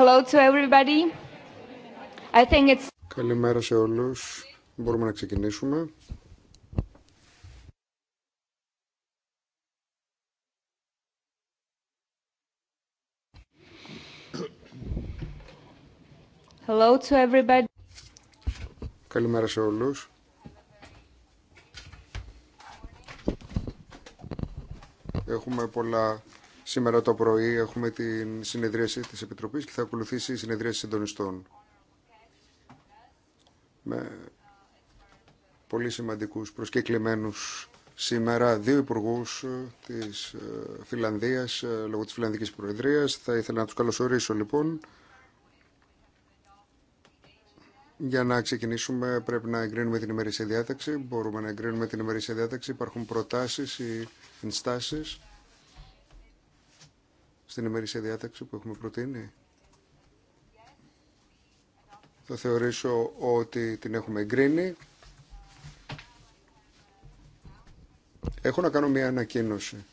Hello to everybody. I think it's... Καλημέρα σε όλους. Μπορούμε να ξεκινήσουμε. Hello to everybody. Καλημέρα σε όλους. Έχουμε πολλά Σήμερα το πρωί έχουμε την συνεδρίαση της Επιτροπής και θα ακολουθήσει η συνεδρίαση συντονιστών. Με πολύ σημαντικούς προσκεκλημένους σήμερα δύο υπουργού της ε, Φιλανδίας ε, λόγω της Φιλανδικής Προεδρίας. Θα ήθελα να τους καλωσορίσω λοιπόν. Για να ξεκινήσουμε πρέπει να εγκρίνουμε την ημερήσια διάταξη. Μπορούμε να εγκρίνουμε την ημερήσια διάταξη. Υπάρχουν προτάσεις ή ενστάσεις στην ημερήσια διάταξη που έχουμε προτείνει. Θα θεωρήσω ότι την έχουμε εγκρίνει. Έχω να κάνω μια ανακοίνωση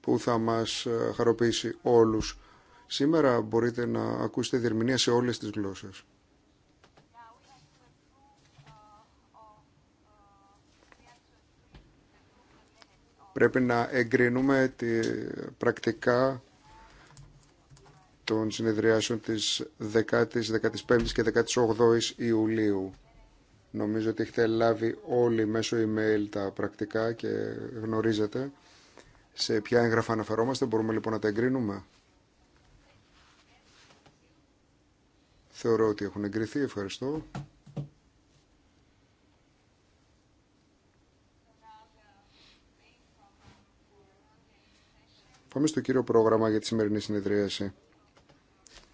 που θα μας ε, χαροποιήσει όλους. Σήμερα μπορείτε να ακούσετε διερμηνία σε όλες τις γλώσσες. πρέπει να εγκρίνουμε τη πρακτικά των συνεδριάσεων της 10ης, 15ης και 18ης Ιουλίου. Νομίζω ότι έχετε λάβει όλοι μέσω email τα πρακτικά και γνωρίζετε σε ποια έγγραφα αναφερόμαστε. Μπορούμε λοιπόν να τα εγκρίνουμε. Θεωρώ ότι έχουν εγκριθεί. Ευχαριστώ. Πάμε στο κύριο πρόγραμμα για τη σημερινή συνεδρίαση.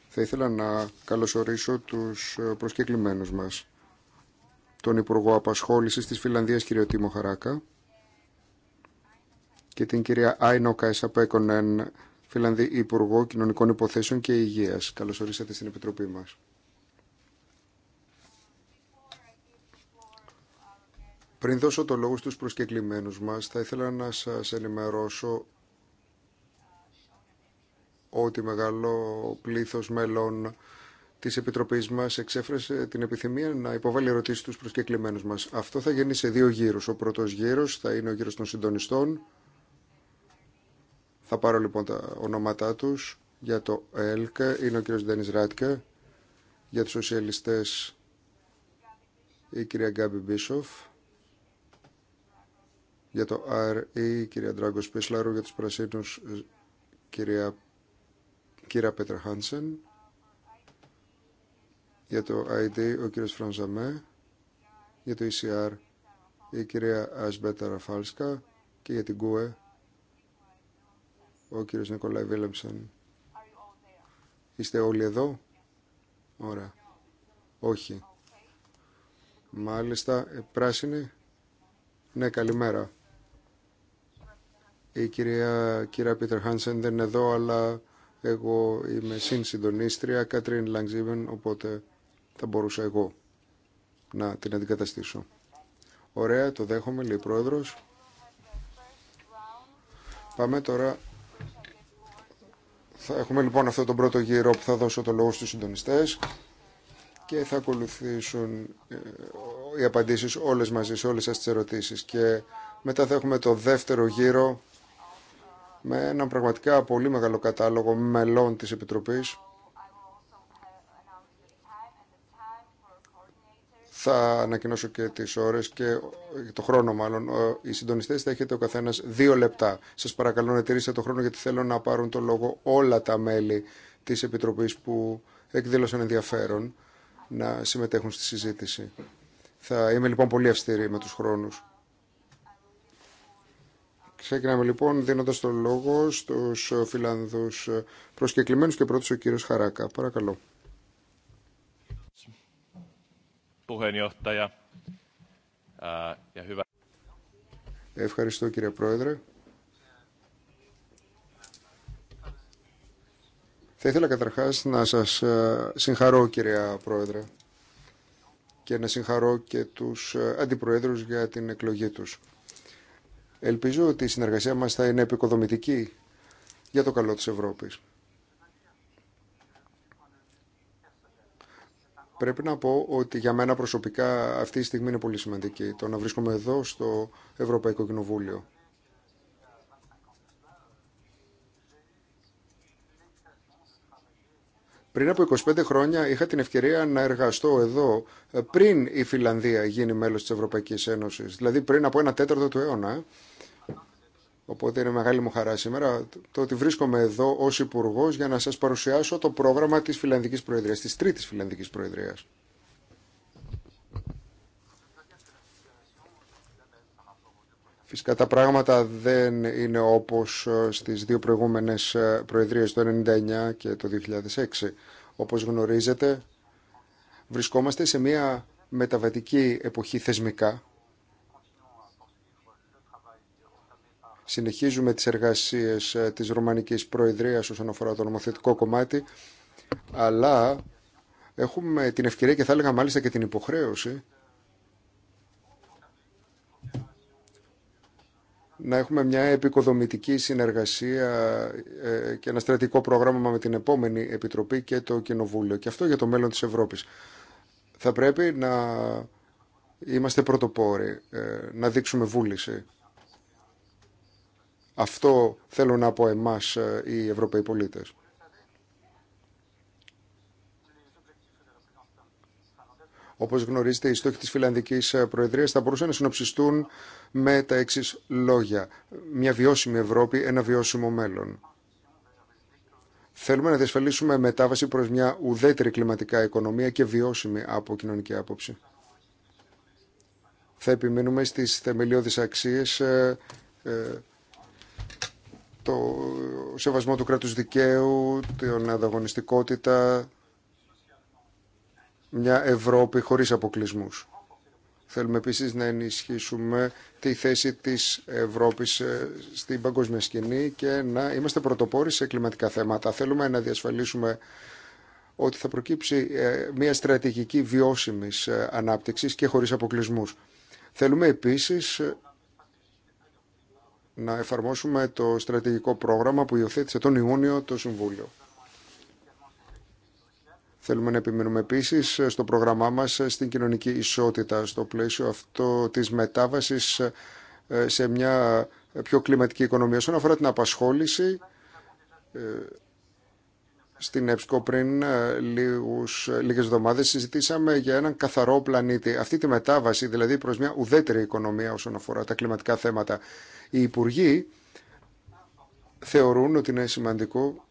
Θα ήθελα να καλωσορίσω τους ε, προσκεκλημένους μας. Τον Υπουργό Απασχόλησης της Φιλανδίας, κύριο Τίμο Χαράκα, και την κυρία Άινο Κάισα Πέκονεν, Φιλανδή Υπουργό Κοινωνικών Υποθέσεων και Υγείας. Καλωσορίσατε στην Επιτροπή μας. Πριν δώσω το λόγο στους προσκεκλημένους μας, θα ήθελα να σας ενημερώσω ότι μεγάλο πλήθος μέλων της Επιτροπής μας εξέφρασε την επιθυμία να υποβάλει ερωτήσει στους προσκεκλημένους μας. Αυτό θα γίνει σε δύο γύρους. Ο πρώτος γύρος θα είναι ο γύρος των συντονιστών. Θα πάρω λοιπόν τα ονόματά τους για το ΕΛΚΑ Είναι ο κ. Ντένι Ράτκα. Για τους Σοσιαλιστέ, η κυρία Γκάμπι Μπίσοφ. Για το ΑΡΗ e, η κυρία Ντράγκο Πίσλαρου. Για τους πράσινου, κυρία κύρα Πέτρα Χάνσεν. Για το ID ο κύριος Φρανζαμέ. Για το ECR η κυρία Ασμπέτα Ραφάλσκα. Και για την ΚΟΕ ο κύριος Νικολάη Βίλεμψεν. Είστε όλοι εδώ. Ωραία. Όχι. Μάλιστα, ε, πράσινη. Ναι, καλημέρα. Η κυρία, κυρία Πίτερ Χάνσεν δεν είναι εδώ, αλλά εγώ είμαι συνσυντονίστρια Κατρίν Λαγκζίβεν, οπότε θα μπορούσα εγώ να την αντικαταστήσω. Ωραία, το δέχομαι, λέει πρόεδρος. Πάμε τώρα. Θα έχουμε λοιπόν αυτό τον πρώτο γύρο που θα δώσω το λόγο στους συντονιστές και θα ακολουθήσουν ε, οι απαντήσεις όλες μαζί σε όλες σας τις ερωτήσεις και μετά θα έχουμε το δεύτερο γύρο με έναν πραγματικά πολύ μεγάλο κατάλογο μελών της Επιτροπής. Θα ανακοινώσω και τις ώρες και το χρόνο μάλλον. Οι συντονιστές θα έχετε ο καθένας δύο λεπτά. Σας παρακαλώ να τηρήσετε το χρόνο γιατί θέλω να πάρουν το λόγο όλα τα μέλη της Επιτροπής που εκδήλωσαν ενδιαφέρον να συμμετέχουν στη συζήτηση. Θα είμαι λοιπόν πολύ αυστηρή με τους χρόνους. Ξεκινάμε λοιπόν δίνοντα το λόγο στους φιλάνδου προσκεκλημένους και πρώτος ο κύριο Χαράκα. Παρακαλώ. Ευχαριστώ κύριε Πρόεδρε. Θα ήθελα καταρχάς να σας συγχαρώ κύριε Πρόεδρε και να συγχαρώ και τους αντιπροέδρους για την εκλογή τους. Ελπίζω ότι η συνεργασία μας θα είναι επικοδομητική για το καλό της Ευρώπης. Πρέπει να πω ότι για μένα προσωπικά αυτή η στιγμή είναι πολύ σημαντική. Το να βρίσκομαι εδώ στο Ευρωπαϊκό Κοινοβούλιο. Πριν από 25 χρόνια είχα την ευκαιρία να εργαστώ εδώ ε, πριν η Φιλανδία γίνει μέλος της Ευρωπαϊκής Ένωσης, δηλαδή πριν από ένα τέταρτο του αιώνα. Ε. Οπότε είναι μεγάλη μου χαρά σήμερα το ότι βρίσκομαι εδώ ως υπουργό για να σας παρουσιάσω το πρόγραμμα της φιλανδική Προεδρίας, της τρίτη φιλανδική Προεδρίας. Φυσικά τα πράγματα δεν είναι όπως ε, στις δύο προηγούμενες ε, προεδρίες το 1999 και το 2006. Όπως γνωρίζετε βρισκόμαστε σε μια μεταβατική εποχή θεσμικά Συνεχίζουμε τις εργασίες ε, της Ρωμανικής Προεδρίας όσον αφορά το νομοθετικό κομμάτι, αλλά έχουμε την ευκαιρία και θα έλεγα μάλιστα και την υποχρέωση να έχουμε μια επικοδομητική συνεργασία ε, και ένα στρατικό πρόγραμμα με την επόμενη Επιτροπή και το Κοινοβούλιο. Και αυτό για το μέλλον της Ευρώπης. Θα πρέπει να είμαστε πρωτοπόροι, ε, να δείξουμε βούληση. Αυτό θέλουν από εμάς ε, οι Ευρωπαίοι πολίτες. Όπως γνωρίζετε, οι στόχοι της Φιλανδικής ε, Προεδρίας θα μπορούσαν να συνοψιστούν με τα έξι λόγια. Μια βιώσιμη Ευρώπη, ένα βιώσιμο μέλλον. Θέλουμε να διασφαλίσουμε μετάβαση προς μια ουδέτερη κλιματικά οικονομία και βιώσιμη από κοινωνική άποψη. Θα επιμείνουμε στις θεμελιώδεις αξίες ε, το σεβασμό του κράτους δικαίου, την ανταγωνιστικότητα, μια Ευρώπη χωρίς αποκλεισμούς. Θέλουμε επίσης να ενισχύσουμε τη θέση της Ευρώπης ε, στην παγκόσμια σκηνή και να είμαστε πρωτοπόροι σε κλιματικά θέματα. Θέλουμε να διασφαλίσουμε ότι θα προκύψει ε, μια στρατηγική βιώσιμης ε, ανάπτυξης και χωρίς αποκλεισμούς. Θέλουμε επίσης να εφαρμόσουμε το στρατηγικό πρόγραμμα που υιοθέτησε τον Ιούνιο το Συμβούλιο. Θέλουμε να επιμείνουμε επίση στο πρόγραμμά μα στην κοινωνική ισότητα, στο πλαίσιο αυτό τη μετάβαση ε, σε μια πιο κλιματική οικονομία. Όσον αφορά την απασχόληση, ε, στην ΕΠΣΚΟ πριν ε, λίγους, ε, λίγες εβδομάδες συζητήσαμε για έναν καθαρό πλανήτη. Αυτή τη μετάβαση, δηλαδή προς μια ουδέτερη οικονομία όσον αφορά τα κλιματικά θέματα. Οι υπουργοί θεωρούν ότι είναι σημαντικό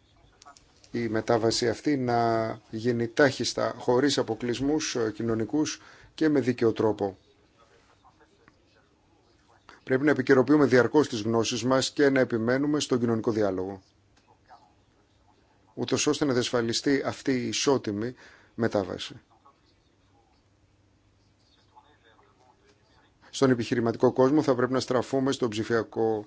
η μετάβαση αυτή να γίνει τάχιστα, χωρίς αποκλεισμούς ε, κοινωνικούς και με δίκαιο τρόπο. Πρέπει να επικαιροποιούμε διαρκώς τις γνώσεις μας και να επιμένουμε στον κοινωνικό διάλογο ούτως ώστε να διασφαλιστεί αυτή η ισότιμη μετάβαση. Στον επιχειρηματικό κόσμο θα πρέπει να στραφούμε ψηφιακό,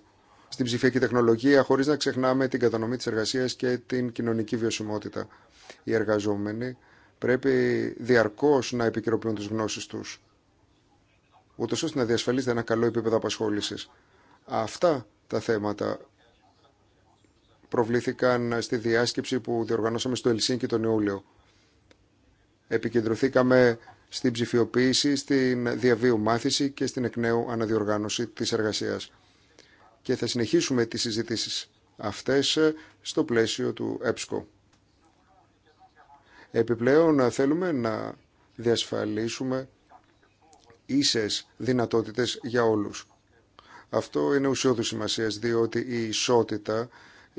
στην ψηφιακή τεχνολογία χωρίς να ξεχνάμε την κατανομή της εργασίας και την κοινωνική βιωσιμότητα. Οι εργαζόμενοι πρέπει διαρκώς να επικαιροποιούν τις γνώσεις τους, ούτως ώστε να διασφαλίζεται ένα καλό επίπεδο απασχόλησης. Αυτά τα θέματα προβλήθηκαν στη διάσκεψη που διοργανώσαμε στο Ελσίνκι τον Ιούλιο. Επικεντρωθήκαμε στην ψηφιοποίηση, στην διαβίου μάθηση και στην εκ νέου αναδιοργάνωση της εργασίας. Και θα συνεχίσουμε τις συζητήσεις αυτές στο πλαίσιο του ΕΠΣΚΟ. Επιπλέον θέλουμε να διασφαλίσουμε ίσες δυνατότητες για όλους. Αυτό είναι ουσιώδου σημασίας, διότι η ισότητα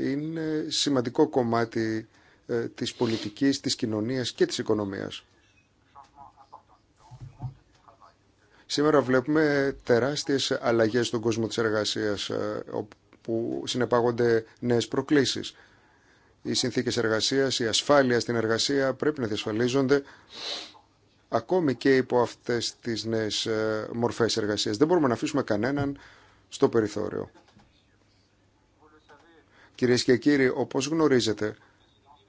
είναι σημαντικό κομμάτι ε, της πολιτικής, της κοινωνίας και της οικονομίας. Σήμερα βλέπουμε τεράστιες αλλαγές στον κόσμο της εργασίας ε, που συνεπάγονται νέες προκλήσεις. Οι συνθήκες εργασίας, η ασφάλεια στην εργασία πρέπει να διασφαλίζονται ακόμη και υπό αυτές τις νέες ε, μορφές εργασίας. Δεν μπορούμε να αφήσουμε κανέναν στο περιθώριο. Κυρίες και κύριοι, όπως γνωρίζετε,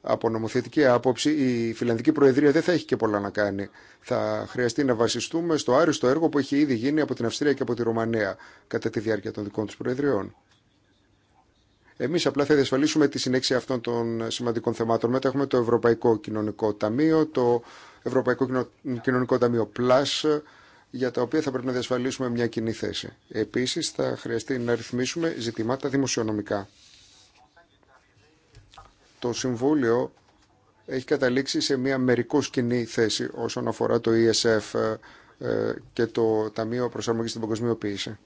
από νομοθετική άποψη η Φιλανδική Προεδρία δεν θα έχει και πολλά να κάνει. Θα χρειαστεί να βασιστούμε στο άριστο έργο που έχει ήδη γίνει από την Αυστρία και από τη Ρουμανία κατά τη διάρκεια των δικών τους Προεδριών. Εμείς απλά θα διασφαλίσουμε τη συνέχεια αυτών των σημαντικών θεμάτων. Μετά έχουμε το Ευρωπαϊκό Κοινωνικό Ταμείο, το Ευρωπαϊκό Κοινωνικό Ταμείο Plus, για τα οποία θα πρέπει να διασφαλίσουμε μια κοινή θέση. Επίσης θα χρειαστεί να ρυθμίσουμε ζητημάτα δημοσιονομικά το Συμβούλιο έχει καταλήξει σε μια μερικώς κοινή θέση όσον αφορά το ESF ε, και το Ταμείο Προσαρμογής στην Παγκοσμιοποίηση.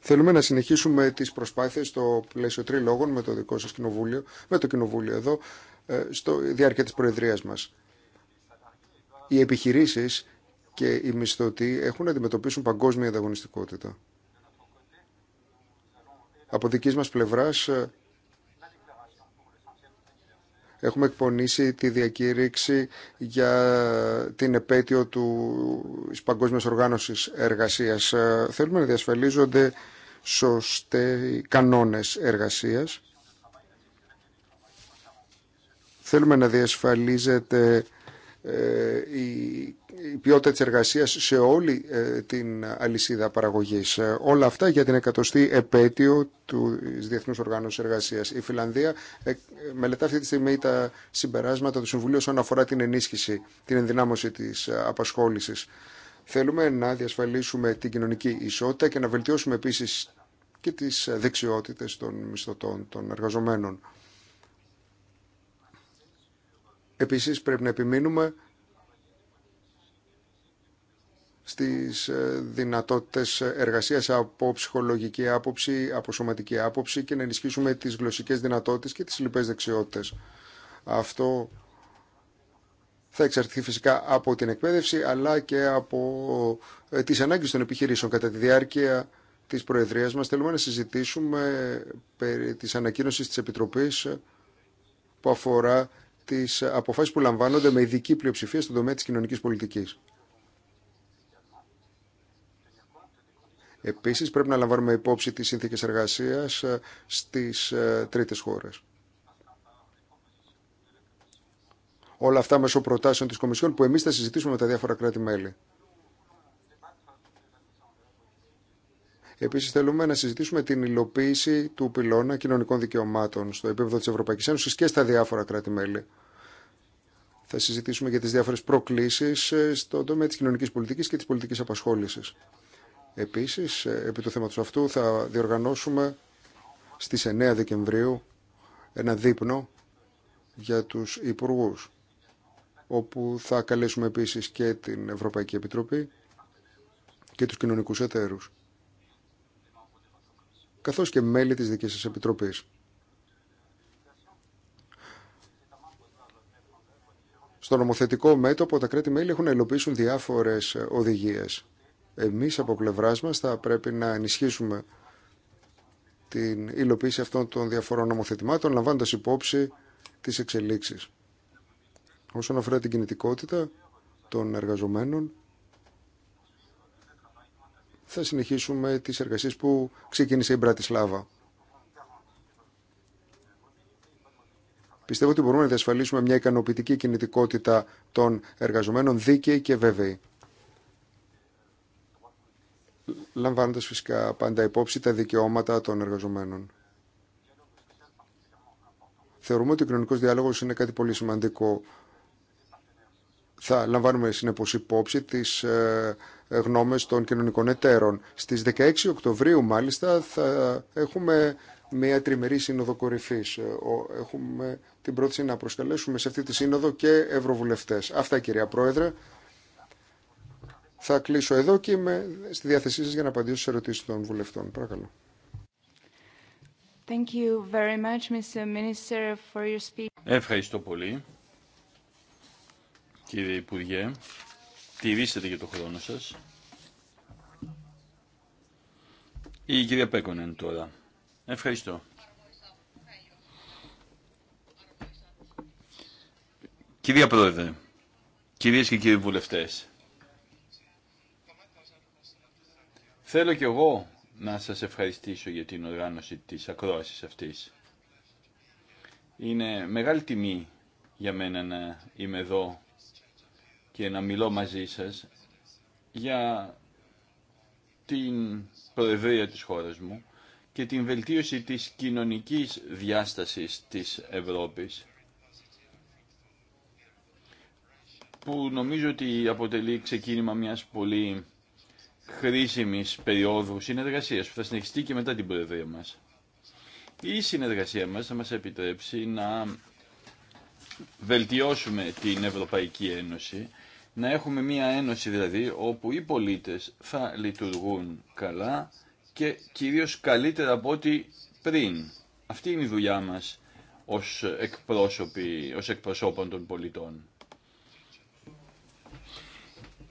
Θέλουμε να συνεχίσουμε τις προσπάθειες στο πλαίσιο τριλόγων με το δικό σας κοινοβούλιο, με το κοινοβούλιο εδώ, ε, στο διάρκεια της προεδρίας μας. Οι επιχειρήσεις και οι μισθωτοί έχουν να αντιμετωπίσουν παγκόσμια ανταγωνιστικότητα. Από δικής μας πλευράς ε, έχουμε εκπονήσει τη διακήρυξη για την επέτειο του Παγκόσμια Οργάνωσης Εργασίας. Ε, θέλουμε να διασφαλίζονται σωστοί κανόνε εργασίας. Θέλουμε να διασφαλίζεται ε, η ποιότητα της εργασίας σε όλη ε, την αλυσίδα παραγωγής. Ε, όλα αυτά για την εκατοστή επέτειο του Διεθνούς Οργάνωσης Εργασίας. Η Φιλανδία μελετά αυτή τη στιγμή τα συμπεράσματα του Συμβουλίου όσον αφορά την ενίσχυση, την ενδυνάμωση της απασχόλησης. Θέλουμε να διασφαλίσουμε την κοινωνική ισότητα και να βελτιώσουμε επίσης και τις δεξιότητες των μισθωτών, των εργαζομένων. Επίσης πρέπει να επιμείνουμε στις ε, δυνατότητες εργασίας από ψυχολογική άποψη, από σωματική άποψη και να ενισχύσουμε τις γλωσσικές δυνατότητες και τις λοιπές δεξιότητες. Αυτό θα εξαρτηθεί φυσικά από την εκπαίδευση αλλά και από ε, τις ανάγκες των επιχειρήσεων κατά τη διάρκεια της Προεδρίας μας. Θέλουμε να συζητήσουμε περί της ανακοίνωσης της Επιτροπής που αφορά τι αποφάσεις που λαμβάνονται με ειδική πλειοψηφία στον τομέα τη κοινωνικής πολιτικής. Επίσης πρέπει να λαμβάνουμε υπόψη τις συνθήκε εργασία ε, στις ε, τρίτε χώρες. Όλα αυτά μέσω προτάσεων της Κομισιόν που εμείς θα συζητήσουμε με τα διάφορα κράτη-μέλη. Επίση, θέλουμε να συζητήσουμε την υλοποίηση του πυλώνα κοινωνικών δικαιωμάτων στο επίπεδο τη Ευρωπαϊκή Ένωση και στα διάφορα κράτη-μέλη. Θα συζητήσουμε για τι διάφορε προκλήσει ε, στον τομέα τη κοινωνική πολιτική και τη πολιτική απασχόληση. Επίση, ε, επί του θέματο αυτού, θα διοργανώσουμε στι 9 Δεκεμβρίου ένα δείπνο για του υπουργού, όπου θα καλέσουμε επίσης και την Ευρωπαϊκή Επιτροπή και τους κοινωνικούς εταίρους καθώς και μέλη της δικής σας επιτροπής. Στο νομοθετικό μέτωπο τα κράτη-μέλη έχουν να υλοποιήσουν διάφορες οδηγίες. Εμείς από πλευρά μας θα πρέπει να ενισχύσουμε την υλοποίηση αυτών των διαφορών νομοθετημάτων, λαμβάνοντας υπόψη τις εξελίξεις. Όσον αφορά την κινητικότητα των εργαζομένων, θα συνεχίσουμε τις εργασίες που ξεκίνησε η Μπρατισλάβα. Πιστεύω ότι μπορούμε να διασφαλίσουμε μια ικανοποιητική κινητικότητα των εργαζομένων δίκαιη και βέβαιη. Λαμβάνοντα φυσικά πάντα υπόψη τα δικαιώματα των εργαζομένων. Θεωρούμε ότι ο κοινωνικό διάλογο είναι κάτι πολύ σημαντικό θα λαμβάνουμε συνεπώς υπόψη τις ε, ε, γνώμες των κοινωνικών εταίρων. Στις 16 Οκτωβρίου μάλιστα θα έχουμε μια τριμερή σύνοδο κορυφής. Ε, έχουμε την πρόθεση να προσκαλέσουμε σε αυτή τη σύνοδο και ευρωβουλευτές. Αυτά κυρία Πρόεδρε. Θα κλείσω εδώ και είμαι στη διάθεσή σας για να απαντήσω σε ερωτήσεις των βουλευτών. Παρακαλώ. Thank you very much, Mr. Minister, for your speech. Ευχαριστώ πολύ κύριε Υπουργέ. Τηρήσετε και το χρόνο σας. Η κυρία Πέκονεν τώρα. Ευχαριστώ. Κυρία Πρόεδρε, κυρίες και κύριοι βουλευτές, θέλω κι εγώ να σας ευχαριστήσω για την οργάνωση της ακρόασης αυτής. Είναι μεγάλη τιμή για μένα να είμαι εδώ και να μιλώ μαζί σας για την προεδρία της χώρας μου και την βελτίωση της κοινωνικής διάστασης της Ευρώπης που νομίζω ότι αποτελεί ξεκίνημα μιας πολύ χρήσιμης περίοδου συνεργασίας που θα συνεχιστεί και μετά την προεδρία μας. Η συνεργασία μας θα μας επιτρέψει να βελτιώσουμε την Ευρωπαϊκή Ένωση να έχουμε μία ένωση δηλαδή όπου οι πολίτες θα λειτουργούν καλά και κυρίως καλύτερα από ό,τι πριν. Αυτή είναι η δουλειά μας ως, εκπρόσωποι, ως εκπροσώπων των πολιτών.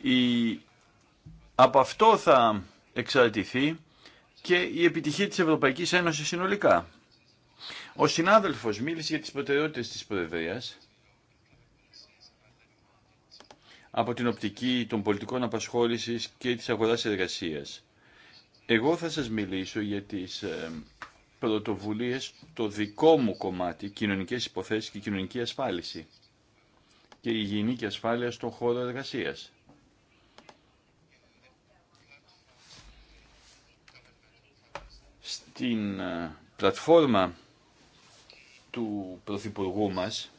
Η... Από αυτό θα εξαρτηθεί και η επιτυχία της Ευρωπαϊκής Ένωσης συνολικά. Ο συνάδελφος μίλησε για τις προτεραιότητες της Προεδρίας από την οπτική των πολιτικών απασχόλησης και της αγοράς εργασίας. Εγώ θα σας μιλήσω για τις ε, πρωτοβουλίες το δικό μου κομμάτι, κοινωνικές υποθέσεις και κοινωνική ασφάλιση και υγιεινή και ασφάλεια στον χώρο εργασίας. Στην ε, πλατφόρμα του Πρωθυπουργού μας,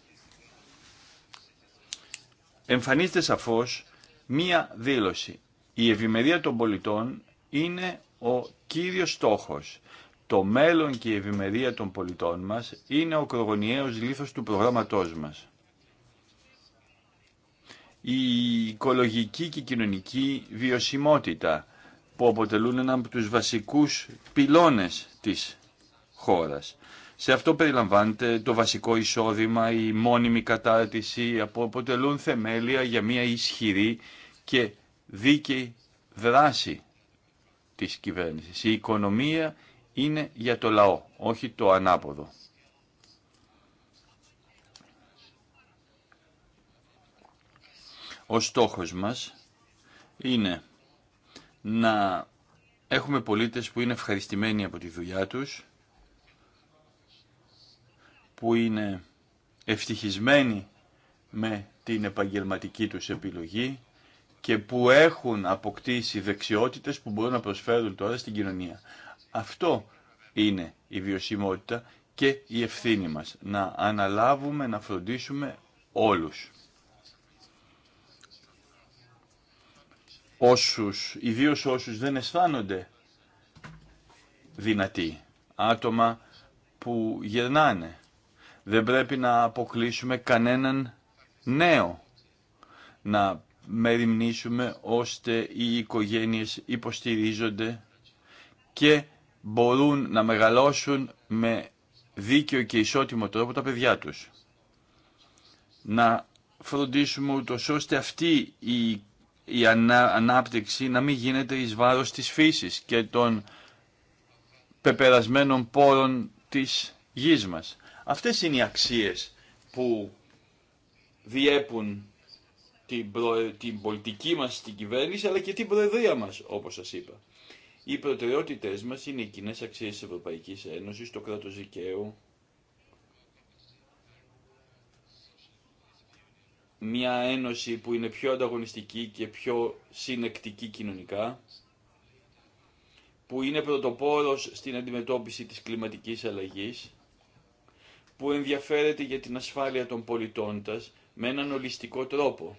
εμφανίζεται σαφώς μία δήλωση. Η ευημερία των πολιτών είναι ο κύριος στόχος. Το μέλλον και η ευημερία των πολιτών μας είναι ο κρογωνιαίος λίθος του προγράμματός μας. Η οικολογική και κοινωνική βιωσιμότητα που αποτελούν έναν από τους βασικούς πυλώνες της χώρας. Σε αυτό περιλαμβάνεται το βασικό εισόδημα, η μόνιμη κατάρτιση, που αποτελούν θεμέλια για μια ισχυρή και δίκαιη δράση της κυβέρνησης. Η οικονομία είναι για το λαό, όχι το ανάποδο. Ο στόχος μας είναι να έχουμε πολίτες που είναι ευχαριστημένοι από τη δουλειά τους, που είναι ευτυχισμένοι με την επαγγελματική τους επιλογή και που έχουν αποκτήσει δεξιότητες που μπορούν να προσφέρουν τώρα στην κοινωνία. Αυτό είναι η βιωσιμότητα και η ευθύνη μας, να αναλάβουμε, να φροντίσουμε όλους. Όσους, ιδίως όσους δεν αισθάνονται δυνατοί, άτομα που γερνάνε, δεν πρέπει να αποκλείσουμε κανέναν νέο. Να μεριμνήσουμε ώστε οι οικογένειες υποστηρίζονται και μπορούν να μεγαλώσουν με δίκαιο και ισότιμο τρόπο τα παιδιά τους. Να φροντίσουμε ούτως ώστε αυτή η, η ανάπτυξη να μην γίνεται εις βάρος της φύσης και των πεπερασμένων πόρων της γης μας. Αυτές είναι οι αξίες που διέπουν την, την πολιτική μας στην κυβέρνηση αλλά και την προεδρία μας όπως σας είπα. Οι προτεραιότητες μας είναι οι κοινέ αξίες της Ευρωπαϊκής Ένωσης, το κράτος δικαίου, μια ένωση που είναι πιο ανταγωνιστική και πιο συνεκτική κοινωνικά, που είναι πρωτοπόρος στην αντιμετώπιση της κλιματικής αλλαγής, που ενδιαφέρεται για την ασφάλεια των πολιτών τας με έναν ολιστικό τρόπο.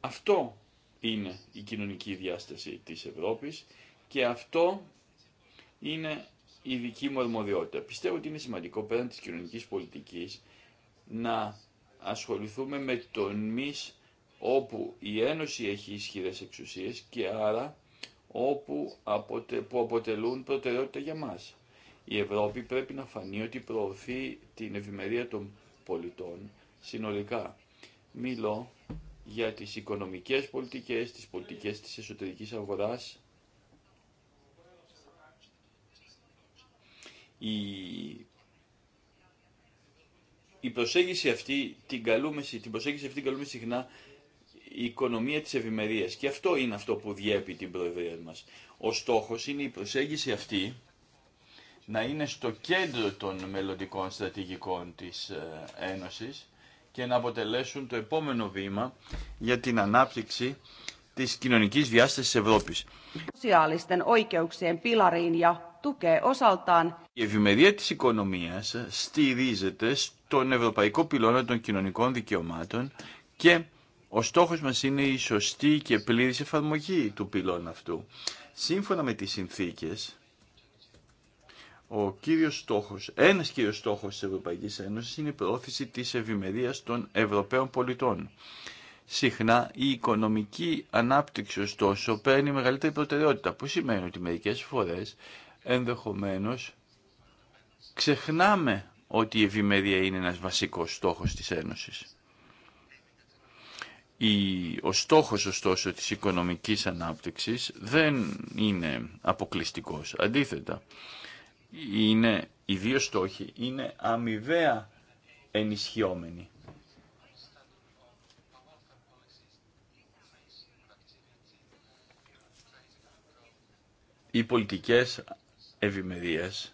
Αυτό είναι η κοινωνική διάσταση της Ευρώπης και αυτό είναι η δική μου αρμοδιότητα. Πιστεύω ότι είναι σημαντικό πέραν της κοινωνικής πολιτικής να ασχοληθούμε με τον όπου η Ένωση έχει ισχυρές εξουσίες και άρα όπου που αποτελούν προτεραιότητα για μας. Η Ευρώπη πρέπει να φανεί ότι προωθεί την ευημερία των πολιτών συνολικά. Μιλώ για τις οικονομικές πολιτικές, τις πολιτικές της εσωτερικής αγοράς, η, η προσέγγιση αυτή την καλούμε, την προσέγγιση αυτή την καλούμε συχνά η οικονομία της ευημερία. Και αυτό είναι αυτό που διέπει την Προεδρία μας. Ο στόχος είναι η προσέγγιση αυτή να είναι στο κέντρο των μελλοντικών στρατηγικών της ε, Ένωσης και να αποτελέσουν το επόμενο βήμα για την ανάπτυξη της κοινωνικής διάστασης Ευρώπης. Η ευημερία της οικονομίας στηρίζεται στον Ευρωπαϊκό Πυλώνα των Κοινωνικών Δικαιωμάτων και ο στόχος μας είναι η σωστή και πλήρης εφαρμογή του πυλών αυτού. Σύμφωνα με τις συνθήκες, ο κύριος στόχος, ένας κύριος στόχος της Ευρωπαϊκής Ένωσης είναι η προώθηση της ευημερία των Ευρωπαίων πολιτών. Συχνά η οικονομική ανάπτυξη ωστόσο παίρνει μεγαλύτερη προτεραιότητα, που σημαίνει ότι μερικές φορές ενδεχομένως ξεχνάμε ότι η ευημερία είναι ένας βασικός στόχος της Ένωσης ο στόχος ωστόσο της οικονομικής ανάπτυξης δεν είναι αποκλειστικός. Αντίθετα, είναι, οι δύο στόχοι είναι αμοιβαία ενισχυόμενοι. Οι πολιτικές ευημερίες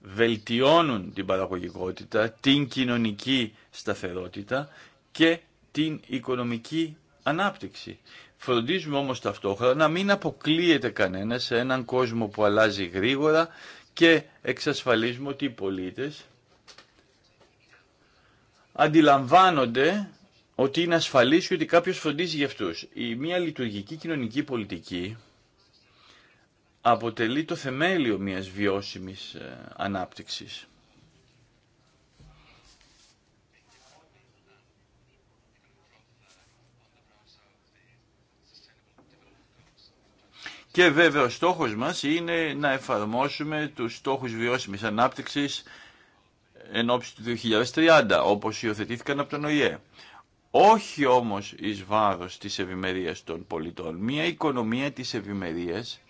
βελτιώνουν την παραγωγικότητα, την κοινωνική σταθερότητα και την οικονομική ανάπτυξη. Φροντίζουμε όμως ταυτόχρονα να μην αποκλείεται κανένα σε έναν κόσμο που αλλάζει γρήγορα και εξασφαλίζουμε ότι οι πολίτες αντιλαμβάνονται ότι είναι ασφαλής και ότι κάποιος φροντίζει για αυτούς. Η μία λειτουργική κοινωνική πολιτική αποτελεί το θεμέλιο μιας βιώσιμης ε, ανάπτυξης. Και βέβαια ο στόχος μας είναι να εφαρμόσουμε τους στόχους βιώσιμης ανάπτυξης εν ώψη του 2030, όπως υιοθετήθηκαν από τον ΟΗΕ. Όχι όμως εις βάρος της ευημερίας των πολιτών. Μία οικονομία της ευημερίας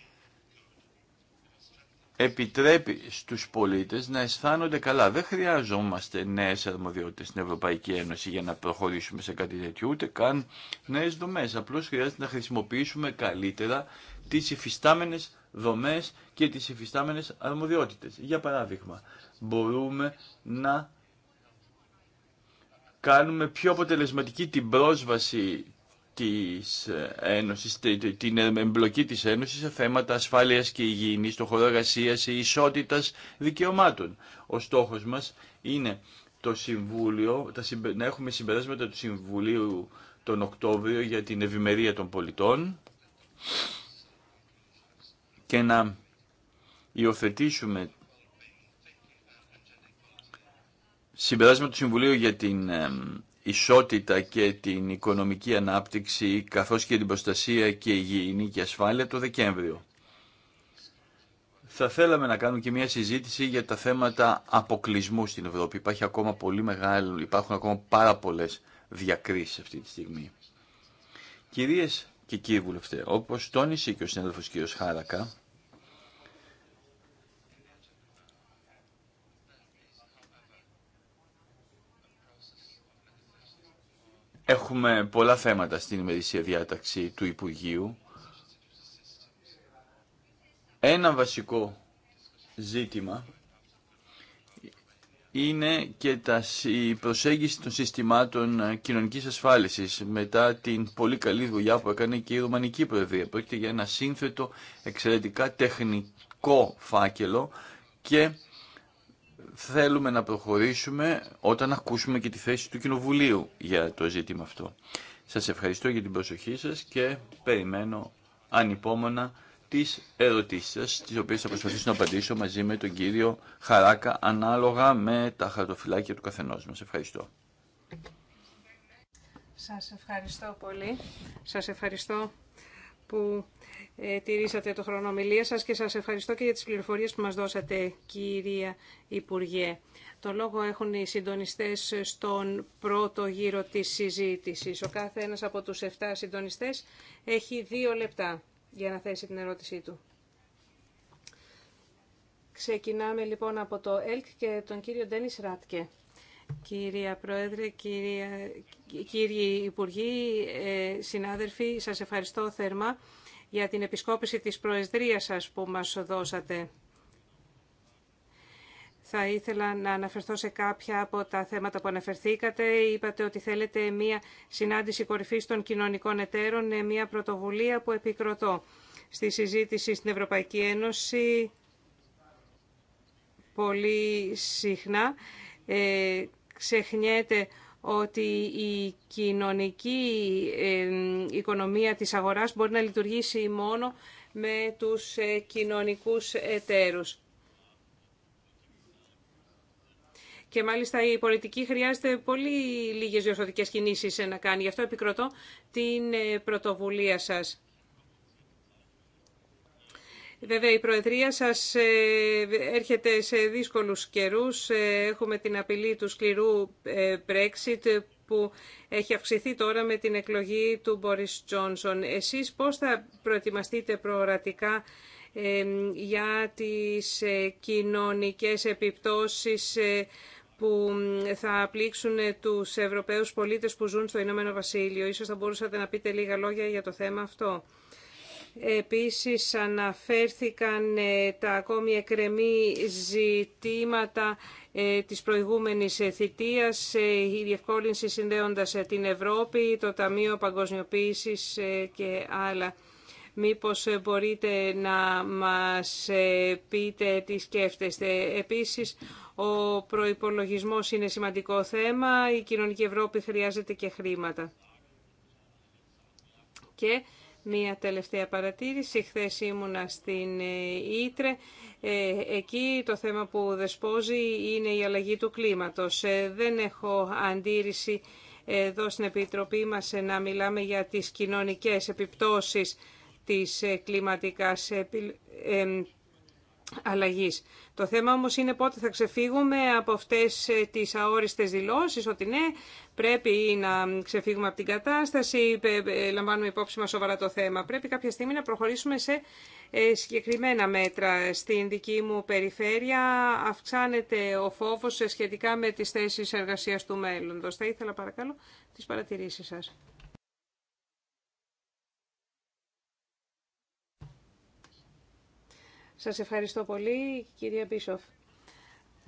επιτρέπει στους πολίτες να αισθάνονται καλά. Δεν χρειάζομαστε νέες αρμοδιότητες στην Ευρωπαϊκή Ένωση για να προχωρήσουμε σε κάτι τέτοιο, ούτε καν νέες δομές. Απλώς χρειάζεται να χρησιμοποιήσουμε καλύτερα τις υφιστάμενες δομές και τις υφιστάμενες αρμοδιότητες. Για παράδειγμα, μπορούμε να κάνουμε πιο αποτελεσματική την πρόσβαση της ε, Ένωσης, την εμπλοκή της Ένωσης σε θέματα ασφάλειας και υγιεινής, στον χώρο εργασίας, ισότητας δικαιωμάτων. Ο στόχος μας είναι το Συμβούλιο, να έχουμε συμπεράσματα του Συμβουλίου τον Οκτώβριο για την ευημερία των πολιτών και να υιοθετήσουμε συμπεράσματα του Συμβουλίου για την ε, ισότητα και την οικονομική ανάπτυξη καθώς και την προστασία και υγιεινή και ασφάλεια το Δεκέμβριο. Θα θέλαμε να κάνουμε και μια συζήτηση για τα θέματα αποκλεισμού στην Ευρώπη. Υπάρχει ακόμα πολύ μεγάλο, υπάρχουν ακόμα πάρα πολλέ διακρίσει αυτή τη στιγμή. Κυρίε και κύριοι βουλευτέ, όπω τόνισε και ο συνάδελφο κ. Χάρακα, Έχουμε πολλά θέματα στην ημερήσια διάταξη του Υπουργείου. Ένα βασικό ζήτημα είναι και τα, η προσέγγιση των συστημάτων κοινωνικής ασφάλισης μετά την πολύ καλή δουλειά που έκανε και η Ρουμανική Προεδρία. Πρόκειται για ένα σύνθετο εξαιρετικά τεχνικό φάκελο και θέλουμε να προχωρήσουμε όταν ακούσουμε και τη θέση του Κοινοβουλίου για το ζήτημα αυτό. Σας ευχαριστώ για την προσοχή σας και περιμένω ανυπόμονα τις ερωτήσεις σας, τις οποίες θα προσπαθήσω να απαντήσω μαζί με τον κύριο Χαράκα, ανάλογα με τα χαρτοφυλάκια του καθενός μας. Ευχαριστώ. Σας ευχαριστώ πολύ. Σας ευχαριστώ που ε, τηρήσατε το χρονομιλία σας και σας ευχαριστώ και για τις πληροφορίες που μας δώσατε, κυρία Υπουργέ. Το λόγο έχουν οι συντονιστές στον πρώτο γύρο της συζήτησης. Ο κάθε ένας από τους 7 συντονιστές έχει δύο λεπτά για να θέσει την ερώτησή του. Ξεκινάμε λοιπόν από το ΕΛΚ και τον κύριο Ντένις Ράτκε. Κυρία Πρόεδρε, κυρία, κύριοι Υπουργοί, ε, συνάδελφοι, σας ευχαριστώ θερμά για την επισκόπηση της Προεδρίας σας που μας δώσατε. Θα ήθελα να αναφερθώ σε κάποια από τα θέματα που αναφερθήκατε. Είπατε ότι θέλετε μία συνάντηση κορυφής των κοινωνικών εταίρων, ε, μία πρωτοβουλία που επικροτώ. Στη συζήτηση στην Ευρωπαϊκή Ένωση, πολύ συχνά, ε, ξεχνιέται ότι η κοινωνική οικονομία της αγοράς μπορεί να λειτουργήσει μόνο με τους ε, κοινωνικούς εταίρους. Και μάλιστα η πολιτική χρειάζεται πολύ λίγες διορθωτικές κινήσεις ε, να κάνει. Γι' αυτό επικροτώ την ε, πρωτοβουλία σας. Βέβαια η Προεδρία σας ε, έρχεται σε δύσκολους καιρούς. Ε, έχουμε την απειλή του σκληρού ε, Brexit που έχει αυξηθεί τώρα με την εκλογή του Μπόρις Τζόνσον. Εσείς πώς θα προετοιμαστείτε προορατικά για τις κοινωνικές επιπτώσεις που θα πλήξουν τους Ευρωπαίους πολίτες που ζουν στο Ηνωμένο Βασίλειο. Ίσως θα μπορούσατε να πείτε λίγα λόγια για το θέμα αυτό. Επίσης αναφέρθηκαν ε, τα ακόμη εκρεμή ζητήματα ε, της προηγούμενης ε, θητείας, η διευκόλυνση συνδέοντας την Ευρώπη, το Ταμείο Παγκοσμιοποίησης και άλλα. Μήπως μπορείτε να μας πείτε τι σκέφτεστε. Επίσης, ο προϋπολογισμός είναι σημαντικό θέμα, η κοινωνική Ευρώπη χρειάζεται και χρήματα. Και Μία τελευταία παρατήρηση. Χθε ήμουνα στην ε, Ήτρε. Ε, εκεί το θέμα που δεσπόζει είναι η αλλαγή του κλίματος. Ε, δεν έχω αντίρρηση εδώ στην Επιτροπή μας να μιλάμε για τις κοινωνικές επιπτώσεις της κλιματικής αλλαγής. Το θέμα όμως είναι πότε θα ξεφύγουμε από αυτές ε, τις αόριστες δηλώσεις ότι ναι, πρέπει να ξεφύγουμε από την κατάσταση, λαμβάνουμε υπόψη μας σοβαρά το θέμα. Πρέπει κάποια στιγμή να προχωρήσουμε σε ε, συγκεκριμένα μέτρα. Στην δική μου περιφέρεια αυξάνεται ο φόβος ε, σχετικά με τις θέσεις εργασίας του μέλλοντος. Θα ήθελα παρακαλώ τις παρατηρήσεις σας. Σας ευχαριστώ πολύ, κυρία Μπίσοφ.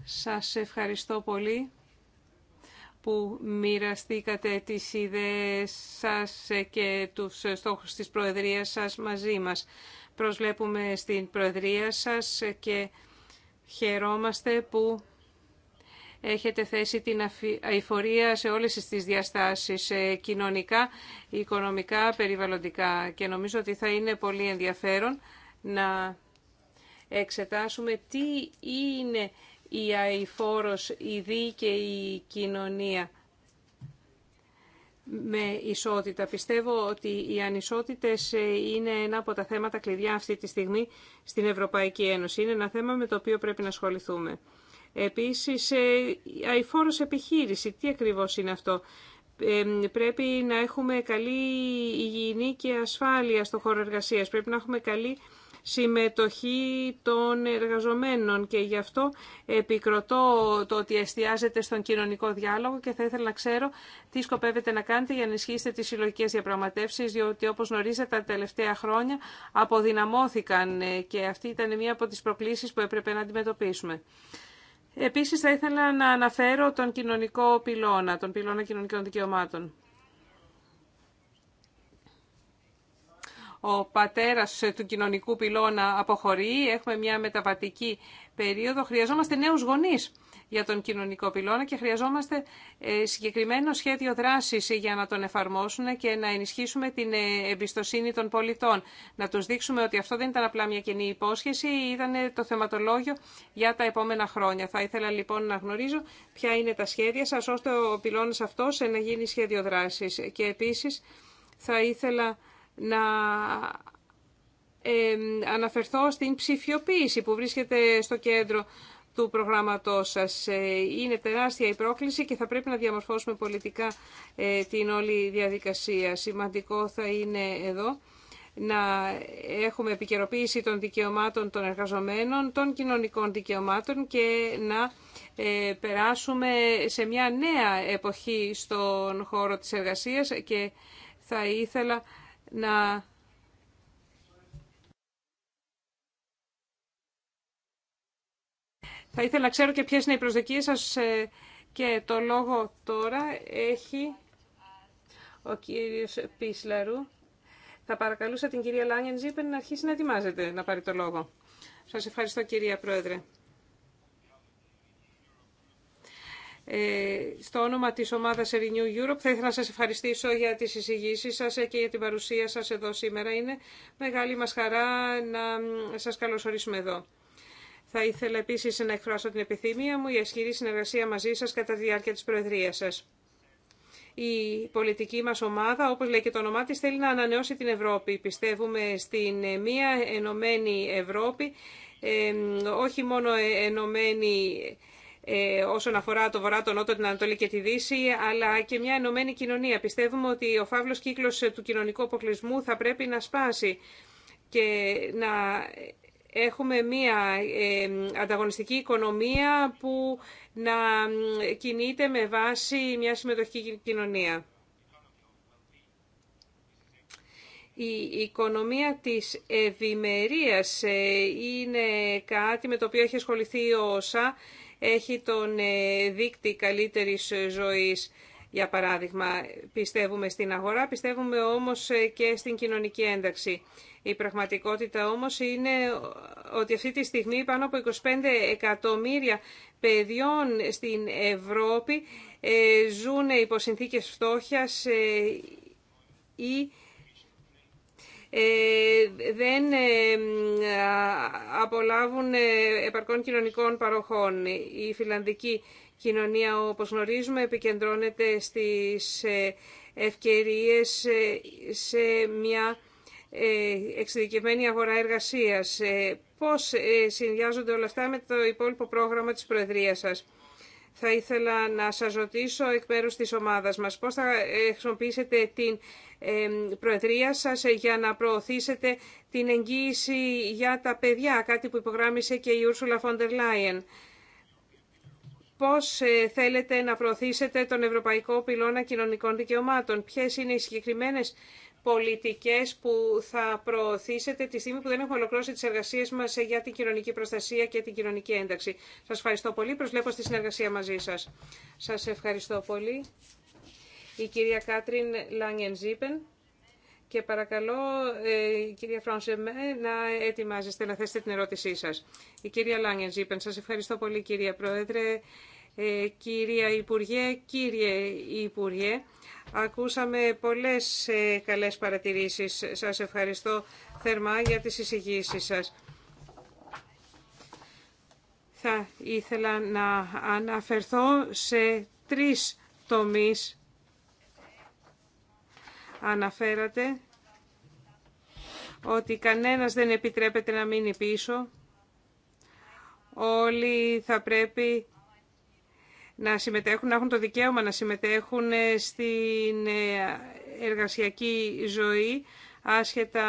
Σας ευχαριστώ πολύ που μοιραστήκατε τις ιδέες σας και τους στόχους της Προεδρίας σας μαζί μας. Προσβλέπουμε στην Προεδρία σας και χαιρόμαστε που έχετε θέσει την αηφορία σε όλες τις διαστάσεις, ε, κοινωνικά, οικονομικά, περιβαλλοντικά. Και νομίζω ότι θα είναι πολύ ενδιαφέρον να εξετάσουμε τι είναι η αηφόρος, η κοινωνία με ισότητα. Πιστεύω ότι οι ανισότητες είναι ένα από τα θέματα κλειδιά αυτή τη στιγμή στην Ευρωπαϊκή Ένωση. Είναι ένα θέμα με το οποίο πρέπει να ασχοληθούμε. Επίσης, ε, αηφόρος επιχείρηση. Τι ακριβώς είναι αυτό. Ε, πρέπει να έχουμε καλή υγιεινή και ασφάλεια στο χώρο εργασίας. Πρέπει να έχουμε καλή συμμετοχή των εργαζομένων και γι' αυτό επικροτώ το ότι εστιάζεται στον κοινωνικό διάλογο και θα ήθελα να ξέρω τι σκοπεύετε να κάνετε για να ενισχύσετε τις συλλογικές διαπραγματεύσεις διότι όπως γνωρίζετε τα τελευταία χρόνια αποδυναμώθηκαν ε, και αυτή ήταν μία από τις προκλήσεις που έπρεπε να αντιμετωπίσουμε. Επίσης θα ήθελα να αναφέρω τον κοινωνικό πυλώνα, τον πυλώνα κοινωνικών δικαιωμάτων. ο πατέρας του κοινωνικού πυλώνα αποχωρεί, έχουμε μια μεταβατική περίοδο, χρειαζόμαστε νέους γονείς για τον κοινωνικό πυλώνα και χρειαζόμαστε ε, συγκεκριμένο σχέδιο δράσης για να τον εφαρμόσουν και να ενισχύσουμε την ε, εμπιστοσύνη των πολιτών. Να τους δείξουμε ότι αυτό δεν ήταν απλά μια κοινή υπόσχεση, ήταν ε, το θεματολόγιο για τα επόμενα χρόνια. Θα ήθελα λοιπόν να γνωρίζω ποια είναι τα σχέδια σας, ώστε ο πυλώνας αυτός να γίνει σχέδιο δράσης. Και επίσης θα ήθελα να αναφερθώ στην ψηφιοποίηση που βρίσκεται στο κέντρο του προγράμματός σας. Ε, είναι τεράστια η πρόκληση και θα πρέπει να διαμορφώσουμε πολιτικά ε, την όλη διαδικασία. Σημαντικό θα είναι εδώ να έχουμε επικαιροποίηση των δικαιωμάτων των εργαζομένων, των κοινωνικών δικαιωμάτων και να ε, περάσουμε σε μια νέα εποχή στον χώρο της εργασίας και θα ήθελα να Θα ήθελα να ξέρω και ποιες είναι οι προσδοκίες σας ε, και το λόγο τώρα έχει ο κύριος Πίσλαρου. Θα παρακαλούσα την κυρία Λάνιεν Ζήπεν να αρχίσει να ετοιμάζεται να πάρει το λόγο. Σας ευχαριστώ κυρία Πρόεδρε. Ε, στο όνομα της ομάδας Renew Europe θα ήθελα να σας ευχαριστήσω για τις εισηγήσεις σας και για την παρουσία σας εδώ σήμερα. Είναι μεγάλη μας χαρά να σας καλωσορίσουμε εδώ. Θα ήθελα επίσης να εκφράσω την επιθυμία μου για ισχυρή συνεργασία μαζί σας κατά τη διάρκεια της Προεδρίας σας. Η πολιτική μας ομάδα, όπως λέει και το όνομά της, θέλει να ανανεώσει την Ευρώπη. Πιστεύουμε στην μία ενωμένη Ευρώπη, ε, όχι μόνο ενωμένη ε, όσον αφορά το Βορρά, τον Νότο, την Ανατολή και τη Δύση, αλλά και μια ενωμένη κοινωνία. Πιστεύουμε ότι ο φαύλο κύκλος του κοινωνικού αποκλεισμού θα πρέπει να σπάσει και να έχουμε μια ε, ανταγωνιστική οικονομία που να κινείται με βάση μια συμμετοχική κοινωνία. Η οικονομία της ευημερίας ε, είναι κάτι με το οποίο έχει ασχοληθεί η ΩΣΑ έχει τον ε, δείκτη καλύτερης ε, ζωής, για παράδειγμα. Πιστεύουμε στην αγορά, πιστεύουμε όμως ε, και στην κοινωνική ένταξη. Η πραγματικότητα όμως είναι ότι αυτή τη στιγμή πάνω από 25 εκατομμύρια παιδιών στην Ευρώπη ζουν υπό συνθήκες φτώχειας ή ε, δεν ε, απολάβουν ε, επαρκών κοινωνικών παροχών. Η φιλανδική κοινωνία, όπως γνωρίζουμε, επικεντρώνεται στις ευκαιρίες σε μια εξειδικευμένη αγορά εργασίας. Πώς συνδυάζονται όλα αυτά με το υπόλοιπο πρόγραμμα της Προεδρίας σας. Θα ήθελα να σας ρωτήσω εκ μέρους της ομάδας μας πώς θα χρησιμοποιήσετε την Προεδρία σας ε, για να προωθήσετε την εγγύηση για τα παιδιά, κάτι που υπογράμμισε και η Ursula von der Leyen. Πώς ε, θέλετε να προωθήσετε τον Ευρωπαϊκό Πυλώνα Κοινωνικών Δικαιωμάτων, ποιες είναι οι συγκεκριμένες πολιτικές που θα προωθήσετε τη στιγμή που δεν έχουμε ολοκληρώσει τις εργασίες μας ε, για την κοινωνική προστασία και την κοινωνική ένταξη. Σας ευχαριστώ πολύ, προσλέπω στη συνεργασία μαζί σας. Σας ευχαριστώ πολύ η κυρία Κάτριν Και παρακαλώ, ε, κυρία Φρανσεμέ να ετοιμάζεστε να θέσετε την ερώτησή σας. Η κυρία Λάγγεν-Ζήπεν, σας ευχαριστώ πολύ κυρία Πρόεδρε. Ε, κυρία Υπουργέ, κύριε Υπουργέ, ακούσαμε πολλές ε, καλές παρατηρήσεις. Σας ευχαριστώ θερμά για τις εισηγήσεις σας. Θα ήθελα να αναφερθώ σε τρεις τομείς αναφέρατε ότι κανένας δεν επιτρέπεται να μείνει πίσω. Όλοι θα πρέπει να συμμετέχουν, να έχουν το δικαίωμα να συμμετέχουν στην εργασιακή ζωή, άσχετα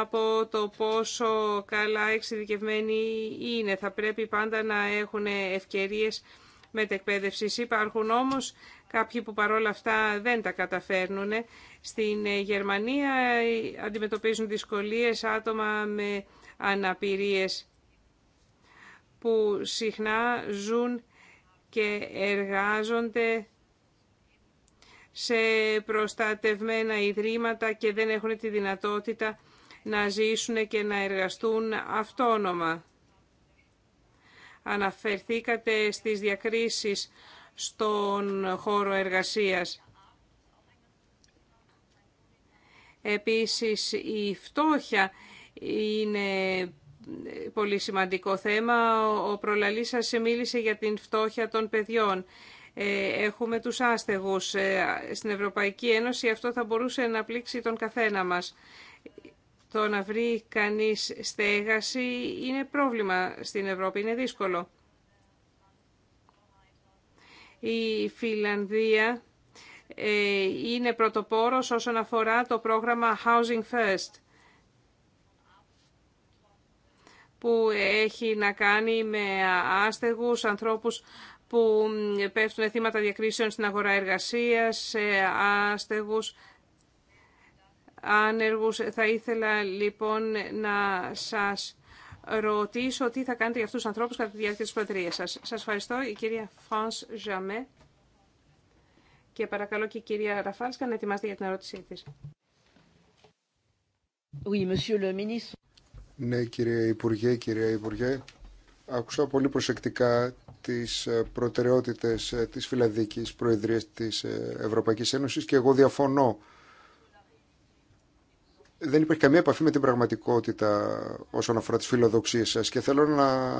από το πόσο καλά εξειδικευμένοι είναι. Θα πρέπει πάντα να έχουν ευκαιρίες μετεκπαίδευσης. Υπάρχουν όμως κάποιοι που παρόλα αυτά δεν τα καταφέρνουν στην ε, Γερμανία ε, αντιμετωπίζουν δυσκολίες άτομα με αναπηρίες που συχνά ζουν και εργάζονται σε προστατευμένα ιδρύματα και δεν έχουν τη δυνατότητα να ζήσουν και να εργαστούν αυτόνομα. Αναφερθήκατε στις διακρίσεις στον χώρο εργασίας. Επίσης, η φτώχεια είναι πολύ σημαντικό θέμα. Ο προλαλής σας μίλησε για την φτώχεια των παιδιών. Ε, έχουμε τους άστεγους. Ε, στην Ευρωπαϊκή Ένωση αυτό θα μπορούσε να πλήξει τον καθένα μας. Το να βρει κανείς στέγαση είναι πρόβλημα στην Ευρώπη, είναι δύσκολο. Η Φιλανδία ε, είναι πρωτοπόρος όσον αφορά το πρόγραμμα Housing First που έχει να κάνει με άστεγους ανθρώπους που πέφτουν θύματα διακρίσεων στην αγορά εργασίας, σε άστεγους, άνεργους. Θα ήθελα λοιπόν να σας ρωτήσω τι θα κάνετε για αυτούς τους ανθρώπους κατά τη διάρκεια της προεδρίας σας. Σας ευχαριστώ. Η κυρία Φρανς Ζαμέ. Και παρακαλώ και η κυρία Ραφάλσκα να ετοιμαστεί για την ερώτησή της. Ναι, κύριε Υπουργέ, κύριε Υπουργέ, άκουσα πολύ προσεκτικά τις ε, προτεραιότητες ε, της Φιλαδικής Προεδρίας της ε, Ευρωπαϊκής Ένωσης και εγώ διαφωνώ. Δεν υπάρχει καμία επαφή με την πραγματικότητα όσον αφορά τις φιλοδοξίες σας και θέλω να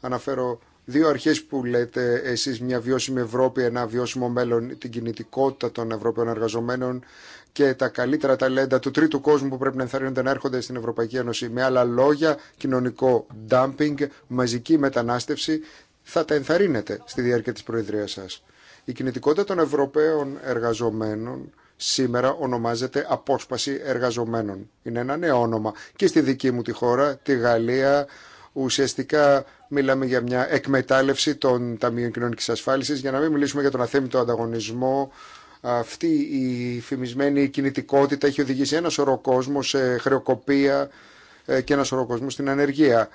αναφέρω δύο αρχές που λέτε εσείς μια βιώσιμη Ευρώπη, ένα βιώσιμο μέλλον, την κινητικότητα των Ευρωπαίων εργαζομένων και τα καλύτερα ταλέντα του τρίτου κόσμου που πρέπει να ενθαρρύνονται να έρχονται στην Ευρωπαϊκή Ένωση. Με άλλα λόγια, κοινωνικό dumping, μαζική μετανάστευση, θα τα ενθαρρύνετε στη διάρκεια της Προεδρίας σας. Η κινητικότητα των Ευρωπαίων εργαζομένων σήμερα ονομάζεται απόσπαση εργαζομένων. Είναι ένα νέο όνομα και στη δική μου τη χώρα, τη Γαλλία, Ουσιαστικά μιλάμε για μια εκμετάλλευση των Ταμείων Κοινωνικής Ασφάλισης για να μην μιλήσουμε για τον αθέμητο ανταγωνισμό. Αυτή η φημισμένη κινητικότητα έχει οδηγήσει ένα σωρό κόσμο σε χρεοκοπία ε, και ένα σωρό κόσμο στην ανεργία.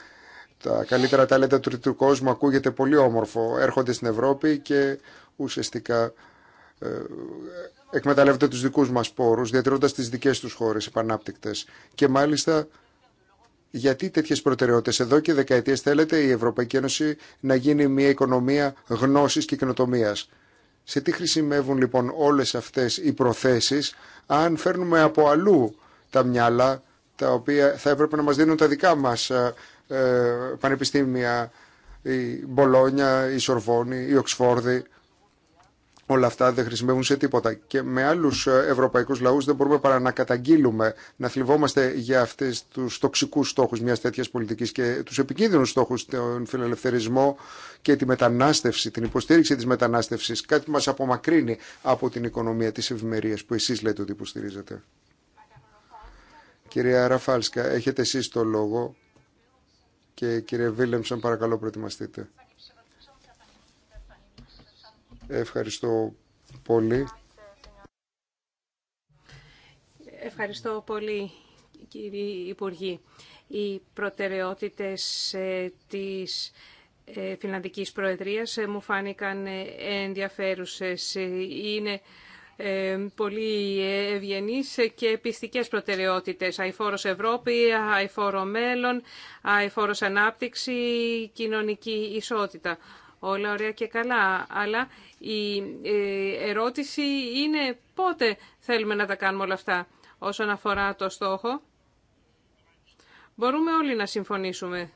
Τα καλύτερα ταλέντα του τρίτου κόσμου ακούγεται πολύ όμορφο. Έρχονται στην Ευρώπη και ουσιαστικά ε, εκμεταλλεύονται τους δικούς μας πόρους, διατηρώντας τις δικές τους χώρες επανάπτυκτες. Και μάλιστα γιατί τέτοιε προτεραιότητες. Εδώ και δεκαετίες θέλετε η Ευρωπαϊκή Ένωση να γίνει μια οικονομία γνώσης και κοινοτομία. Σε τι χρησιμεύουν λοιπόν όλες αυτές οι προθέσεις αν φέρνουμε από αλλού τα μυαλά τα οποία θα έπρεπε να μας δίνουν τα δικά μας ε, ε, πανεπιστήμια, η Μπολόνια, η Σορβόνη, η Οξφόρδη όλα αυτά δεν χρησιμεύουν σε τίποτα. Και με άλλου ε, ευρωπαϊκού λαού δεν μπορούμε παρά να καταγγείλουμε, να θλιβόμαστε για αυτέ του τοξικού στόχου μια τέτοια πολιτική και του επικίνδυνου στόχου, τον φιλελευθερισμό και τη μετανάστευση, την υποστήριξη τη μετανάστευση. Κάτι που μα απομακρύνει από την οικονομία τη ευημερία που εσεί λέτε ότι υποστηρίζετε. Κυρία Ραφάλσκα, έχετε εσεί το λόγο. Και κύριε Βίλεμσον, παρακαλώ προετοιμαστείτε. Ευχαριστώ πολύ. Ευχαριστώ πολύ, κύριε Υπουργή. Οι προτεραιότητες ε, της ε, Φιλανδικής Προεδρίας ε, μου φάνηκαν ενδιαφέρουσες. Είναι πολύ ευγενείς και πιστικές προτεραιότητες. Αϊφόρος Ευρώπη, αϊφόρο μέλλον, αϊφόρος ανάπτυξη, κοινωνική ισότητα όλα ωραία και καλά, αλλά η ε, ερώτηση είναι πότε θέλουμε να τα κάνουμε όλα αυτά. Όσον αφορά το στόχο, μπορούμε όλοι να συμφωνήσουμε.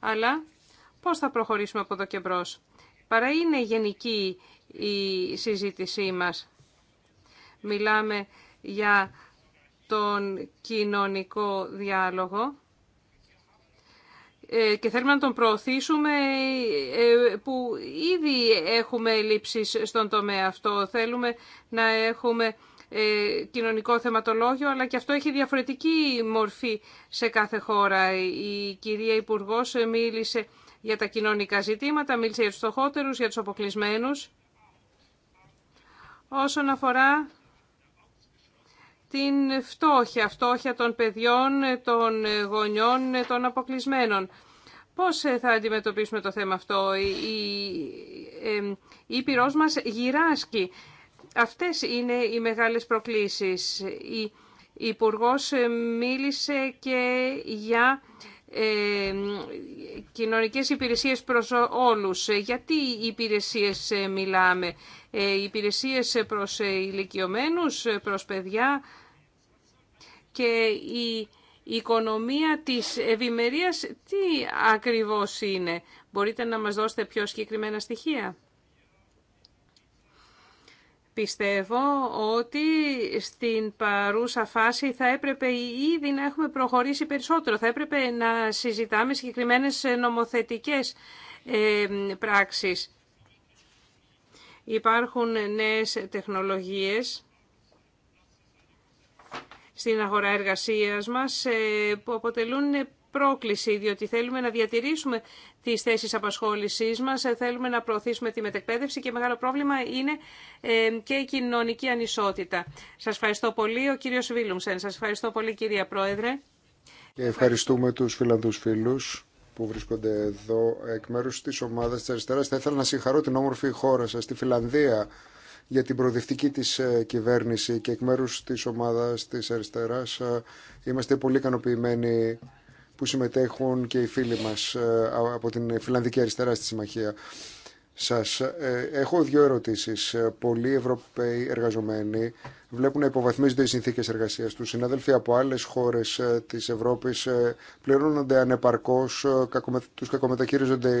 Αλλά πώς θα προχωρήσουμε από εδώ και μπρος. Παρά είναι γενική η συζήτησή μας. Μιλάμε για τον κοινωνικό διάλογο ε, και θέλουμε να τον προωθήσουμε ε, που ήδη έχουμε λήψεις στον τομέα αυτό. Θέλουμε να έχουμε ε, κοινωνικό θεματολόγιο, αλλά και αυτό έχει διαφορετική μορφή σε κάθε χώρα. Η κυρία Υπουργό μίλησε για τα κοινωνικά ζητήματα, μίλησε για τους στοχότερους, για τους αποκλεισμένους. Όσον αφορά την φτώχεια, φτώχεια των παιδιών, των γονιών, των αποκλεισμένων. Πώς ε, θα αντιμετωπίσουμε το θέμα αυτό. Η, η, ε, η μας γυράσκει. Αυτές είναι οι μεγάλες προκλήσεις. Η, η ε, μίλησε και για ε, κοινωνικές υπηρεσίες προς όλους. Γιατί υπηρεσίες μιλάμε. Ε, υπηρεσίες προς ηλικιωμένους, προς παιδιά και η οικονομία της ευημερία τι ακριβώς είναι. Μπορείτε να μας δώσετε πιο συγκεκριμένα στοιχεία. Πιστεύω ότι στην παρούσα φάση θα έπρεπε ήδη να έχουμε προχωρήσει περισσότερο. Θα έπρεπε να συζητάμε συγκεκριμένες νομοθετικές ε, πράξεις. Υπάρχουν νέες τεχνολογίες στην αγορά εργασίας μας ε, που αποτελούν πρόκληση, διότι θέλουμε να διατηρήσουμε τις θέσεις απασχόλησής μας, ε, θέλουμε να προωθήσουμε τη μετεκπαίδευση και μεγάλο πρόβλημα είναι ε, και η κοινωνική ανισότητα. Σας ευχαριστώ πολύ, ο κύριος Βίλουμσεν. Σας ευχαριστώ πολύ, κυρία Πρόεδρε. ευχαριστούμε τους Φιλανδούς φίλους που βρίσκονται εδώ εκ μέρους της ομάδας της αριστεράς. Θα ήθελα να συγχαρώ την όμορφη χώρα σας, τη Φιλανδία, για την προοδευτική της ε, κυβέρνηση και εκ μέρους της ομάδας της αριστεράς ε, είμαστε πολύ ικανοποιημένοι που συμμετέχουν και οι φίλοι μας ε, από την Φιλανδική Αριστερά στη Συμμαχία. Σας έχω δύο ερωτήσεις. Πολλοί Ευρωπαίοι εργαζομένοι βλέπουν να υποβαθμίζονται οι συνθήκες εργασίας τους. Συνάδελφοι από άλλες χώρες της Ευρώπης πληρώνονται ανεπαρκώς, τους κακομεταχείριζονται,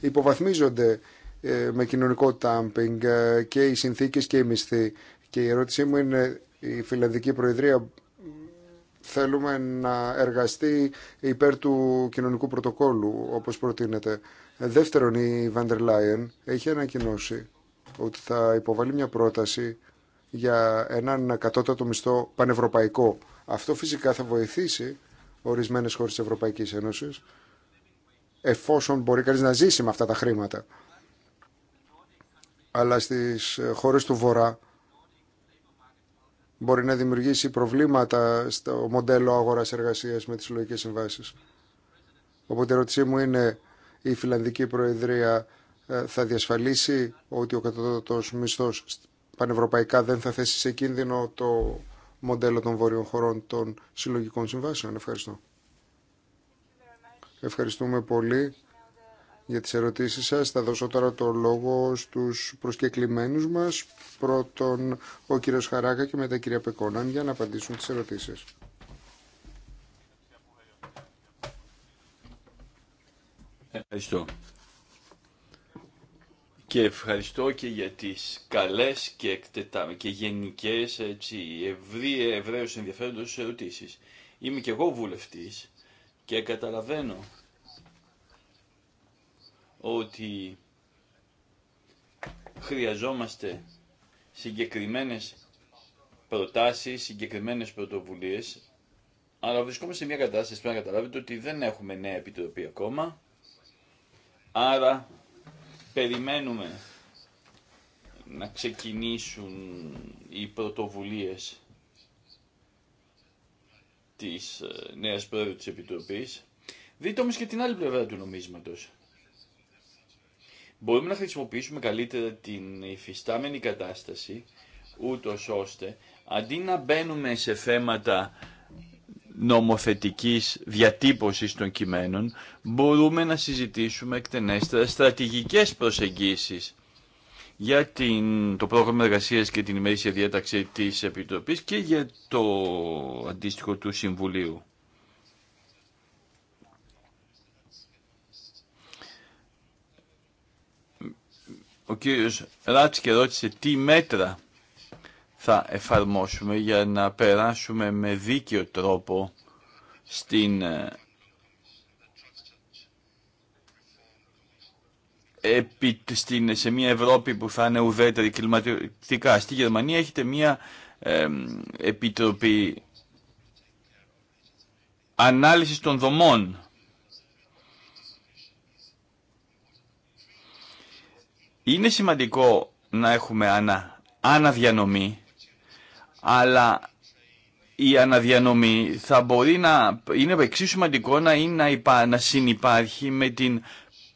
υποβαθμίζονται ε, με κοινωνικό τάμπινγκ ε, και οι συνθήκες και οι μισθοί. Και η ερώτησή μου είναι η Φιλανδική Προεδρία θέλουμε να εργαστεί υπέρ του κοινωνικού πρωτοκόλου όπως προτείνεται. Δεύτερον η Βαντερ Λάιεν έχει ανακοινώσει ότι θα υποβάλει μια πρόταση για έναν κατώτατο μισθό πανευρωπαϊκό. Αυτό φυσικά θα βοηθήσει ορισμένες χώρες της Ευρωπαϊκής Ένωσης εφόσον μπορεί κανείς να ζήσει με αυτά τα χρήματα αλλά στις ε, χώρες του Βορρά μπορεί να δημιουργήσει προβλήματα στο μοντέλο αγοράς-εργασίας με τις συλλογικέ συμβάσεις. Οπότε η ερώτησή μου είναι η Φιλανδική Προεδρία ε, θα διασφαλίσει ότι ο κατώτατος μισθός πανευρωπαϊκά δεν θα θέσει σε κίνδυνο το μοντέλο των βόρειων χωρών των συλλογικών συμβάσεων. Ευχαριστώ. Ευχαριστούμε πολύ για τις ερωτήσεις σας. Θα δώσω τώρα το λόγο στους προσκεκλημένους μας. Πρώτον ο κύριος Χαράκα και μετά η κυρία Πεκόναν για να απαντήσουν τις ερωτήσεις. Ευχαριστώ. Και ευχαριστώ και για τις καλές και, εκτετα... και γενικές έτσι, ευρύ, ευρέως ενδιαφέροντος ερωτήσεις. Είμαι και εγώ βουλευτής και καταλαβαίνω ότι χρειαζόμαστε συγκεκριμένες προτάσεις, συγκεκριμένες πρωτοβουλίες, αλλά βρισκόμαστε σε μια κατάσταση, που να καταλάβετε, ότι δεν έχουμε νέα επιτροπή ακόμα, άρα περιμένουμε να ξεκινήσουν οι πρωτοβουλίες της ε, νέας πρόεδρου της Επιτροπής. Δείτε όμως και την άλλη πλευρά του νομίσματος μπορούμε να χρησιμοποιήσουμε καλύτερα την υφιστάμενη κατάσταση, ούτω ώστε αντί να μπαίνουμε σε θέματα νομοθετικής διατύπωσης των κειμένων, μπορούμε να συζητήσουμε εκτενέστερα στρατηγικές προσεγγίσεις για την, το πρόγραμμα εργασίας και την ημερήσια διάταξη της Επιτροπής και για το αντίστοιχο του Συμβουλίου. Ο κύριος και ρώτησε τι μέτρα θα εφαρμόσουμε για να περάσουμε με δίκαιο τρόπο στην ε, επί, στην, σε μια Ευρώπη που θα είναι ουδέτερη κλιματικά. Στη Γερμανία έχετε μια ε, επιτροπή ανάλυσης των δομών Είναι σημαντικό να έχουμε ανα, αναδιανομή, αλλά η αναδιανομή θα μπορεί να είναι εξίσου σημαντικό να, είναι, να, υπά, με την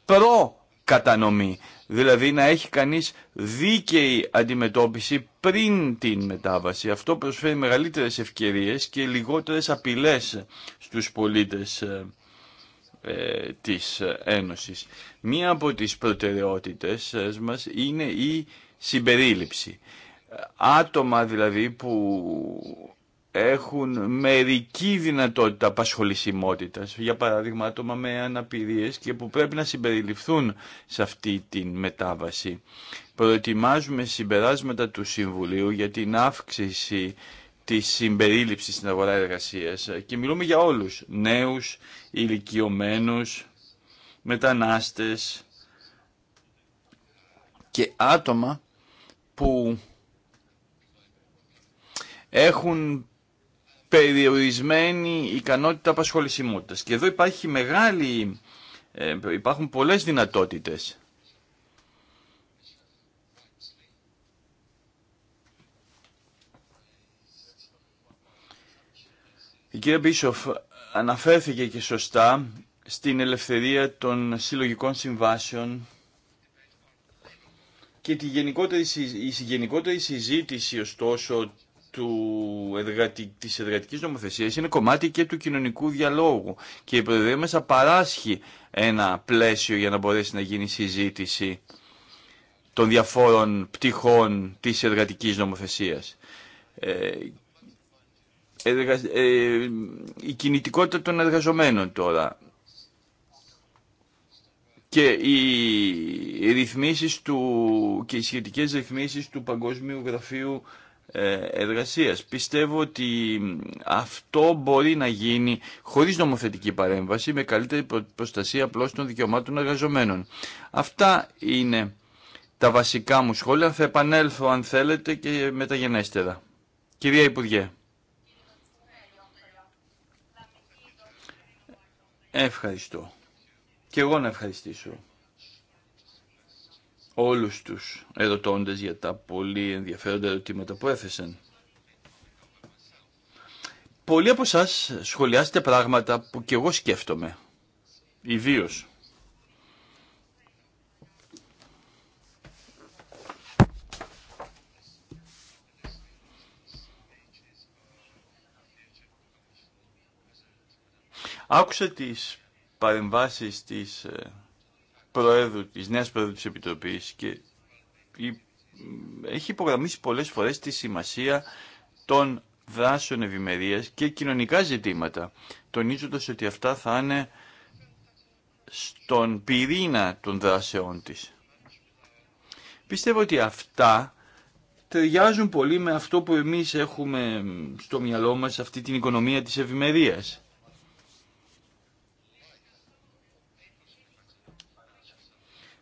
προκατανομή. Δηλαδή να έχει κανείς δίκαιη αντιμετώπιση πριν την μετάβαση. Αυτό προσφέρει μεγαλύτερες ευκαιρίες και λιγότερες απειλές στους πολίτες ε, ε, της ε, Ένωσης. Μία από τις προτεραιότητες ε, μας είναι η συμπερίληψη. Άτομα δηλαδή που έχουν μερική δυνατότητα απασχολησιμότητας, για παράδειγμα άτομα με αναπηρίες και που πρέπει να συμπεριληφθούν σε αυτή την μετάβαση. Προετοιμάζουμε συμπεράσματα του Συμβουλίου για την αύξηση τη συμπεριλήψη στην αγορά εργασία και μιλούμε για όλους, νέους, ηλικιωμένους, μετανάστες και άτομα που έχουν περιορισμένη ικανότητα απασχολησιμότητας. Και εδώ υπάρχει μεγάλη, ε, υπάρχουν πολλές δυνατότητες. Η κυρία Μπίσοφ αναφέρθηκε και σωστά στην ελευθερία των συλλογικών συμβάσεων και τη γενικότερη, η γενικότερη συζήτηση ωστόσο του Εργατική της εργατικής νομοθεσίας είναι κομμάτι και του κοινωνικού διαλόγου και η Προεδρία παράσχει ένα πλαίσιο για να μπορέσει να γίνει συζήτηση των διαφόρων πτυχών της εργατικής νομοθεσίας. Ε, ε, η κινητικότητα των εργαζομένων τώρα και οι ρυθμίσεις του και οι σχετικές ρυθμίσεις του Παγκόσμιου Γραφείου ε, Εργασίας. Πιστεύω ότι αυτό μπορεί να γίνει χωρίς νομοθετική παρέμβαση με καλύτερη προστασία απλώς των δικαιωμάτων εργαζομένων. Αυτά είναι τα βασικά μου σχόλια. Θα επανέλθω αν θέλετε και μεταγενέστερα. Κυρία Υπουργέ. Ευχαριστώ. Και εγώ να ευχαριστήσω όλους τους ερωτώντες για τα πολύ ενδιαφέροντα ερωτήματα που έθεσαν. Πολλοί από εσά σχολιάσετε πράγματα που και εγώ σκέφτομαι, ιδίως Άκουσα τις παρεμβάσεις της ε, Προέδρου, της νέας Προέδρου της Επιτροπής και έχει υπογραμμίσει πολλές φορές τη σημασία των δράσεων ευημερία και κοινωνικά ζητήματα, τονίζοντας ότι αυτά θα είναι στον πυρήνα των δράσεών της. Πιστεύω ότι αυτά ταιριάζουν πολύ με αυτό που εμείς έχουμε στο μυαλό μας, αυτή την οικονομία της ευημερίας.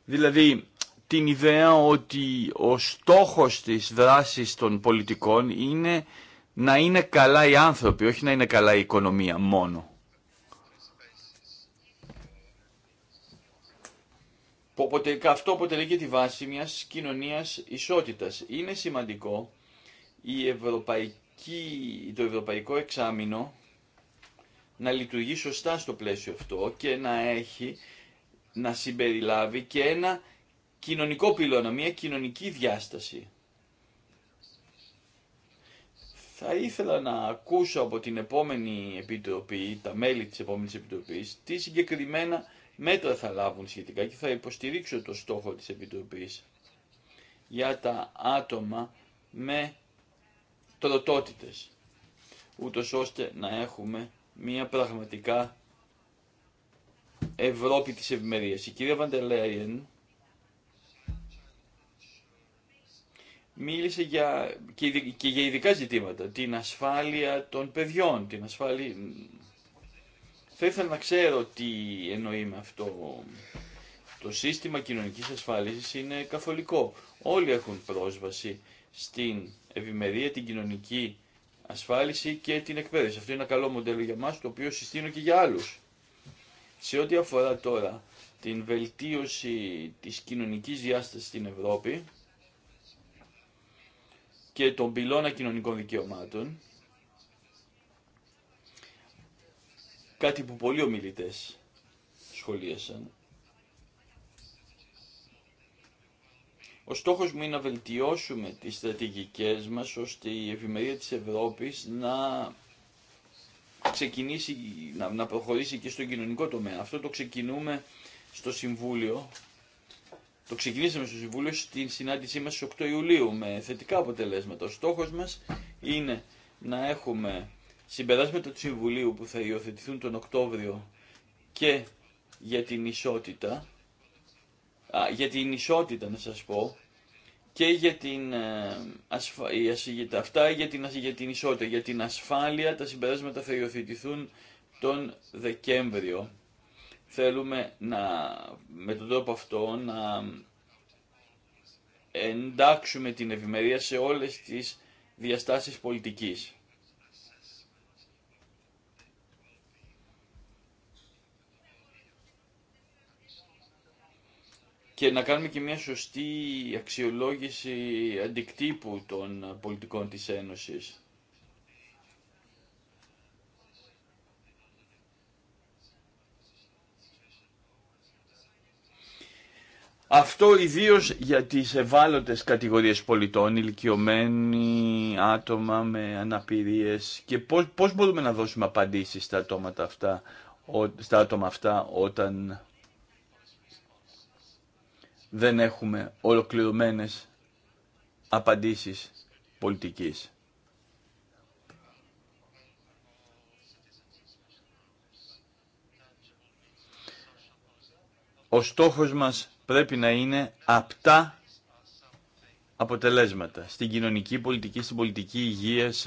Δηλαδή την ιδέα ότι ο στόχος της δράσης των πολιτικών είναι να είναι καλά οι άνθρωποι, όχι να είναι καλά η οικονομία μόνο. Αυτό αποτελεί και τη βάση μιας κοινωνίας ισότητας. Είναι σημαντικό η ευρωπαϊκή, το ευρωπαϊκό εξάμεινο να λειτουργεί σωστά στο πλαίσιο αυτό και να έχει να συμπεριλάβει και ένα κοινωνικό πυλώνα, μια κοινωνική διάσταση. Θα ήθελα να ακούσω από την επόμενη επιτροπή, τα μέλη της επόμενης επιτροπής, τι συγκεκριμένα μέτρα θα λάβουν σχετικά και θα υποστηρίξω το στόχο της επιτροπής για τα άτομα με τροτότητες, ούτως ώστε να έχουμε μια πραγματικά Ευρώπη της ευημερίας. Η κυρία Βαντελέιεν μίλησε για, και για ειδικά ζητήματα, την ασφάλεια των παιδιών, την ασφάλεια... Θα ήθελα να ξέρω τι εννοεί με αυτό. Το σύστημα κοινωνικής ασφάλισης είναι καθολικό. Όλοι έχουν πρόσβαση στην ευημερία, την κοινωνική ασφάλιση και την εκπαίδευση. Αυτό είναι ένα καλό μοντέλο για μας, το οποίο συστήνω και για άλλους. Σε ό,τι αφορά τώρα την βελτίωση της κοινωνικής διάστασης στην Ευρώπη και τον πυλώνα κοινωνικών δικαιωμάτων, κάτι που πολλοί ομιλητές σχολίασαν, Ο στόχος μου είναι να βελτιώσουμε τις στρατηγικές μας ώστε η ευημερία της Ευρώπης να ξεκινήσει, να, να προχωρήσει και στο κοινωνικό τομέα. Αυτό το ξεκινούμε στο Συμβούλιο, το ξεκινήσαμε στο Συμβούλιο στην συνάντησή μας στις 8 Ιουλίου με θετικά αποτελέσματα. Ο στόχος μας είναι να έχουμε συμπεράσματα του Συμβουλίου που θα υιοθετηθούν τον Οκτώβριο και για την ισότητα, για την ισότητα να σας πω, και για την, ε, ασφα... αυτά για την, για την ισότητα, για την ασφάλεια. Τα συμπεράσματα θα υιοθετηθούν τον Δεκέμβριο. Θέλουμε να, με τον τρόπο αυτό να εντάξουμε την ευημερία σε όλες τις διαστάσεις πολιτικής. και να κάνουμε και μια σωστή αξιολόγηση αντικτύπου των πολιτικών της Ένωσης. Αυτό ιδίω για τι ευάλωτε κατηγορίες πολιτών, ηλικιωμένοι άτομα με αναπηρίε. και πώ μπορούμε να δώσουμε απαντήσει στα στα άτομα αυτά όταν δεν έχουμε ολοκληρωμένες απαντήσεις πολιτικής. Ο στόχος μας πρέπει να είναι απτά αποτελέσματα στην κοινωνική πολιτική, στην πολιτική υγείας,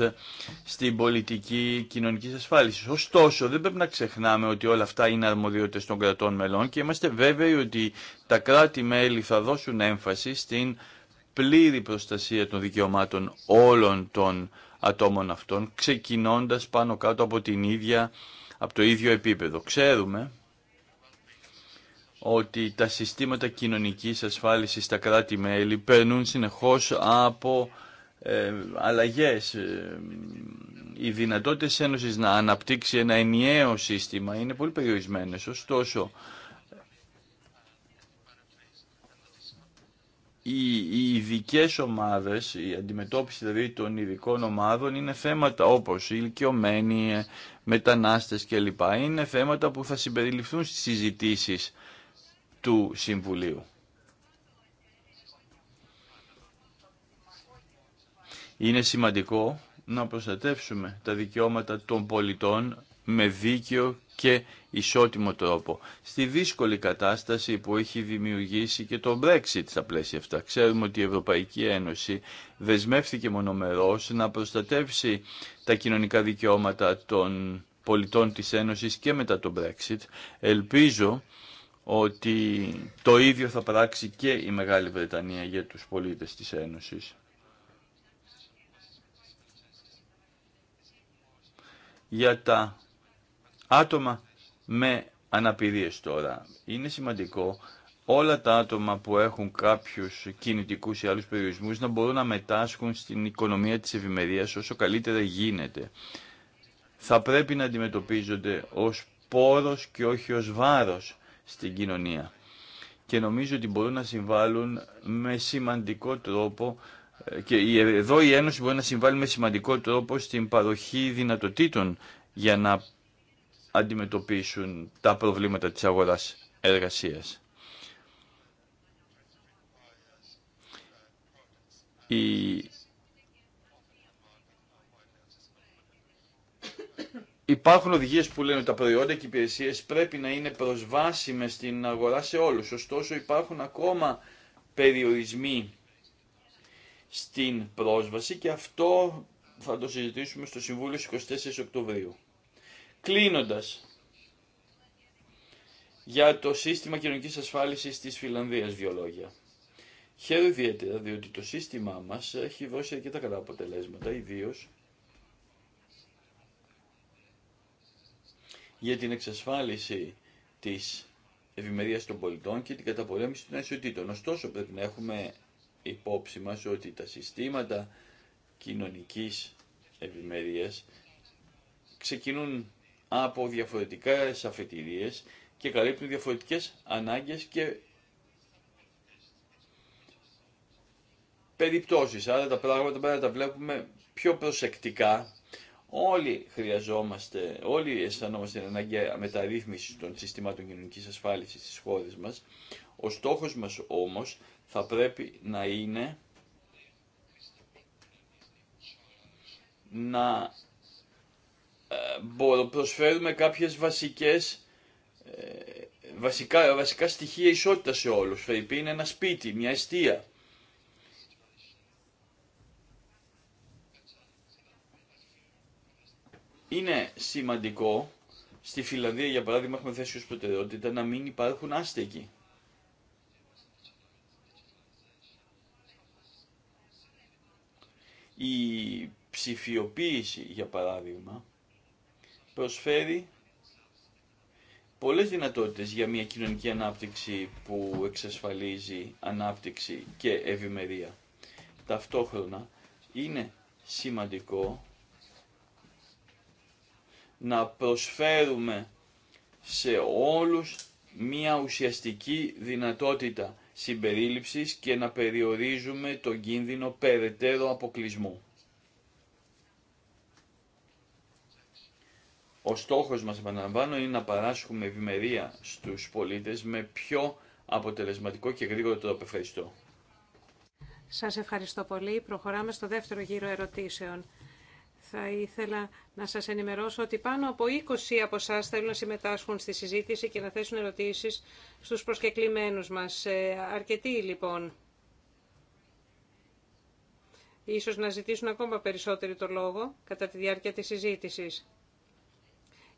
στην πολιτική κοινωνικής ασφάλισης. Ωστόσο, δεν πρέπει να ξεχνάμε ότι όλα αυτά είναι αρμοδιότητες των κρατών μελών και είμαστε βέβαιοι ότι τα κράτη-μέλη θα δώσουν έμφαση στην πλήρη προστασία των δικαιωμάτων όλων των ατόμων αυτών, ξεκινώντας πάνω κάτω από την ίδια, από το ίδιο επίπεδο. Ξέρουμε ότι τα συστήματα κοινωνικής ασφάλισης στα κράτη-μέλη περνούν συνεχώς από ε, αλλαγές. Ε, οι δυνατότητες της να αναπτύξει ένα ενιαίο σύστημα είναι πολύ περιορισμένες. Ωστόσο, οι, οι ειδικέ ομάδες, η αντιμετώπιση δηλαδή των ειδικών ομάδων είναι θέματα όπως οι ηλικιωμένοι, ε, μετανάστες κλπ. Είναι θέματα που θα συμπεριληφθούν στις συζητήσεις του Συμβουλίου. Είναι σημαντικό να προστατεύσουμε τα δικαιώματα των πολιτών με δίκαιο και ισότιμο τρόπο. Στη δύσκολη κατάσταση που έχει δημιουργήσει και το Brexit στα πλαίσια αυτά. Ξέρουμε ότι η Ευρωπαϊκή Ένωση δεσμεύθηκε μονομερώς να προστατεύσει τα κοινωνικά δικαιώματα των πολιτών της Ένωσης και μετά το Brexit. Ελπίζω ότι το ίδιο θα πράξει και η Μεγάλη Βρετανία για τους πολίτες της Ένωσης. Για τα άτομα με αναπηρίες τώρα. Είναι σημαντικό όλα τα άτομα που έχουν κάποιους κινητικούς ή άλλους περιορισμούς να μπορούν να μετάσχουν στην οικονομία της ευημερίας όσο καλύτερα γίνεται. Θα πρέπει να αντιμετωπίζονται ως πόρος και όχι ως βάρος στην κοινωνία. Και νομίζω ότι μπορούν να συμβάλλουν με σημαντικό τρόπο ε, και εδώ η Ένωση μπορεί να συμβάλλει με σημαντικό τρόπο στην παροχή δυνατοτήτων για να αντιμετωπίσουν τα προβλήματα της αγοράς εργασίας. Υπάρχουν οδηγίες που λένε ότι τα προϊόντα και οι υπηρεσίε πρέπει να είναι προσβάσιμες στην αγορά σε όλους. Ωστόσο υπάρχουν ακόμα περιορισμοί στην πρόσβαση και αυτό θα το συζητήσουμε στο Συμβούλιο στις 24 Οκτωβρίου. Κλείνοντας, για το σύστημα κοινωνική ασφάλισης της Φιλανδίας δύο λόγια. Χαίρομαι ιδιαίτερα διότι το σύστημά μα έχει δώσει αρκετά καλά αποτελέσματα, ιδίω. για την εξασφάλιση της ευημερία των πολιτών και την καταπολέμηση των αισιοτήτων. Ωστόσο πρέπει να έχουμε υπόψη μας ότι τα συστήματα κοινωνικής ευημερία ξεκινούν από διαφορετικές αφετηρίες και καλύπτουν διαφορετικές ανάγκες και περιπτώσεις. Άρα τα πράγματα πρέπει να τα βλέπουμε πιο προσεκτικά Όλοι χρειαζόμαστε, όλοι αισθανόμαστε την ανάγκη μεταρρύθμιση των συστημάτων κοινωνική ασφάλιση στι χώρε μα. Ο στόχο μα όμω θα πρέπει να είναι να ε, προσφέρουμε κάποιες βασικές ε, βασικά, βασικά στοιχεία ισότητα σε όλους. είπε είναι ένα σπίτι, μια αιστεία. Είναι σημαντικό, στη Φιλανδία για παράδειγμα έχουμε θέσει ως προτεραιότητα να μην υπάρχουν άστεγοι. Η ψηφιοποίηση για παράδειγμα προσφέρει πολλές δυνατότητες για μια κοινωνική ανάπτυξη που εξασφαλίζει ανάπτυξη και ευημερία. Ταυτόχρονα είναι σημαντικό να προσφέρουμε σε όλους μία ουσιαστική δυνατότητα συμπερίληψης και να περιορίζουμε τον κίνδυνο περαιτέρω αποκλεισμού. Ο στόχος μας, επαναλαμβάνω, είναι να παράσχουμε ευημερία στους πολίτες με πιο αποτελεσματικό και γρήγορο τρόπο. Ευχαριστώ. Σας ευχαριστώ πολύ. Προχωράμε στο δεύτερο γύρο ερωτήσεων. Θα ήθελα να σας ενημερώσω ότι πάνω από 20 από εσά θέλουν να συμμετάσχουν στη συζήτηση και να θέσουν ερωτήσεις στους προσκεκλημένους μας. Ε, αρκετοί λοιπόν. Ίσως να ζητήσουν ακόμα περισσότερο το λόγο κατά τη διάρκεια της συζήτησης.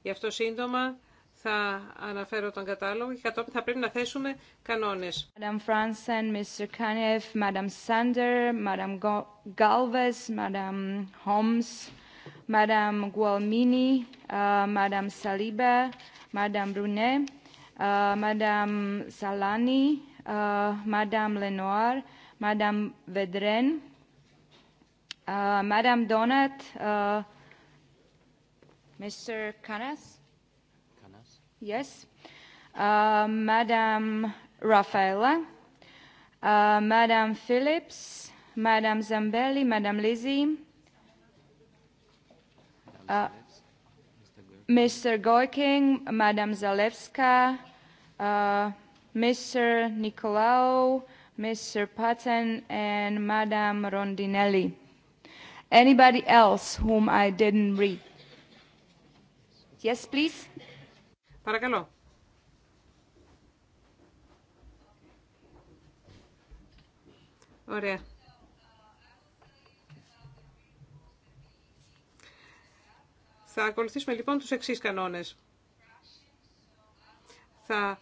Γι' αυτό σύντομα θα αναφέρω τον κατάλογο και κατόπιν θα πρέπει να θέσουμε κανόνες. Madam Fransen, Mr. Kanev, Madam Sander, Madam Galvez, Madam Holmes, Madam Gualmini, uh, Madam Saliba, Madam Brunet, uh, Madam Salani, Madam Lenoir, Madam Vedren, uh, Madam Donat, Mr. Kanes. Yes. Madam Raffaella, Madam Phillips, Madam Zambelli, Madam Lizzie, Mr. Goiking, Madam Zalewska, Mr. Nicolaou, Mr. Patton, and Madam Rondinelli. Anybody else whom I didn't read? Yes, please. Παρακαλώ. Ωραία. Θα ακολουθήσουμε λοιπόν τους εξής κανόνες. Θα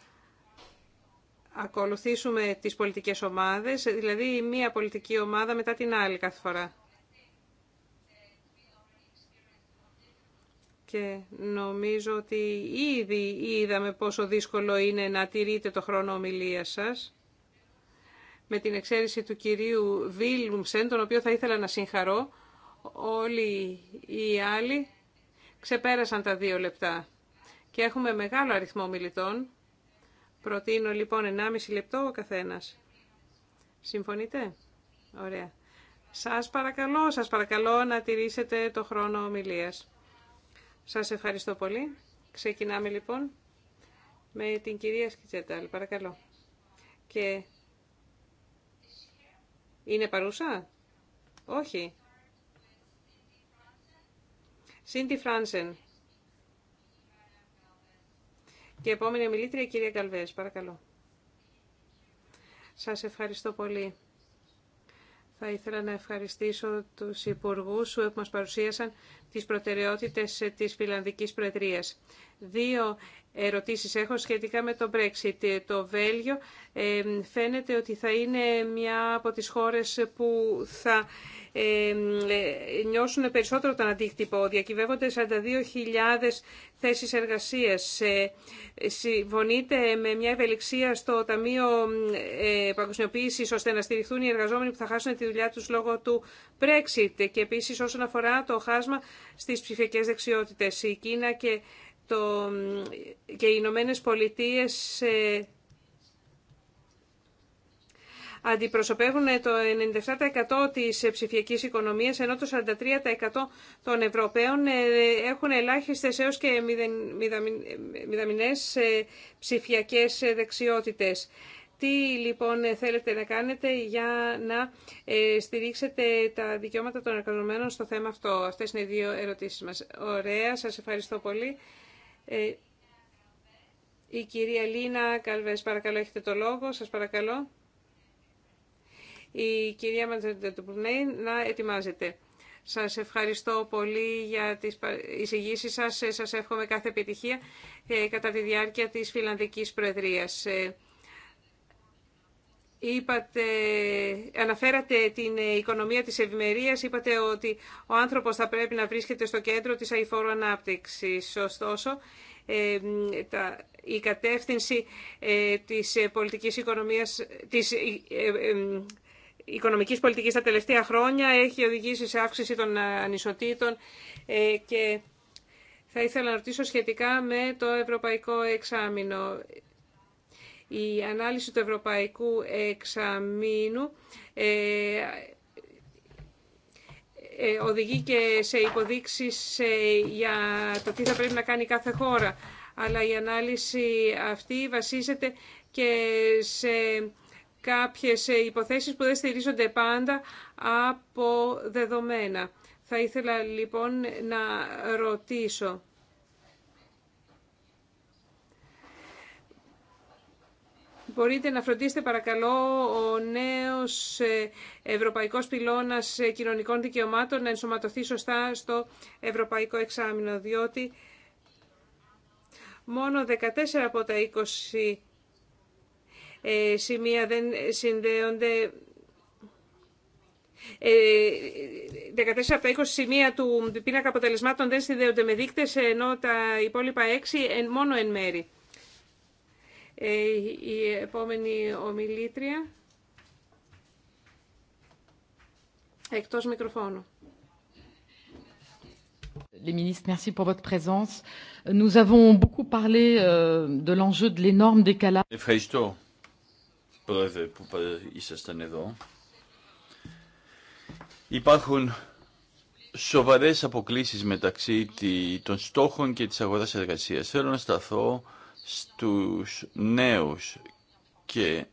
ακολουθήσουμε τις πολιτικές ομάδες, δηλαδή μία πολιτική ομάδα μετά την άλλη κάθε φορά. και νομίζω ότι ήδη είδαμε πόσο δύσκολο είναι να τηρείτε το χρόνο ομιλία σας. Με την εξαίρεση του κυρίου Βίλουμσεν, τον οποίο θα ήθελα να συγχαρώ, όλοι οι άλλοι ξεπέρασαν τα δύο λεπτά. Και έχουμε μεγάλο αριθμό μιλητών. Προτείνω λοιπόν 1,5 λεπτό ο καθένας. Συμφωνείτε? Ωραία. Σας παρακαλώ, σας παρακαλώ να τηρήσετε το χρόνο ομιλίας. Σας ευχαριστώ πολύ. Ξεκινάμε λοιπόν με την κυρία Σκιτσέταλ. Παρακαλώ. Και είναι παρούσα? Όχι. Σίντι Φράνσεν. Και επόμενη μιλήτρια, κυρία Καλβές, παρακαλώ. Σας ευχαριστώ πολύ. Θα ήθελα να ευχαριστήσω τους υπουργούς που μας παρουσίασαν τις προτεραιότητες της Φιλανδικής Προεδρίας. Δύο ερωτήσεις έχω σχετικά με το Brexit. Το Βέλγιο ε, φαίνεται ότι θα είναι μια από τις χώρες που θα ε, νιώσουν περισσότερο τον αντίκτυπο. Διακυβεύονται 42.000 θέσεις εργασίας. Συμφωνείτε με μια ευελιξία στο Ταμείο ε, Παγκοσμιοποίησης ώστε να στηριχθούν οι εργαζόμενοι που θα χάσουν τη δουλειά τους λόγω του Brexit και επίσης όσον αφορά το χάσμα στις ψηφιακές δεξιότητες. Η Κίνα και, το, και οι Ηνωμένε Πολιτείες ε, αντιπροσωπεύουν το 97% της ψηφιακής οικονομίας, ενώ το 43% των Ευρωπαίων ε, έχουν ελάχιστες έως και μηδαμινές ε, ψηφιακές ε, δεξιότητες. Τι λοιπόν θέλετε να κάνετε για να στηρίξετε τα δικαιώματα των εργαζομένων στο θέμα αυτό. Αυτές είναι οι δύο ερωτήσεις μας. Ωραία, σας ευχαριστώ πολύ. Η κυρία Λίνα Καλβές, παρακαλώ, έχετε το λόγο. Σας παρακαλώ η κυρία του Μαντζεντετουπνέη να ετοιμάζεται. Σας ευχαριστώ πολύ για τις εισηγήσεις σας. Ε, σας εύχομαι κάθε επιτυχία ε, κατά τη διάρκεια της Φιλανδικής Προεδρίας. Ε, είπατε, αναφέρατε την οικονομία της ευημερίας, είπατε ότι ο άνθρωπος θα πρέπει να βρίσκεται στο κέντρο της αηφόρου ανάπτυξης. Ωστόσο, η κατεύθυνση της πολιτικής οικονομίας, της οικονομική πολιτικής τα τελευταία χρόνια έχει οδηγήσει σε αύξηση των ε, ανισοτήτων ε, και θα ήθελα να ρωτήσω σχετικά με το Ευρωπαϊκό Εξάμεινο. Η ανάλυση του Ευρωπαϊκού Εξαμήνου ε, οδηγεί και σε υποδείξεις για το τι θα πρέπει να κάνει κάθε χώρα. Αλλά η ανάλυση αυτή βασίζεται και σε κάποιες ε, υποθέσεις που δεν στηρίζονται πάντα από δεδομένα. Θα ήθελα λοιπόν να ρωτήσω. Μπορείτε να φροντίσετε παρακαλώ ο νέος ε, ευρωπαϊκός πυλώνας ε, κοινωνικών δικαιωμάτων να ενσωματωθεί σωστά στο ευρωπαϊκό εξάμεινο, διότι μόνο 14 από τα 20 ε, σημεία δεν συνδέονται 14 από τα 20 σημεία του πίνακα αποτελεσμάτων δεν συνδέονται με δείκτες, ενώ τα υπόλοιπα 6 μόνο εν μέρη. Ε, η επόμενη ομιλήτρια, εκτός μικροφώνου. Les ministres, merci pour votre présence. Nous avons beaucoup parlé euh, de l'enjeu de l'énorme décalage. Ευχαριστώ πρόεδρε που ήσασταν εδώ. Υπάρχουν σοβαρές αποκλίσεις μεταξύ των στόχων και της αγοράς εργασίας. Θέλω να σταθώ στους νέους και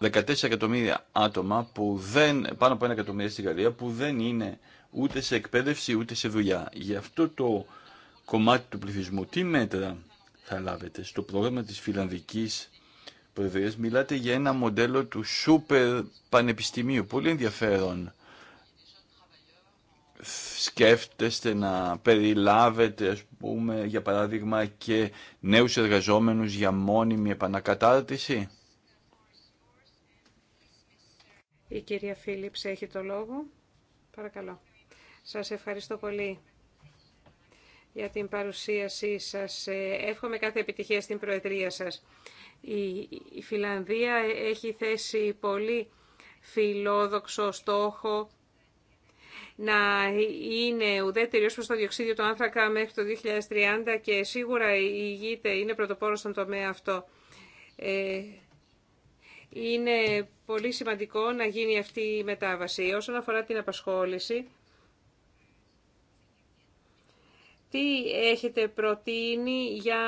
14 εκατομμύρια άτομα που δεν, πάνω από 1 εκατομμύριο στην Γαλλία που δεν είναι ούτε σε εκπαίδευση ούτε σε δουλειά. Γι' αυτό το κομμάτι του πληθυσμού τι μέτρα θα λάβετε στο πρόγραμμα της φιλανδικής Προεδρίας μιλάτε για ένα μοντέλο του σούπερ πανεπιστημίου. Πολύ ενδιαφέρον. Σκέφτεστε να περιλάβετε, ας πούμε, για παράδειγμα και νέους εργαζόμενους για μόνιμη επανακατάρτιση. Η κυρία Φίλιπς έχει το λόγο. Παρακαλώ. Σας ευχαριστώ πολύ για την παρουσίασή σας. Εύχομαι κάθε επιτυχία στην Προεδρία σας. Η Φιλανδία έχει θέσει πολύ φιλόδοξο στόχο να είναι ουδέτερη ως προς το διοξίδιο του άνθρακα μέχρι το 2030 και σίγουρα η ηγείται είναι πρωτοπόρος στον τομέα αυτό. Ε, είναι πολύ σημαντικό να γίνει αυτή η μετάβαση. Όσον αφορά την απασχόληση, Τι έχετε προτείνει για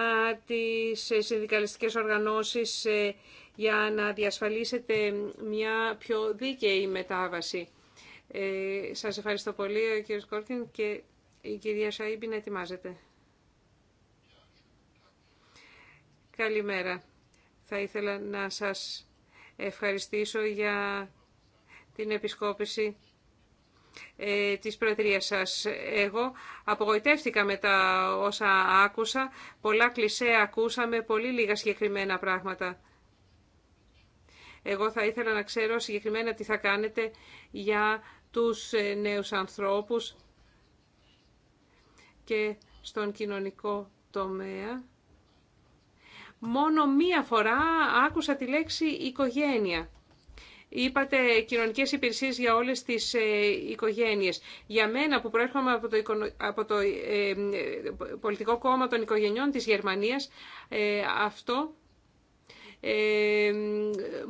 τις συνδικαλιστικές οργανώσεις ε, για να διασφαλίσετε μια πιο δίκαιη μετάβαση. Ε, σας ευχαριστώ πολύ, ο Σκόρτιν, και η κυρία Σαΐμπη να ετοιμάζεται. Καλημέρα. Θα ήθελα να σας ευχαριστήσω για την επισκόπηση ε, της Προεδρίας σας. Εγώ απογοητεύτηκα με τα όσα άκουσα. Πολλά κλισέ ακούσαμε, πολύ λίγα συγκεκριμένα πράγματα. Εγώ θα ήθελα να ξέρω συγκεκριμένα τι θα κάνετε για τους ε, νέους ανθρώπους και στον κοινωνικό τομέα. Μόνο μία φορά άκουσα τη λέξη «οικογένεια». Είπατε κοινωνικές υπηρεσίες για όλες τις ε, οικογένειες. Για μένα που προέρχομαι από το, από το ε, πολιτικό κόμμα των οικογενειών της Γερμανίας, ε, αυτό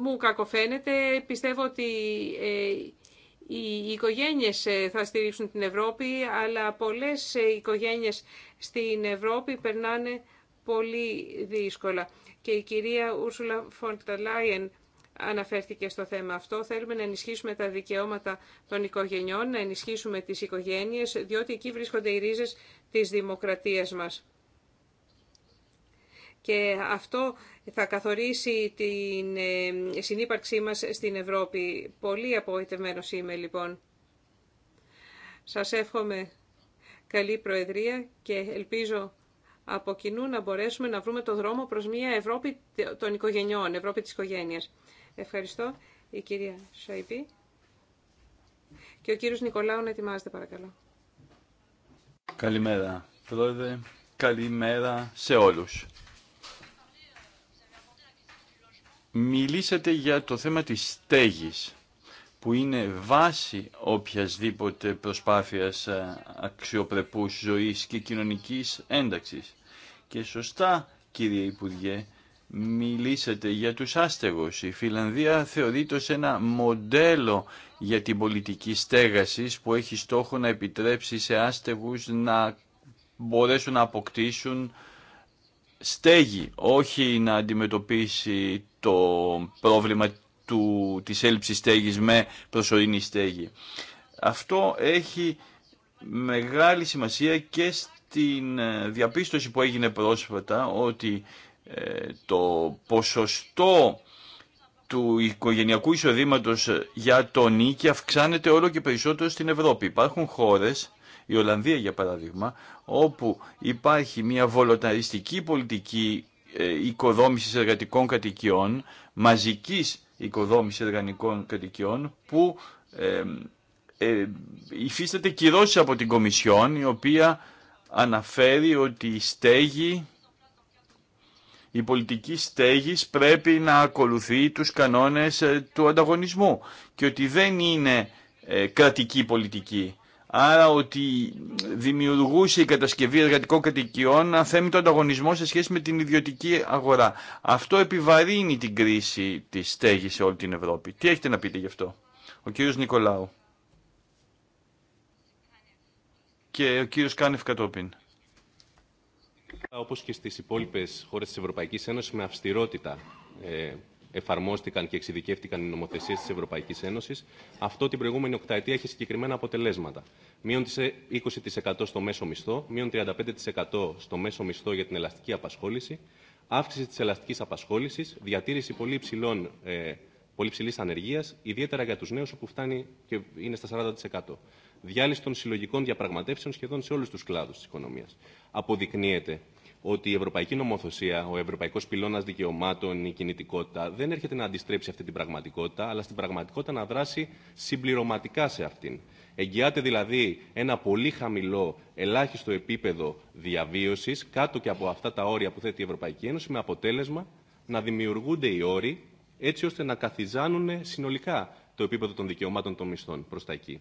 μου κακοφαίνεται. Πιστεύω ότι οι οικογένειες θα στηρίξουν την Ευρώπη, αλλά πολλές οικογένειες στην Ευρώπη περνάνε πολύ δύσκολα. Και η κυρία Ούρσουλα Φονταλάιεν αναφέρθηκε στο θέμα αυτό. Θέλουμε να ενισχύσουμε τα δικαιώματα των οικογενειών, να ενισχύσουμε τις οικογένειες, διότι εκεί βρίσκονται οι ρίζες της δημοκρατίας μας. Και αυτό θα καθορίσει την ε, συνύπαρξή μας στην Ευρώπη. Πολύ απογοητευμένος είμαι λοιπόν. Σας εύχομαι καλή Προεδρία και ελπίζω από κοινού να μπορέσουμε να βρούμε το δρόμο προς μια Ευρώπη των οικογενειών, Ευρώπη της οικογένειας. Ευχαριστώ. Η κυρία Σαϊπή. Και ο κύριος Νικολάου να ετοιμάζεται παρακαλώ. Καλημέρα, πρόεδρε. Καλημέρα σε όλους. Μιλήσατε για το θέμα της στέγης, που είναι βάση οποιασδήποτε προσπάθειας ε, αξιοπρεπούς ζωής και κοινωνικής ένταξης. Και σωστά, κύριε Υπουργέ, μιλήσατε για τους άστεγους. Η Φιλανδία θεωρείται ως ένα μοντέλο για την πολιτική στέγαση που έχει στόχο να επιτρέψει σε άστεγους να μπορέσουν να αποκτήσουν στέγη, όχι να αντιμετωπίσει το πρόβλημα του, της έλλειψης στέγης με προσωρινή στέγη. Αυτό έχει μεγάλη σημασία και στην ε, διαπίστωση που έγινε πρόσφατα ότι το ποσοστό του οικογενειακού εισοδήματος για τον νίκη αυξάνεται όλο και περισσότερο στην Ευρώπη. Υπάρχουν χώρες, η Ολλανδία για παράδειγμα, όπου υπάρχει μια βολοταριστική πολιτική ε, οικοδόμησης εργατικών κατοικιών, μαζικής οικοδόμησης εργατικών κατοικιών, που ε, ε, υφίσταται κυρώσεις από την Κομισιόν, η οποία αναφέρει ότι στέγη η πολιτική στέγης πρέπει να ακολουθεί τους κανόνες ε, του ανταγωνισμού και ότι δεν είναι ε, κρατική πολιτική. Άρα ότι δημιουργούσε η κατασκευή εργατικών κατοικιών θέμει τον ανταγωνισμό σε σχέση με την ιδιωτική αγορά. Αυτό επιβαρύνει την κρίση της στέγης σε όλη την Ευρώπη. Τι έχετε να πείτε γι' αυτό. Ο κύριος Νικολάου και ο κύριος Κάνευ κατόπιν. Όπως και στις υπόλοιπε χώρε τη Ευρωπαϊκής Ένωσης με αυστηρότητα ε, εφαρμόστηκαν και εξειδικεύτηκαν οι νομοθεσίε τη Ευρωπαϊκή Ένωση, αυτό την προηγούμενη οκταετία έχει συγκεκριμένα αποτελέσματα. Μείον 20% ε, στο μέσο μισθό, μείον 35% στο μέσο μισθό για την ελαστική απασχόληση, αύξηση τη ελαστική απασχόληση, διατήρηση πολύ υψηλών. Ε, πολύ ψηλή ανεργία, ιδιαίτερα για του νέου, όπου φτάνει και είναι στα 40% διάλυση των συλλογικών διαπραγματεύσεων σχεδόν σε όλου του κλάδου τη οικονομία. Αποδεικνύεται ότι η ευρωπαϊκή νομοθεσία, ο ευρωπαϊκό πυλώνα δικαιωμάτων, η κινητικότητα δεν έρχεται να αντιστρέψει αυτή την πραγματικότητα, αλλά στην πραγματικότητα να δράσει συμπληρωματικά σε αυτήν. Εγγυάται δηλαδή ένα πολύ χαμηλό, ελάχιστο επίπεδο διαβίωση, κάτω και από αυτά τα όρια που θέτει η Ευρωπαϊκή Ένωση, με αποτέλεσμα να δημιουργούνται οι όροι έτσι ώστε να καθιζάνουν συνολικά το επίπεδο των δικαιωμάτων των μισθών προ τα εκεί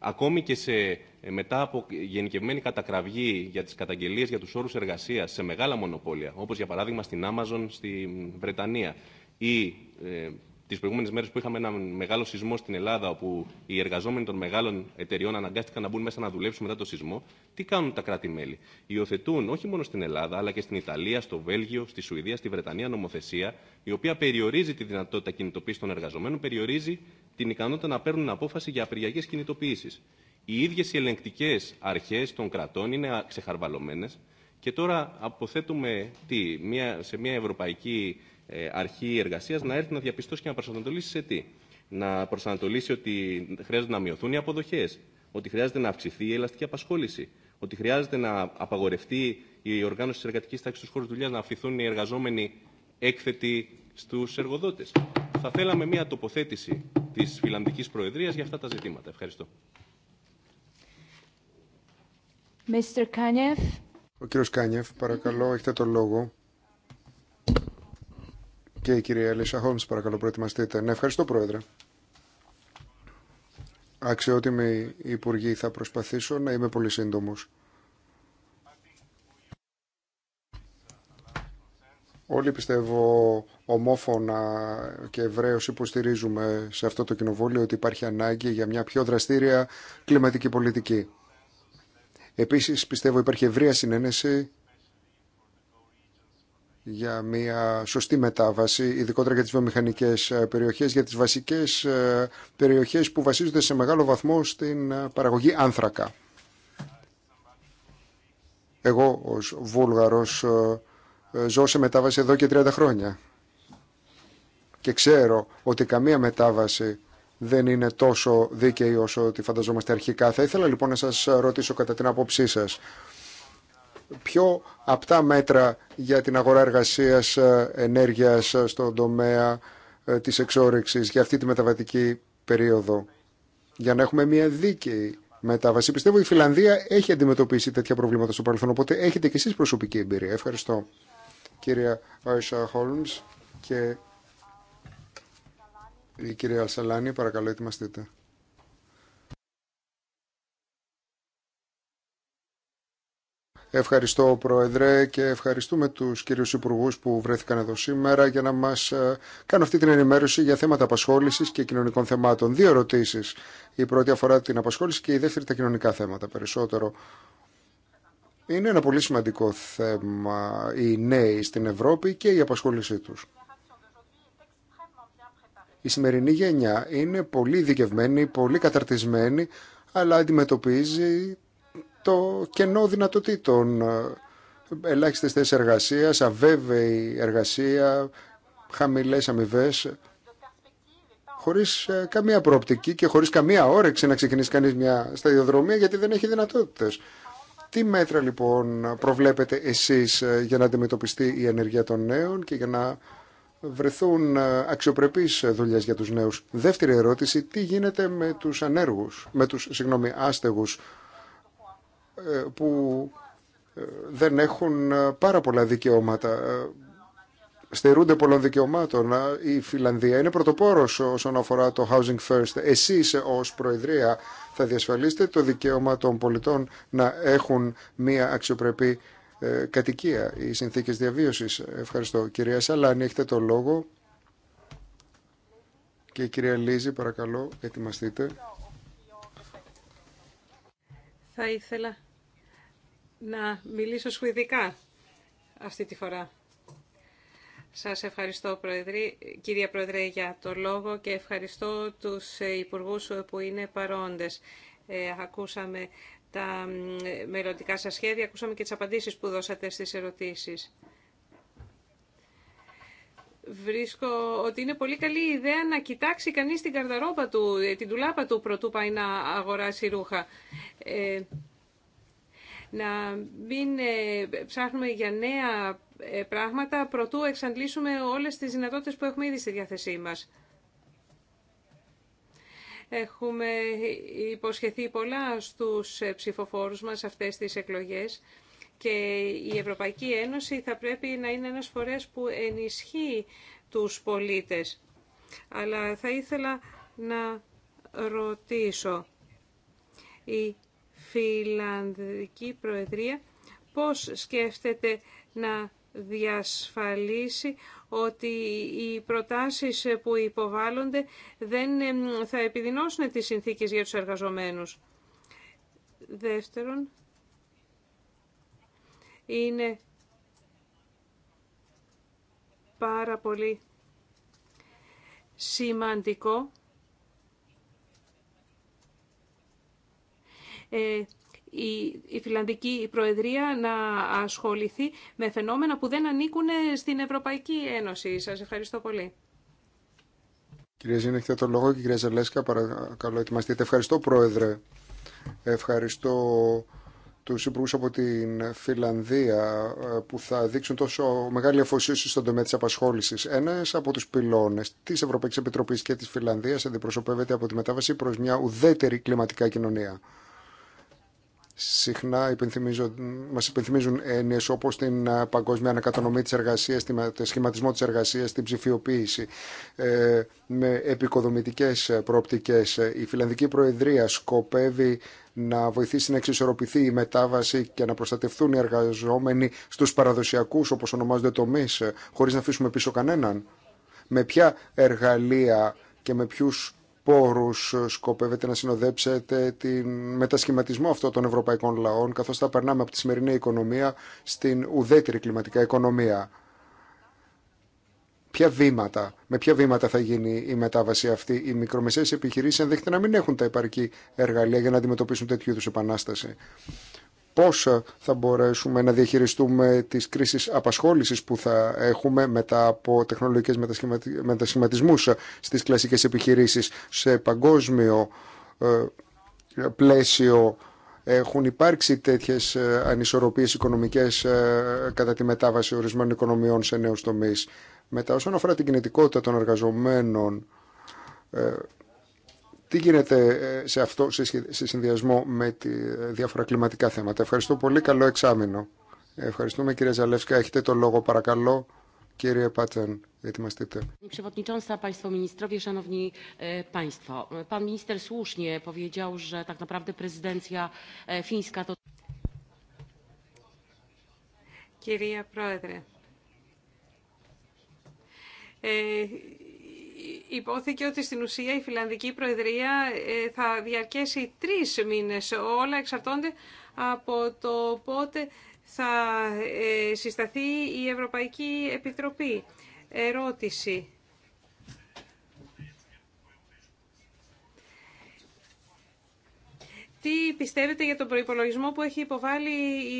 ακόμη και σε, ε, μετά από γενικευμένη κατακραυγή για τις καταγγελίες για τους όρους εργασίας σε μεγάλα μονοπόλια, όπως για παράδειγμα στην Amazon στη Βρετανία ή ε, τις προηγούμενες μέρες που είχαμε ένα μεγάλο σεισμό στην Ελλάδα όπου οι εργαζόμενοι των μεγάλων εταιριών αναγκάστηκαν να μπουν μέσα να δουλέψουν μετά το σεισμό, τι κάνουν τα κράτη-μέλη. Υιοθετούν όχι μόνο στην Ελλάδα αλλά και στην Ιταλία, στο Βέλγιο, στη Σουηδία, στη Βρετανία νομοθεσία η οποία περιορίζει τη δυνατότητα κινητοποίηση των εργαζομένων, περιορίζει την ικανότητα να παίρνουν απόφαση για απεργιακέ κινητοποιήσει. Οι ίδιε οι ελεγκτικέ αρχέ των κρατών είναι ξεχαρβαλωμένε και τώρα αποθέτουμε τι, μια, σε μια ευρωπαϊκή ε, αρχή εργασία να έρθει να διαπιστώσει και να προσανατολίσει σε τι. Να προσανατολίσει ότι χρειάζεται να μειωθούν οι αποδοχέ, ότι χρειάζεται να αυξηθεί η ελαστική απασχόληση, ότι χρειάζεται να απαγορευτεί η οργάνωση τη εργατική τάξη στου χώρου δουλειά, να αφηθούν οι εργαζόμενοι έκθετοι στου εργοδότε. Θα θέλαμε μια τοποθέτηση της Φιλανδικής Προεδρίας για αυτά τα ζητήματα. Ευχαριστώ. Mr. Ο κύριος Κάνιεφ, παρακαλώ, έχετε το λόγο. Και η κυρία Ελίσσα Χόλμς, παρακαλώ, προετοιμαστείτε. Ναι, ευχαριστώ, Πρόεδρε. Αξιότιμοι Υπουργοί, θα προσπαθήσω να είμαι πολύ σύντομος. Όλοι πιστεύω ομόφωνα και ευρέως υποστηρίζουμε σε αυτό το κοινοβούλιο ότι υπάρχει ανάγκη για μια πιο δραστήρια κλιματική πολιτική. Επίσης πιστεύω υπάρχει ευρεία συνένεση για μια σωστή μετάβαση, ειδικότερα για τις βιομηχανικές περιοχές, για τις βασικές ε, περιοχές που βασίζονται σε μεγάλο βαθμό στην ε, παραγωγή άνθρακα. Εγώ ως Βούλγαρος ε, ε, ζω σε μετάβαση εδώ και 30 χρόνια. Και ξέρω ότι καμία μετάβαση δεν είναι τόσο δίκαιη όσο τη φανταζόμαστε αρχικά. Θα ήθελα λοιπόν να σας ρωτήσω κατά την άποψή σας ποιο απτά μέτρα για την αγορά εργασίας, ε, ενέργειας ε, στον τομέα της εξόρυξης για αυτή τη μεταβατική περίοδο. Για να έχουμε μια δίκαιη μετάβαση. Πιστεύω η Φιλανδία έχει αντιμετωπίσει τέτοια προβλήματα στο παρελθόν, οπότε έχετε και εσείς προσωπική εμπειρία. Ευχαριστώ κυρία Άισα Χόλμς και η κυρία Σαλάνη. Παρακαλώ, ετοιμαστείτε. Ευχαριστώ Πρόεδρε και ευχαριστούμε τους κύριους Υπουργούς που βρέθηκαν εδώ σήμερα για να μας ε, κάνουν αυτή την ενημέρωση για θέματα απασχόλησης και κοινωνικών θεμάτων. Δύο ερωτήσεις. Η πρώτη αφορά την απασχόληση και η δεύτερη τα κοινωνικά θέματα περισσότερο. Είναι ένα πολύ σημαντικό θέμα οι νέοι στην Ευρώπη και η απασχόλησή τους. Η σημερινή γενιά είναι πολύ δικευμένη, πολύ καταρτισμένη, αλλά αντιμετωπίζει το κενό δυνατοτήτων. ελάχιστε θέσει εργασία, αβέβαιη εργασία, χαμηλέ, αμοιβέ χωρίς ε, καμία προοπτική και χωρίς καμία όρεξη να ξεκινήσει κανεί μια σταδιοδρομία γιατί δεν έχει δυνατότητε. Τι μέτρα λοιπόν προβλέπετε εσείς ε, για να αντιμετωπιστεί η ενεργεία των νέων και για να βρεθούν ε, αξιοπρεπείς δουλειές για τους νέους. Δεύτερη ερώτηση, τι γίνεται με τους ανέργους, με τους συγγνώμη, άστεγους ε, που δεν έχουν πάρα πολλά δικαιώματα, στερούνται πολλών δικαιωμάτων. Η Φιλανδία είναι πρωτοπόρος όσον αφορά το Housing First. Εσείς ως Προεδρία θα διασφαλίσετε το δικαίωμα των πολιτών να έχουν μια αξιοπρεπή ε, κατοικία ή συνθήκες διαβίωσης. Ευχαριστώ. Κυρία Σαλάνη, έχετε το λόγο. Και κυρία Λίζη, παρακαλώ, ετοιμαστείτε. Θα ήθελα να μιλήσω ειδικά αυτή τη φορά. Σας ευχαριστώ, Προεδρή, κυρία Πρόεδρε, για το λόγο και ευχαριστώ τους υπουργούς που είναι παρόντες. Ε, ακούσαμε τα μελλοντικά σας σχέδια, ακούσαμε και τις απαντήσεις που δώσατε στις ερωτήσεις. Βρίσκω ότι είναι πολύ καλή ιδέα να κοιτάξει κανείς την καρδαρόπα του, ε, την τουλάπα του, προτού πάει να αγοράσει ρούχα. Ε, να μην ε, ψάχνουμε για νέα ε, πράγματα προτού εξαντλήσουμε όλες τις δυνατότητες που έχουμε ήδη στη διάθεσή μας. Έχουμε υποσχεθεί πολλά στους ε, ψηφοφόρους μας αυτές τις εκλογές και η Ευρωπαϊκή Ένωση θα πρέπει να είναι ένας φορέας που ενισχύει τους πολίτες. Αλλά θα ήθελα να ρωτήσω η Φιλανδική Προεδρία πώς σκέφτεται να διασφαλίσει ότι οι προτάσεις που υποβάλλονται δεν θα επιδεινώσουν τις συνθήκες για τους εργαζομένους. Δεύτερον, είναι πάρα πολύ σημαντικό ε, η Φιλανδική Προεδρία να ασχοληθεί με φαινόμενα που δεν ανήκουν στην Ευρωπαϊκή Ένωση. Σας ευχαριστώ πολύ. Κυρία Ζήνη, έχετε το λόγο και κυρία Ζελέσκα, παρακαλώ ετοιμαστείτε. Ευχαριστώ, Πρόεδρε. Ευχαριστώ του υπουργού από την Φιλανδία ε, που θα δείξουν τόσο μεγάλη αφοσίωση στον τομέα τη απασχόληση. Ένα από του πυλώνε τη Ευρωπαϊκή Επιτροπή και τη Φιλανδία αντιπροσωπεύεται από τη μετάβαση προ μια ουδέτερη κλιματικά κοινωνία. Συχνά μας υπενθυμίζουν ε, έννοιες όπως την ε, παγκόσμια ανακατανομή της εργασίας, το σχηματισμό της εργασίας, την ψηφιοποίηση ε, με επικοδομητικές προοπτικές. Η Φιλανδική Προεδρία σκοπεύει να βοηθήσει να εξισορροπηθεί η μετάβαση και να προστατευτούν οι εργαζόμενοι στους παραδοσιακούς όπως ονομάζονται τομεί, χωρίς να αφήσουμε πίσω κανέναν. Με ποια εργαλεία και με ποιους πόρους ε, σκοπεύετε να συνοδέψετε την μετασχηματισμό αυτό των ευρωπαϊκών λαών καθώς θα περνάμε από τη σημερινή οικονομία στην ουδέτερη κλιματικά οικονομία. Ποια βήματα, με ποια βήματα θα γίνει η μετάβαση αυτή. Οι μικρομεσαίες επιχειρήσεις ενδέχεται να μην έχουν τα επαρκή εργαλεία για να αντιμετωπίσουν τέτοιου επανάσταση πώς θα μπορέσουμε να διαχειριστούμε τις κρίσεις απασχόλησης που θα έχουμε μετά από τεχνολογικές μετασχηματισμούς στις κλασικές επιχειρήσεις σε παγκόσμιο ε, πλαίσιο έχουν υπάρξει τέτοιες ε, ανισορροπίες οικονομικές ε, κατά τη μετάβαση ορισμένων οικονομιών σε νέους τομείς. Μετά όσον αφορά την κινητικότητα των εργαζομένων τι γίνεται ε, σε αυτό, σε συνδυασμό με τη ε, διάφορα κλιματικά θέματα. Ευχαριστώ πολύ. Καλό εξάμεινο. Ευχαριστούμε κύριε Ζαλεύσκα. Έχετε το λόγο παρακαλώ. Κύριε Πάτσαν, ετοιμαστείτε. E, e, Κυρία Πρόεδρε, ε, υπόθηκε ότι στην ουσία η Φιλανδική Προεδρία ε, θα διαρκέσει τρεις μήνες. Όλα εξαρτώνται από το πότε θα ε, συσταθεί η Ευρωπαϊκή Επιτροπή. Ερώτηση. Τι πιστεύετε για τον προϋπολογισμό που έχει υποβάλει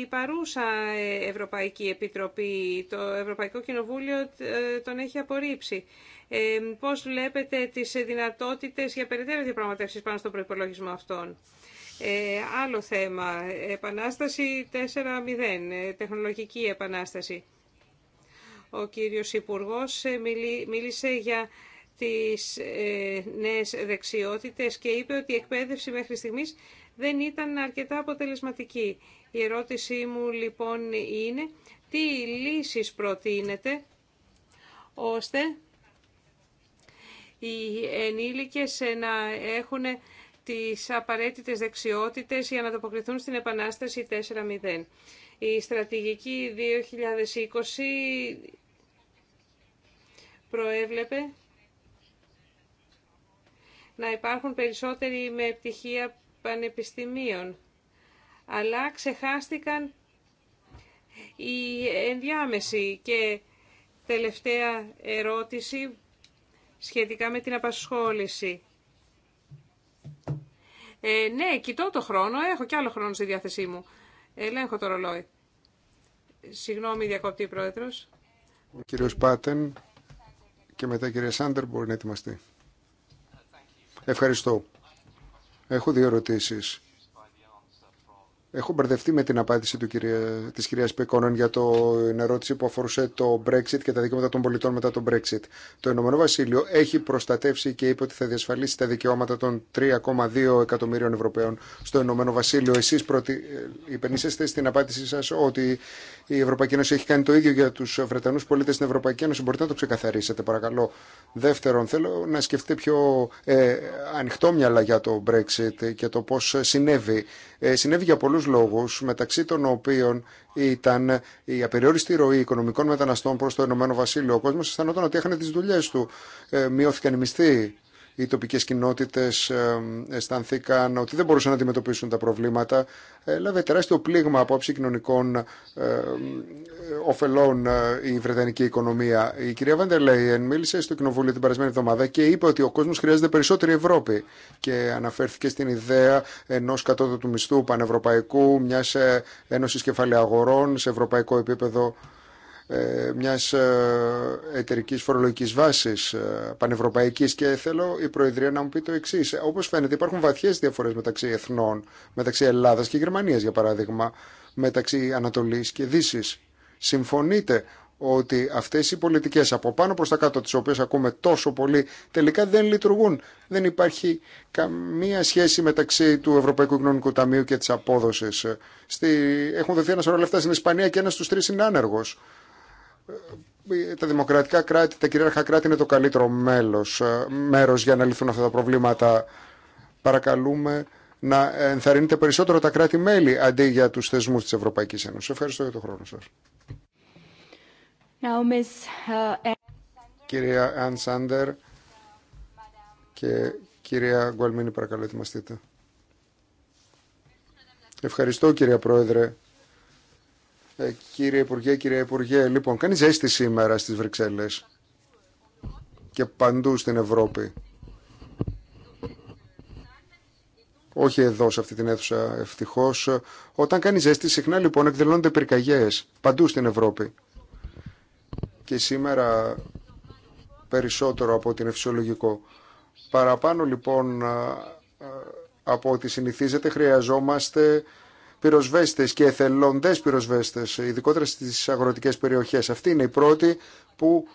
η παρούσα ε, Ευρωπαϊκή Επιτροπή. Το Ευρωπαϊκό Κοινοβούλιο τον έχει απορρίψει πώς βλέπετε τις δυνατότητες για περαιτέρω διαπραγματεύσει πάνω στον προϋπολογισμό αυτών. Ε, άλλο θέμα, επανάσταση 4.0, ε, τεχνολογική επανάσταση. Ο κύριος Υπουργός ε, μίλησε για τις νέες δεξιότητες και είπε ότι η εκπαίδευση μέχρι στιγμής δεν ήταν αρκετά αποτελεσματική. Η ερώτησή μου λοιπόν είναι τι λύσεις προτείνετε ώστε οι ενήλικες να έχουν τις απαραίτητες δεξιότητες για να ανταποκριθούν στην Επανάσταση 4.0. Η στρατηγική 2020 προέβλεπε να υπάρχουν περισσότεροι με επιτυχία πανεπιστημίων. Αλλά ξεχάστηκαν οι ενδιάμεση και τελευταία ερώτηση σχετικά με την απασχόληση. Ε, ναι, κοιτώ το χρόνο, έχω κι άλλο χρόνο στη διάθεσή μου. Ελέγχω το ρολόι. Συγγνώμη, διακόπτη η πρόεδρος. Ο κύριος Πάτεν και μετά η κυρία Σάντερ μπορεί να ετοιμαστεί. Ευχαριστώ. Έχω δύο ερωτήσεις. Έχω μπερδευτεί με την απάντηση του κυρία, της κυρίας Πεκόνων για την ερώτηση που αφορούσε το Brexit και τα δικαιώματα των πολιτών μετά το Brexit. Το Ηνωμένο Βασίλειο έχει προστατεύσει και είπε ότι θα διασφαλίσει τα δικαιώματα των 3,2 εκατομμύριων Ευρωπαίων στο Ηνωμένο Βασίλειο. Εσείς προτι... Ε, υπενήσεστε στην απάντησή σας ότι η Ευρωπαϊκή Ένωση έχει κάνει το ίδιο για τους Βρετανούς πολίτες στην Ευρωπαϊκή Ένωση. Μπορείτε να το ξεκαθαρίσετε παρακαλώ. Δεύτερον, θέλω να σκεφτείτε πιο ε, μυαλα για το Brexit και το πώς συνέβη. Ε, συνέβη για πολλούς λόγους, μεταξύ των οποίων ήταν η απεριόριστη ροή οικονομικών μεταναστών προς το Ηνωμένο Βασίλειο. Ο κόσμος αισθανόταν ότι έχανε τις δουλειές του, ε, μειώθηκαν οι μισθοί, οι τοπικέ κοινότητες αισθανθήκαν ότι δεν μπορούσαν να αντιμετωπίσουν τα προβλήματα. Έλαβε ε, τεράστιο πλήγμα απόψη κοινωνικών ε, ε, ωφελών η Βρετανική οικονομία. Η κυρία Βαντελέιεν μίλησε στο Κοινοβούλιο την περασμένη εβδομάδα και είπε ότι ο κόσμος χρειάζεται περισσότερη Ευρώπη και αναφέρθηκε στην ιδέα ενό κατώτατου μισθού πανευρωπαϊκού, μια ένωσης κεφαλαίου αγορών σε ευρωπαϊκό επίπεδο ε, μιας ε, εταιρικής φορολογικής βάσης ε, πανευρωπαϊκής και θέλω η Προεδρία να μου πει το εξή. Όπως φαίνεται υπάρχουν βαθιές διαφορές μεταξύ εθνών, μεταξύ Ελλάδας και Γερμανίας για παράδειγμα, μεταξύ Ανατολής και Δύσης. Συμφωνείτε ότι αυτές οι πολιτικές από πάνω προς τα κάτω τις οποίες ακούμε τόσο πολύ τελικά δεν λειτουργούν. Δεν υπάρχει καμία σχέση μεταξύ του Ευρωπαϊκού Κοινωνικού Ταμείου και της απόδοσης. Στη... Έχουν δοθεί ένα σωρό λεφτά στην Ισπανία και ένας στους τρεις είναι άνεργος τα δημοκρατικά κράτη, τα κυρίαρχα κράτη είναι το καλύτερο μέλος, ε, μέρος για να λυθούν αυτά τα προβλήματα. Παρακαλούμε να ενθαρρύνετε περισσότερο τα κράτη-μέλη αντί για τους θεσμούς της Ευρωπαϊκής Ένωσης. Ευχαριστώ για τον χρόνο σας. Uh, κυρία Αν Σάντερ και κυρία Γκουαλμίνη, παρακαλώ ετοιμαστείτε. Ευχαριστώ κυρία Πρόεδρε. Ε, κύριε Υπουργέ, κύριε Υπουργέ, λοιπόν, κάνει ζέστη σήμερα στις Βρυξέλλες και παντού στην Ευρώπη. Όχι εδώ σε αυτή την αίθουσα, ευτυχώ. Όταν κάνει ζέστη, συχνά λοιπόν εκδηλώνονται πυρκαγιέ παντού στην Ευρώπη. Και σήμερα περισσότερο από ότι είναι φυσιολογικό. Παραπάνω λοιπόν από ό,τι συνηθίζεται, χρειαζόμαστε πυροσβέστες και εθελοντέ πυροσβέστε, ειδικότερα στις αγροτικές περιοχές. Αυτοί είναι οι πρώτοι που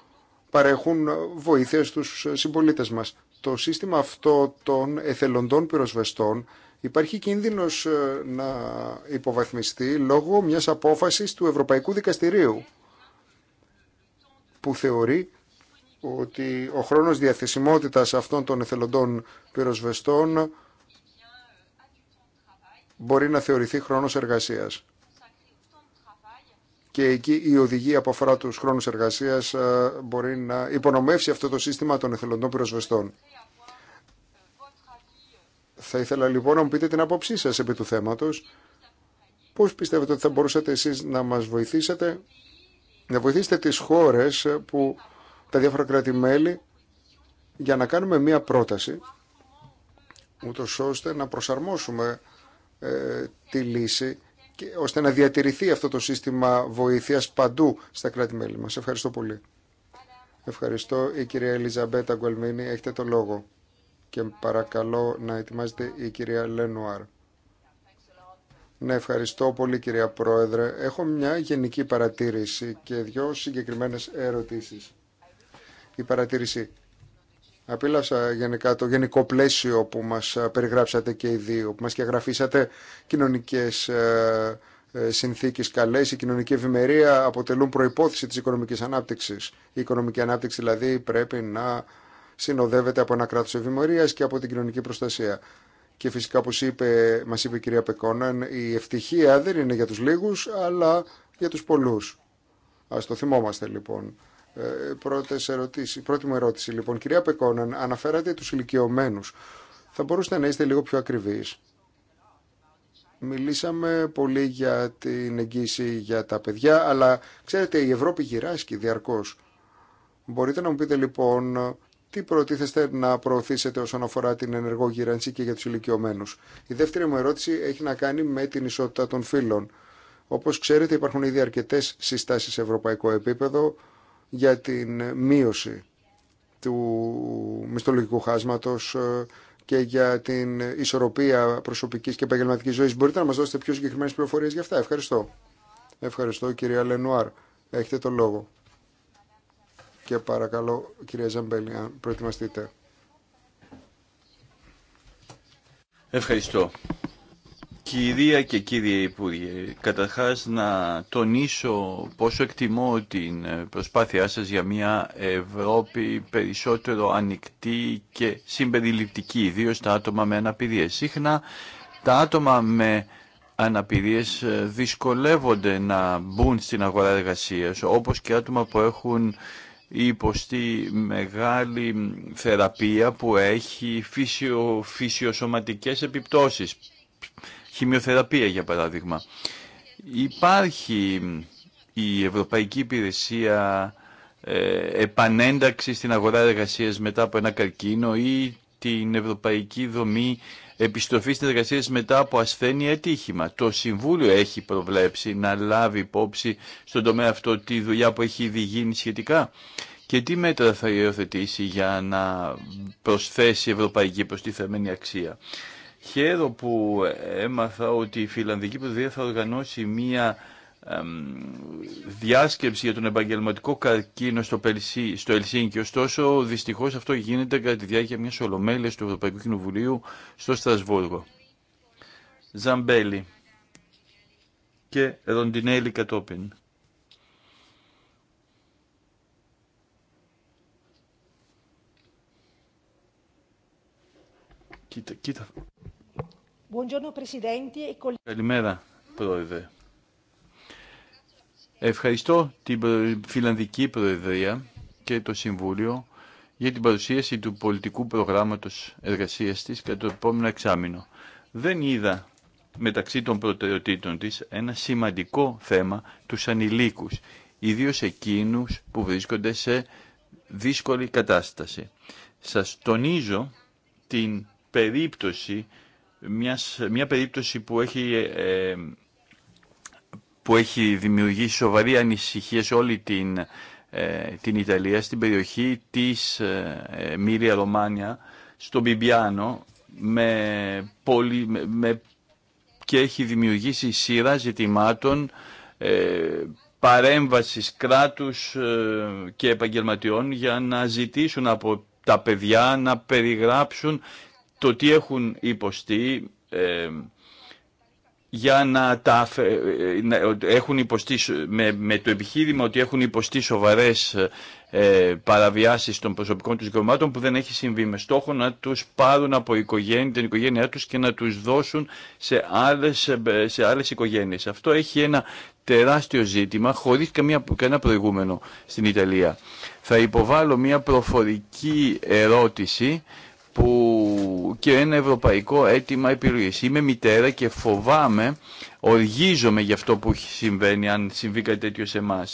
παρέχουν βοήθεια στους συμπολίτες μας. Το σύστημα αυτό των εθελοντών πυροσβεστών υπάρχει κίνδυνος ε, να υποβαθμιστεί λόγω μιας απόφασης του Ευρωπαϊκού Δικαστηρίου που θεωρεί ότι ο χρόνος διαθεσιμότητας αυτών των εθελοντών πυροσβεστών μπορεί να θεωρηθεί χρόνος εργασίας. Και εκεί η οδηγία που αφορά τους χρόνους εργασίας ε, μπορεί να υπονομεύσει αυτό το σύστημα των εθελοντών πυροσβεστών. Θα ήθελα λοιπόν να μου πείτε την άποψή σας επί του θέματος. Πώς πιστεύετε ότι θα μπορούσατε εσείς να μας βοηθήσετε, να βοηθήσετε τις χώρες που τα διάφορα κράτη-μέλη για να κάνουμε μία πρόταση, ούτως ώστε να προσαρμόσουμε ε, τη λύση και, ώστε να διατηρηθεί αυτό το σύστημα βοήθειας παντού στα κράτη-μέλη μας. Ευχαριστώ πολύ. Ευχαριστώ. Η κυρία Ελιζαμπέτα Γκουελμίνη, έχετε το λόγο. Και παρακαλώ να ετοιμάζετε η κυρία Λενουάρ. Ναι, ευχαριστώ πολύ κυρία Πρόεδρε. Έχω μια γενική παρατήρηση και δυο συγκεκριμένες ερωτήσεις. Η παρατήρηση Απίλασα γενικά το γενικό πλαίσιο που μας ε, περιγράψατε και οι δύο, που μας και γραφήσατε κοινωνικές ε, ε, συνθήκες καλές, η κοινωνική ευημερία αποτελούν προϋπόθεση της οικονομικής ανάπτυξης. Η οικονομική ανάπτυξη δηλαδή πρέπει να συνοδεύεται από ένα κράτος ευημερίας και από την κοινωνική προστασία. Και φυσικά, όπως είπε, μας είπε η κυρία Πεκόναν, η ευτυχία δεν είναι για τους λίγους, αλλά για τους πολλούς. Ας το θυμόμαστε λοιπόν. Ε, πρώτε Πρώτη μου ερώτηση λοιπόν, κυρία Πεκόναν, αναφέρατε του ηλικιωμένου. Θα μπορούσατε να είστε λίγο πιο ακριβείς. Μιλήσαμε πολύ για την εγγύηση για τα παιδιά, αλλά ξέρετε η Ευρώπη γυράσκει διαρκώς. Μπορείτε να μου πείτε λοιπόν τι προτίθεστε να προωθήσετε όσον αφορά την ενεργό γύρανση και για τους ηλικιωμένους. Η δεύτερη μου ερώτηση έχει να κάνει με την ισότητα των φύλων. Όπως ξέρετε υπάρχουν ήδη αρκετές συστάσει σε ευρωπαϊκό επίπεδο για την μείωση του μισθολογικού χάσματος ε, και για την ισορροπία προσωπικής και επαγγελματική ζωής. Μπορείτε να μας δώσετε πιο συγκεκριμένες πληροφορίες για αυτά. Ευχαριστώ. Ευχαριστώ κυρία Λενουάρ. Έχετε το λόγο. Και παρακαλώ κυρία Ζαμπέλη αν προετοιμαστείτε. Ευχαριστώ. Κυρία και κύριε Υπουργέ, καταρχάς να τονίσω πόσο εκτιμώ την προσπάθειά σας για μια Ευρώπη περισσότερο ανοιχτή και συμπεριληπτική, ιδίω τα άτομα με αναπηρίες. Συχνά τα άτομα με αναπηρίες δυσκολεύονται να μπουν στην αγορά εργασίας, όπως και άτομα που έχουν υποστεί μεγάλη θεραπεία που έχει φυσιο, φυσιοσωματικές επιπτώσεις χημειοθεραπεία για παράδειγμα. Υπάρχει η Ευρωπαϊκή Υπηρεσία ε, επανένταξη στην αγορά εργασίας μετά από ένα καρκίνο ή την Ευρωπαϊκή Δομή επιστροφή της μετά από ασθένεια ατύχημα. Το Συμβούλιο έχει προβλέψει να λάβει υπόψη στον τομέα αυτό τη δουλειά που έχει ήδη γίνει σχετικά και τι μέτρα θα υιοθετήσει για να προσθέσει ευρωπαϊκή προστιθεμένη αξία. Χαίρο που έμαθα ότι η Φιλανδική Προεδρία θα οργανώσει μία διάσκεψη για τον επαγγελματικό καρκίνο στο, Περσί, στο Ελσίνκι. Ωστόσο, δυστυχώς αυτό γίνεται κατά τη διάρκεια μιας ολομέλειας του Ευρωπαϊκού Κοινοβουλίου στο Στρασβούργο. Ζαμπέλη και Ροντινέλη κατόπιν. Κοίτα, κοίτα. E Καλημέρα, Πρόεδρε. Ευχαριστώ την Φιλανδική Προεδρία και το Συμβούλιο για την παρουσίαση του πολιτικού προγράμματος εργασίας της κατά το επόμενο εξάμεινο. Δεν είδα μεταξύ των προτεραιοτήτων της ένα σημαντικό θέμα τους ανηλίκους, ιδίως εκείνους που βρίσκονται σε δύσκολη κατάσταση. Σας τονίζω την περίπτωση μιας, μια περίπτωση που έχει, ε, που έχει δημιουργήσει σοβαρή ανησυχία σε όλη την, ε, την Ιταλία, στην περιοχή της ε, Μύρια Ρωμάνια, στο Μπιμπιάνο, με, με, και έχει δημιουργήσει σειρά ζητημάτων ε, παρέμβασης κράτους και επαγγελματιών για να ζητήσουν από τα παιδιά να περιγράψουν το τι έχουν υποστεί ε, για να τα ε, έχουν υποστεί με, με, το επιχείρημα ότι έχουν υποστεί σοβαρές ε, παραβιάσεις των προσωπικών τους δικαιωμάτων που δεν έχει συμβεί με στόχο να τους πάρουν από οικογένεια, την οικογένειά τους και να τους δώσουν σε άλλες, ε, σε άλλες οικογένειες. Αυτό έχει ένα τεράστιο ζήτημα χωρίς καμία, κανένα προηγούμενο στην Ιταλία. Θα υποβάλω μια προφορική ερώτηση που και ένα ευρωπαϊκό αίτημα επιρροής. Είμαι μητέρα και φοβάμαι, οργίζομαι για αυτό που συμβαίνει αν συμβεί κάτι τέτοιο σε εμά.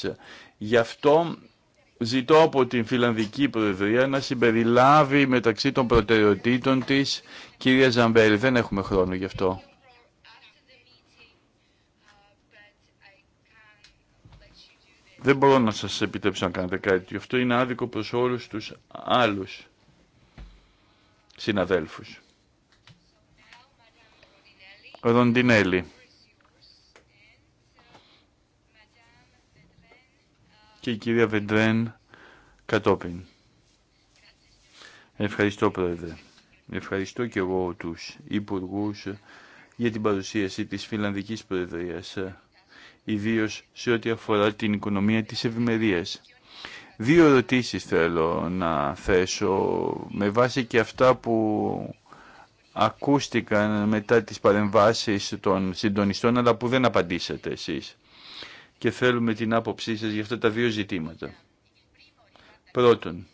Γι' αυτό ζητώ από την Φιλανδική Προεδρία να συμπεριλάβει μεταξύ των προτεραιοτήτων της κυρία Ζαμπέλη. Δεν έχουμε χρόνο γι' αυτό. Δεν μπορώ να σας επιτρέψω να κάνετε κάτι. Αυτό είναι άδικο προς όλους τους άλλους συναδέλφους. Ροντινέλη. Και η κυρία Βεντρέν κατόπιν. Ευχαριστώ πρόεδρε. Ευχαριστώ και εγώ τους υπουργούς για την παρουσίαση της Φιλανδικής Προεδρίας, ιδίως σε ό,τι αφορά την οικονομία της ευημερίας. Δύο ερωτήσεις θέλω να θέσω με βάση και αυτά που ακούστηκαν μετά τις παρεμβάσεις των συντονιστών αλλά που δεν απαντήσατε εσείς. Και θέλουμε την άποψή σας για αυτά τα δύο ζητήματα. Πρώτον,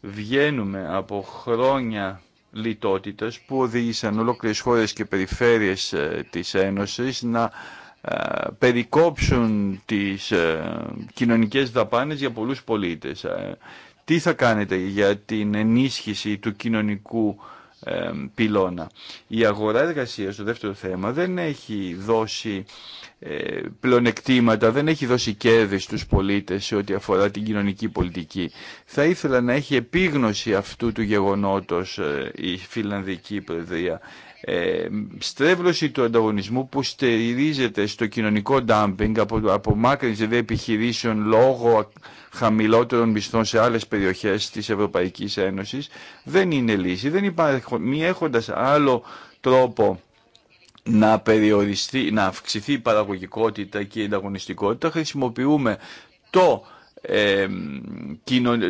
βγαίνουμε από χρόνια λιτότητας που οδήγησαν ολόκληρες χώρες και περιφέρειες ε, της Ένωσης να ε, περικόψουν τις ε, κοινωνικές δαπάνες για πολλούς πολίτες. Ε, τι θα κάνετε για την ενίσχυση του κοινωνικού πυλώνα. Η αγορά εργασία, το δεύτερο θέμα, δεν έχει δώσει πλονεκτήματα, δεν έχει δώσει κέρδη στους πολίτες σε ό,τι αφορά την κοινωνική πολιτική. Θα ήθελα να έχει επίγνωση αυτού του γεγονότος η Φιλανδική Προεδρία ε, στρέβλωση του ανταγωνισμού που στηρίζεται στο κοινωνικό ντάμπινγκ από απομάκρυνση δε επιχειρήσεων λόγω χαμηλότερων μισθών σε άλλες περιοχές της Ευρωπαϊκής Ένωσης δεν είναι λύση. Δεν υπάρχει, μη έχοντας άλλο τρόπο να περιοριστεί, να αυξηθεί η παραγωγικότητα και η ανταγωνιστικότητα χρησιμοποιούμε το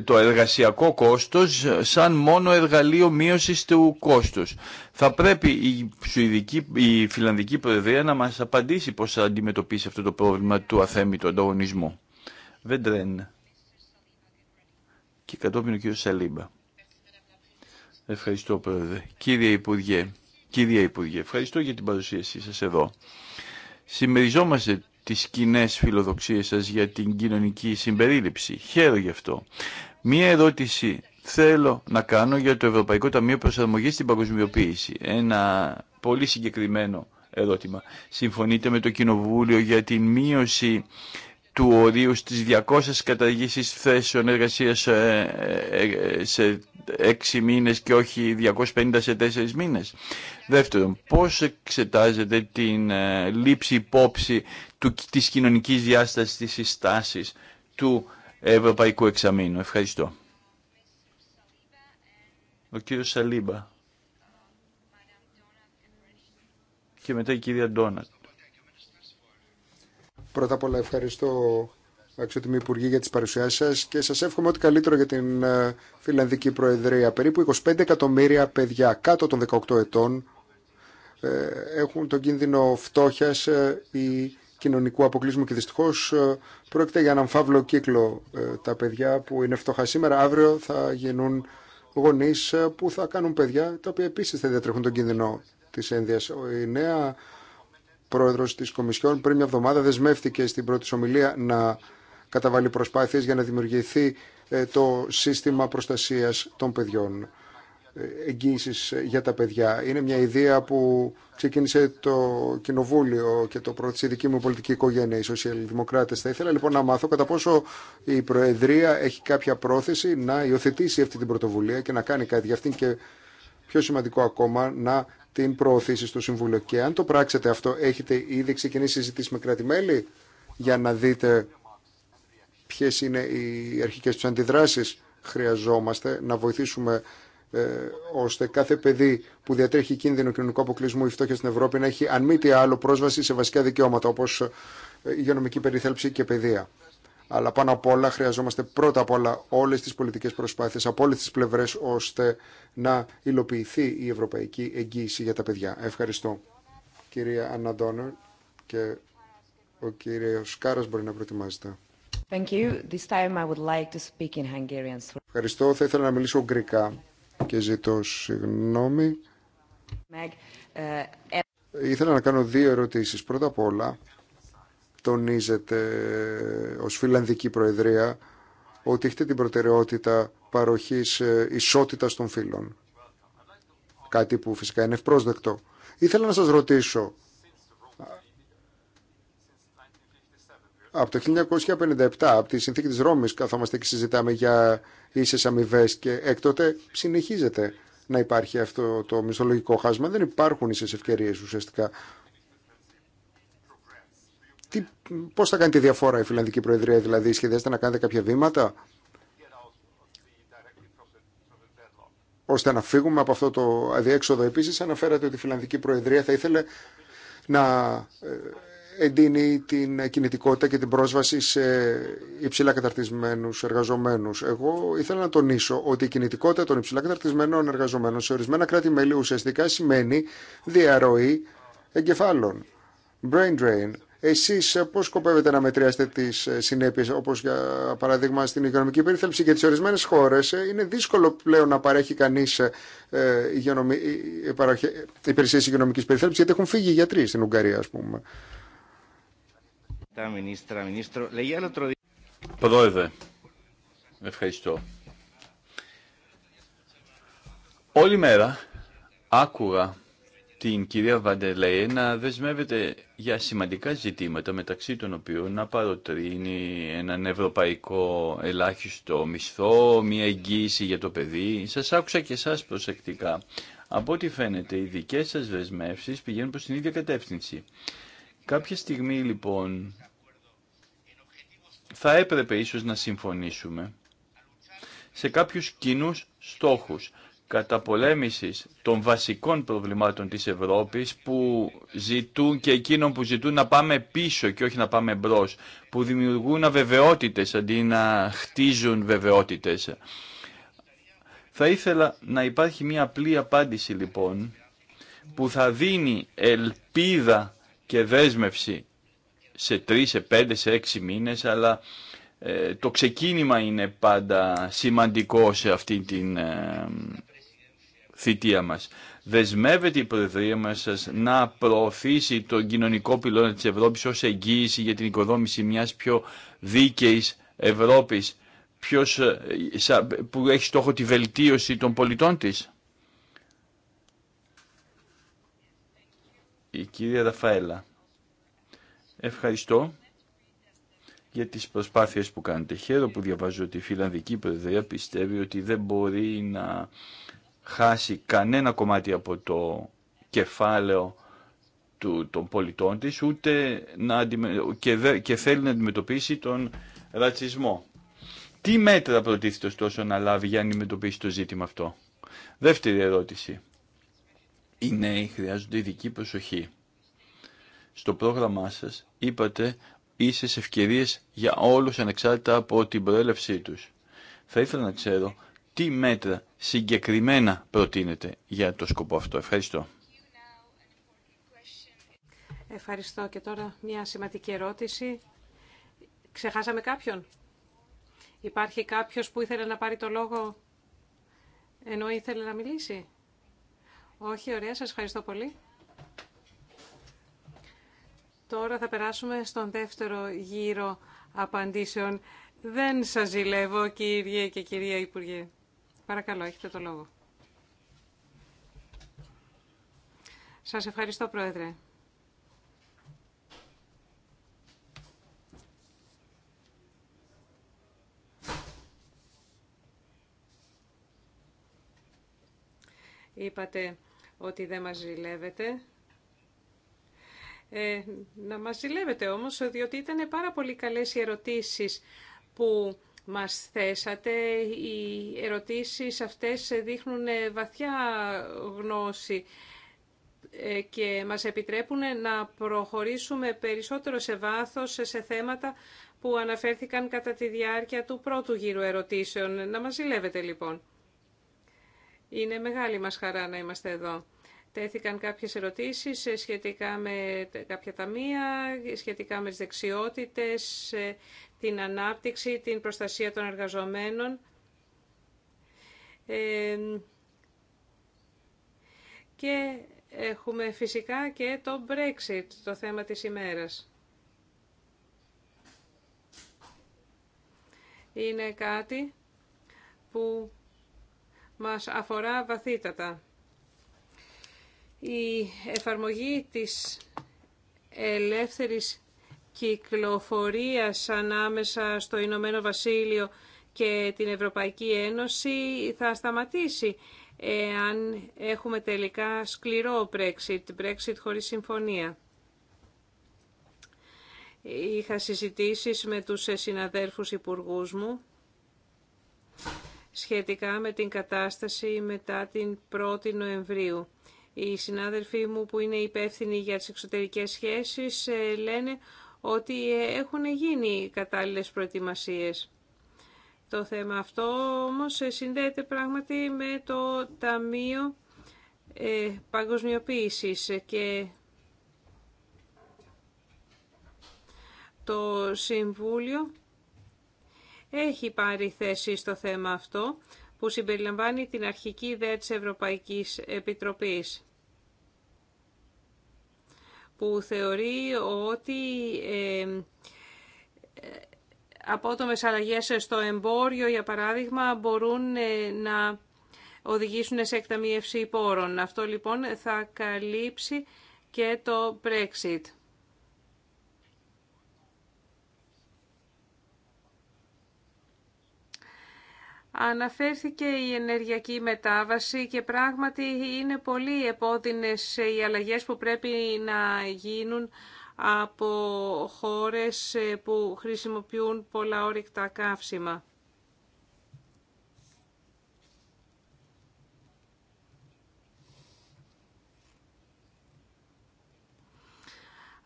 το εργασιακό κόστος σαν μόνο εργαλείο μείωσης του κόστους. Θα πρέπει η, Σουηδική, η Φιλανδική Προεδρία να μας απαντήσει πώς θα αντιμετωπίσει αυτό το πρόβλημα του αθέμητου ανταγωνισμού. Βεντρέν. Και κατόπιν ο κύριος Σαλίμπα. Ευχαριστώ Πρόεδρε. Κύριε Υπουργέ, κύριε Υπουργέ, ευχαριστώ για την παρουσίασή σας εδώ. Συμμεριζόμαστε τις κοινέ φιλοδοξίες σας για την κοινωνική συμπερίληψη. Χαίρομαι γι' αυτό. Μία ερώτηση θέλω να κάνω για το Ευρωπαϊκό Ταμείο Προσαρμογής στην Παγκοσμιοποίηση. Ένα πολύ συγκεκριμένο ερώτημα. Συμφωνείτε με το Κοινοβούλιο για την μείωση του ορίου στις 200 καταργήσεις θέσεων εργασίας ε, ε, σε 6 μήνες και όχι 250 σε 4 μήνες. Δεύτερον, πώς εξετάζεται την ε, λήψη υπόψη του, της κοινωνικής διάστασης της συστάσης του Ευρωπαϊκού Εξαμήνου. Ευχαριστώ. Ο κύριος Σαλίμπα. Και μετά η κυρία Ντόνατ. Πρώτα απ' όλα ευχαριστώ αξιότιμοι Υπουργοί για τις παρουσιάσεις σας και σας εύχομαι ό,τι καλύτερο για την ε, Φιλανδική Προεδρία. Περίπου 25 εκατομμύρια παιδιά κάτω των 18 ετών ε, έχουν τον κίνδυνο φτώχειας ε, ή κοινωνικού αποκλείσμου και δυστυχώς πρόκειται για έναν φαύλο κύκλο τα παιδιά που είναι φτωχά σήμερα. Αύριο θα γίνουν γονείς που θα κάνουν παιδιά τα οποία επίσης θα διατρέχουν τον κίνδυνο της ένδυας. Η νέα Πρόεδρο τη Κομισιόν πριν μια εβδομάδα δεσμεύτηκε στην πρώτη ομιλία να καταβάλει προσπάθειε για να δημιουργηθεί ε, το σύστημα προστασία των παιδιών ε, Εγγύηση ε, για τα παιδιά. Είναι μια ιδέα που ξεκίνησε το Κοινοβούλιο και το πρόθεσε η δική μου πολιτική οικογένεια, οι Σοσιαλδημοκράτε. Θα ήθελα λοιπόν να μάθω κατά πόσο η Προεδρία έχει κάποια πρόθεση να υιοθετήσει αυτή την πρωτοβουλία και να κάνει κάτι για αυτήν και πιο σημαντικό ακόμα να την προωθήση στο Συμβούλιο. Και αν το πράξετε αυτό, έχετε ήδη ξεκινήσει συζητήσει με κράτη-μέλη για να δείτε ποιε είναι οι αρχικέ του αντιδράσει. Χρειαζόμαστε να βοηθήσουμε ε, ώστε κάθε παιδί που διατρέχει κίνδυνο κοινωνικού αποκλεισμού ή φτώχεια στην Ευρώπη να έχει, αν μη τι άλλο, πρόσβαση σε βασικά δικαιώματα όπω ε, υγειονομική περιθέλψη και παιδεία. Αλλά πάνω απ' όλα χρειαζόμαστε πρώτα απ' όλα όλες τις πολιτικές προσπάθειες από όλες τις πλευρές ώστε να υλοποιηθεί η ευρωπαϊκή εγγύηση για τα παιδιά. Ευχαριστώ κυρία Ντόνερ και ο κύριος Κάρας μπορεί να προετοιμάζεται. Ευχαριστώ. Θα ήθελα να μιλήσω γκρικά και ζητώ συγγνώμη. Ε, ε, ήθελα να κάνω δύο ερωτήσεις. Πρώτα απ' όλα, τονίζετε ως Φιλανδική Προεδρία ότι έχετε την προτεραιότητα παροχής ε, ισότητας των φύλων. Κάτι που φυσικά είναι ευπρόσδεκτο. Ήθελα να σας ρωτήσω, από το 1957, από τη συνθήκη της Ρώμης, καθόμαστε και συζητάμε για ίσες αμοιβέ και έκτοτε συνεχίζεται να υπάρχει αυτό το μισθολογικό χάσμα. Δεν υπάρχουν ίσες ευκαιρίες ουσιαστικά τι, πώς θα κάνει τη διαφορά η Φιλανδική Προεδρία, δηλαδή σχεδιάζεται να κάνετε κάποια βήματα ώστε να φύγουμε από αυτό το αδιέξοδο. Επίσης αναφέρατε ότι η Φιλανδική Προεδρία θα ήθελε να ε, εντείνει την κινητικότητα και την πρόσβαση σε υψηλά καταρτισμένους εργαζομένους. Εγώ ήθελα να τονίσω ότι η κινητικότητα των υψηλά καταρτισμένων εργαζομένων σε ορισμένα κράτη-μέλη ουσιαστικά σημαίνει διαρροή εγκεφάλων, brain drain, Εσεί ε, πώ σκοπεύετε να μετριάσετε τι ε, συνέπειε, όπω για παράδειγμα στην υγειονομική περίθαλψη, και τις ορισμένε χώρε ε, είναι δύσκολο πλέον να παρέχει κανεί υπηρεσίε υγειονομική περίθαλψη, γιατί έχουν φύγει οι γιατροί στην Ουγγαρία, α πούμε. Πρόεδρε, ευχαριστώ. Όλη μέρα άκουγα την κυρία Βαντελέ να δεσμεύεται για σημαντικά ζητήματα μεταξύ των οποίων να παροτρύνει έναν ευρωπαϊκό ελάχιστο μισθό, μια εγγύηση για το παιδί. Σας άκουσα και εσάς προσεκτικά. Από ό,τι φαίνεται οι δικές σας δεσμεύσεις πηγαίνουν προς την ίδια κατεύθυνση. Κάποια στιγμή λοιπόν θα έπρεπε ίσως να συμφωνήσουμε σε κάποιους κοινούς στόχους καταπολέμησης των βασικών προβλημάτων της Ευρώπης που ζητούν και εκείνων που ζητούν να πάμε πίσω και όχι να πάμε μπρος, που δημιουργούν αβεβαιότητες αντί να χτίζουν βεβαιότητες. Θα ήθελα να υπάρχει μια απλή απάντηση λοιπόν που θα δίνει ελπίδα και δέσμευση σε τρει, σε πέντε, σε έξι μήνες, αλλά ε, το ξεκίνημα είναι πάντα σημαντικό σε αυτή την ε, θητεία μας. Δεσμεύεται η Προεδρία μας σας να προωθήσει τον κοινωνικό πυλώνα της Ευρώπης ως εγγύηση για την οικοδόμηση μιας πιο δίκαιης Ευρώπης ε, που έχει στόχο τη βελτίωση των πολιτών της. Η κυρία Ραφαέλα. Ευχαριστώ για τις προσπάθειες που κάνετε. Χαίρομαι που διαβάζω ότι η Φιλανδική Προεδρία πιστεύει ότι δεν μπορεί να χάσει κανένα κομμάτι από το κεφάλαιο του, των πολιτών της ούτε να και, δε... και θέλει να αντιμετωπίσει τον ρατσισμό. Τι μέτρα προτίθεται ωστόσο να λάβει για να αντιμετωπίσει το ζήτημα αυτό. Δεύτερη ερώτηση. Οι νέοι χρειάζονται ειδική προσοχή. Στο πρόγραμμά σας είπατε ίσες ευκαιρίες για όλους ανεξάρτητα από την προέλευσή τους. Θα ήθελα να ξέρω τι μέτρα συγκεκριμένα προτείνεται για το σκοπό αυτό. Ευχαριστώ. Ευχαριστώ. Και τώρα μια σημαντική ερώτηση. Ξεχάσαμε κάποιον. Υπάρχει κάποιος που ήθελε να πάρει το λόγο ενώ ήθελε να μιλήσει. Όχι, ωραία, σας ευχαριστώ πολύ. Τώρα θα περάσουμε στον δεύτερο γύρο απαντήσεων. Δεν σας ζηλεύω, κύριε και κυρία Υπουργέ. Παρακαλώ, έχετε το λόγο. Σας ευχαριστώ, Πρόεδρε. Είπατε ότι δεν μας ζηλεύετε. Ε, να μας ζηλεύετε όμως, διότι ήταν πάρα πολύ καλές οι ερωτήσεις που μας θέσατε. Οι ερωτήσεις αυτές δείχνουν βαθιά γνώση ε, και μας επιτρέπουν να προχωρήσουμε περισσότερο σε βάθος σε θέματα που αναφέρθηκαν κατά τη διάρκεια του πρώτου γύρου ερωτήσεων. Να μας ζηλεύετε λοιπόν. Είναι μεγάλη μας χαρά να είμαστε εδώ. Τέθηκαν κάποιες ερωτήσεις σχετικά με κάποια ταμεία, σχετικά με τις δεξιότητες, την ανάπτυξη, την προστασία των εργαζομένων. Και έχουμε φυσικά και το Brexit, το θέμα της ημέρας. Είναι κάτι που μας αφορά βαθύτατα. Η εφαρμογή της ελεύθερης κυκλοφορίας ανάμεσα στο Ηνωμένο Βασίλειο και την Ευρωπαϊκή Ένωση θα σταματήσει αν έχουμε τελικά σκληρό Brexit, Brexit χωρίς συμφωνία. Είχα συζητήσεις με τους συναδέρφους υπουργούς μου σχετικά με την κατάσταση μετά την 1η Νοεμβρίου. Οι συνάδελφοί μου που είναι υπεύθυνοι για τις εξωτερικές σχέσεις ε, λένε ότι ε, έχουν γίνει κατάλληλες προετοιμασίες. Το θέμα αυτό όμως ε, συνδέεται πράγματι με το Ταμείο Παγκοσμιοποίησης και το Συμβούλιο έχει πάρει θέση στο θέμα αυτό που συμπεριλαμβάνει την αρχική ιδέα της Ευρωπαϊκής Επιτροπής που θεωρεί ότι ε, ε απότομες αλλαγές στο εμπόριο, για παράδειγμα, μπορούν ε, να οδηγήσουν σε εκταμίευση πόρων. Αυτό λοιπόν θα καλύψει και το Brexit. Αναφέρθηκε η ενεργειακή μετάβαση και πράγματι είναι πολύ επώδυνες οι αλλαγές που πρέπει να γίνουν από χώρες που χρησιμοποιούν πολλά όρυκτα καύσιμα.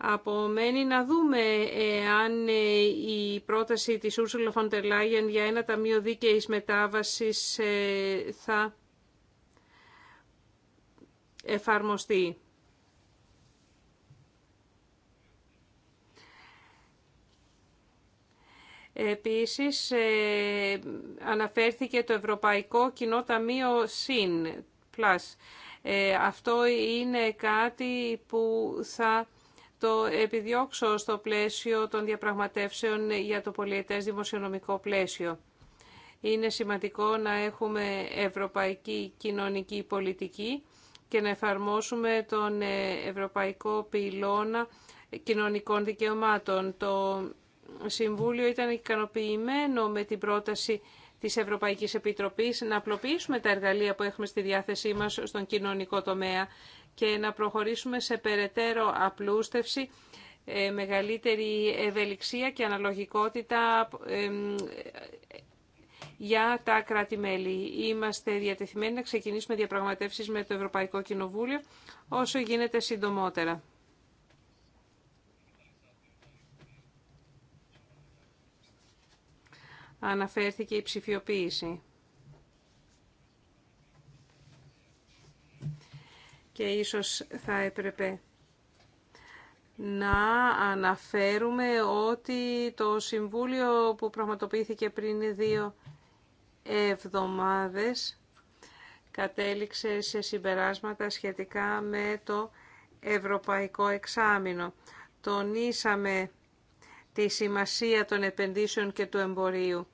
Απομένει να δούμε αν ε, η πρόταση της Ursula von der για ένα ταμείο δίκαιης μετάβασης ε, θα εφαρμοστεί. Επίσης, ε, αναφέρθηκε το Ευρωπαϊκό Κοινό Ταμείο ΣΥΝ. Αυτό είναι κάτι που θα το επιδιώξω στο πλαίσιο των διαπραγματεύσεων για το πολιετές δημοσιονομικό πλαίσιο. Είναι σημαντικό να έχουμε ευρωπαϊκή κοινωνική πολιτική και να εφαρμόσουμε τον ε, ευρωπαϊκό πυλώνα κοινωνικών δικαιωμάτων. Το Συμβούλιο ήταν ικανοποιημένο με την πρόταση της Ευρωπαϊκής Επιτροπής να απλοποιήσουμε τα εργαλεία που έχουμε στη διάθεσή μας στον κοινωνικό τομέα και να προχωρήσουμε σε περαιτέρω απλούστευση, ε, μεγαλύτερη ευελιξία και αναλογικότητα ε, για τα κράτη-μέλη. Είμαστε διατεθειμένοι να ξεκινήσουμε διαπραγματεύσεις με το Ευρωπαϊκό Κοινοβούλιο όσο γίνεται συντομότερα. Αναφέρθηκε η ψηφιοποίηση. και ίσως θα έπρεπε να αναφέρουμε ότι το Συμβούλιο που πραγματοποιήθηκε πριν δύο εβδομάδες κατέληξε σε συμπεράσματα σχετικά με το Ευρωπαϊκό Εξάμεινο. Τονίσαμε τη σημασία των επενδύσεων και του εμπορίου.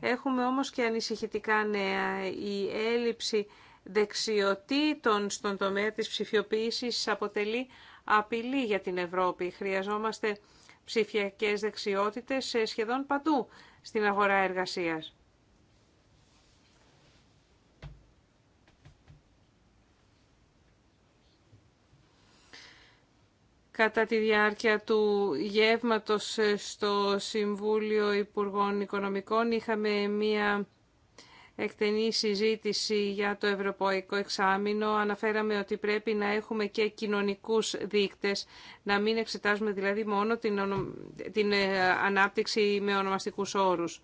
Έχουμε όμως και ανησυχητικά νέα. Η έλλειψη δεξιοτήτων στον τομέα της ψηφιοποίησης αποτελεί απειλή για την Ευρώπη. Χρειαζόμαστε ψηφιακές δεξιότητες σε σχεδόν παντού στην αγορά εργασίας. κατά τη διάρκεια του γεύματος στο Συμβούλιο Υπουργών Οικονομικών είχαμε μία εκτενή συζήτηση για το Ευρωπαϊκό Εξάμεινο αναφέραμε ότι πρέπει να έχουμε και κοινωνικούς δείκτες, να μην εξετάζουμε δηλαδή μόνο την, την ε, ανάπτυξη με ονομαστικούς όρους.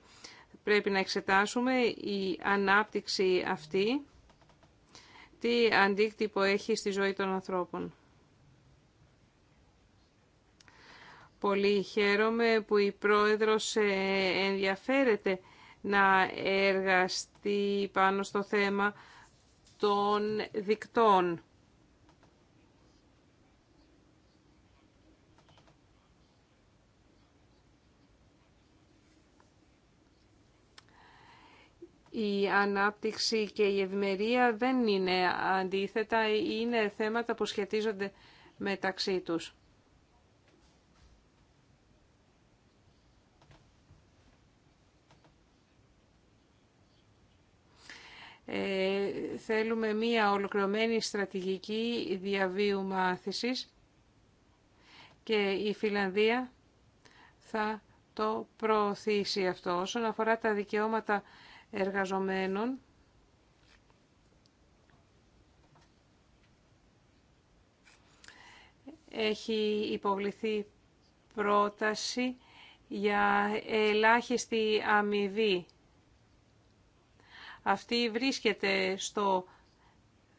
Πρέπει να εξετάσουμε η ανάπτυξη αυτή, τι αντίκτυπο έχει στη ζωή των ανθρώπων. Πολύ χαίρομαι που η Πρόεδρος ε, ενδιαφέρεται να εργαστεί πάνω στο θέμα των δικτών. Η ανάπτυξη και η ευημερία δεν είναι αντίθετα, είναι θέματα που σχετίζονται μεταξύ τους. Ε, θέλουμε μία ολοκληρωμένη στρατηγική διαβίου μάθησης και η Φιλανδία θα το προωθήσει αυτό. Όσον αφορά τα δικαιώματα εργαζομένων, έχει υποβληθεί πρόταση για ελάχιστη αμοιβή αυτή βρίσκεται στο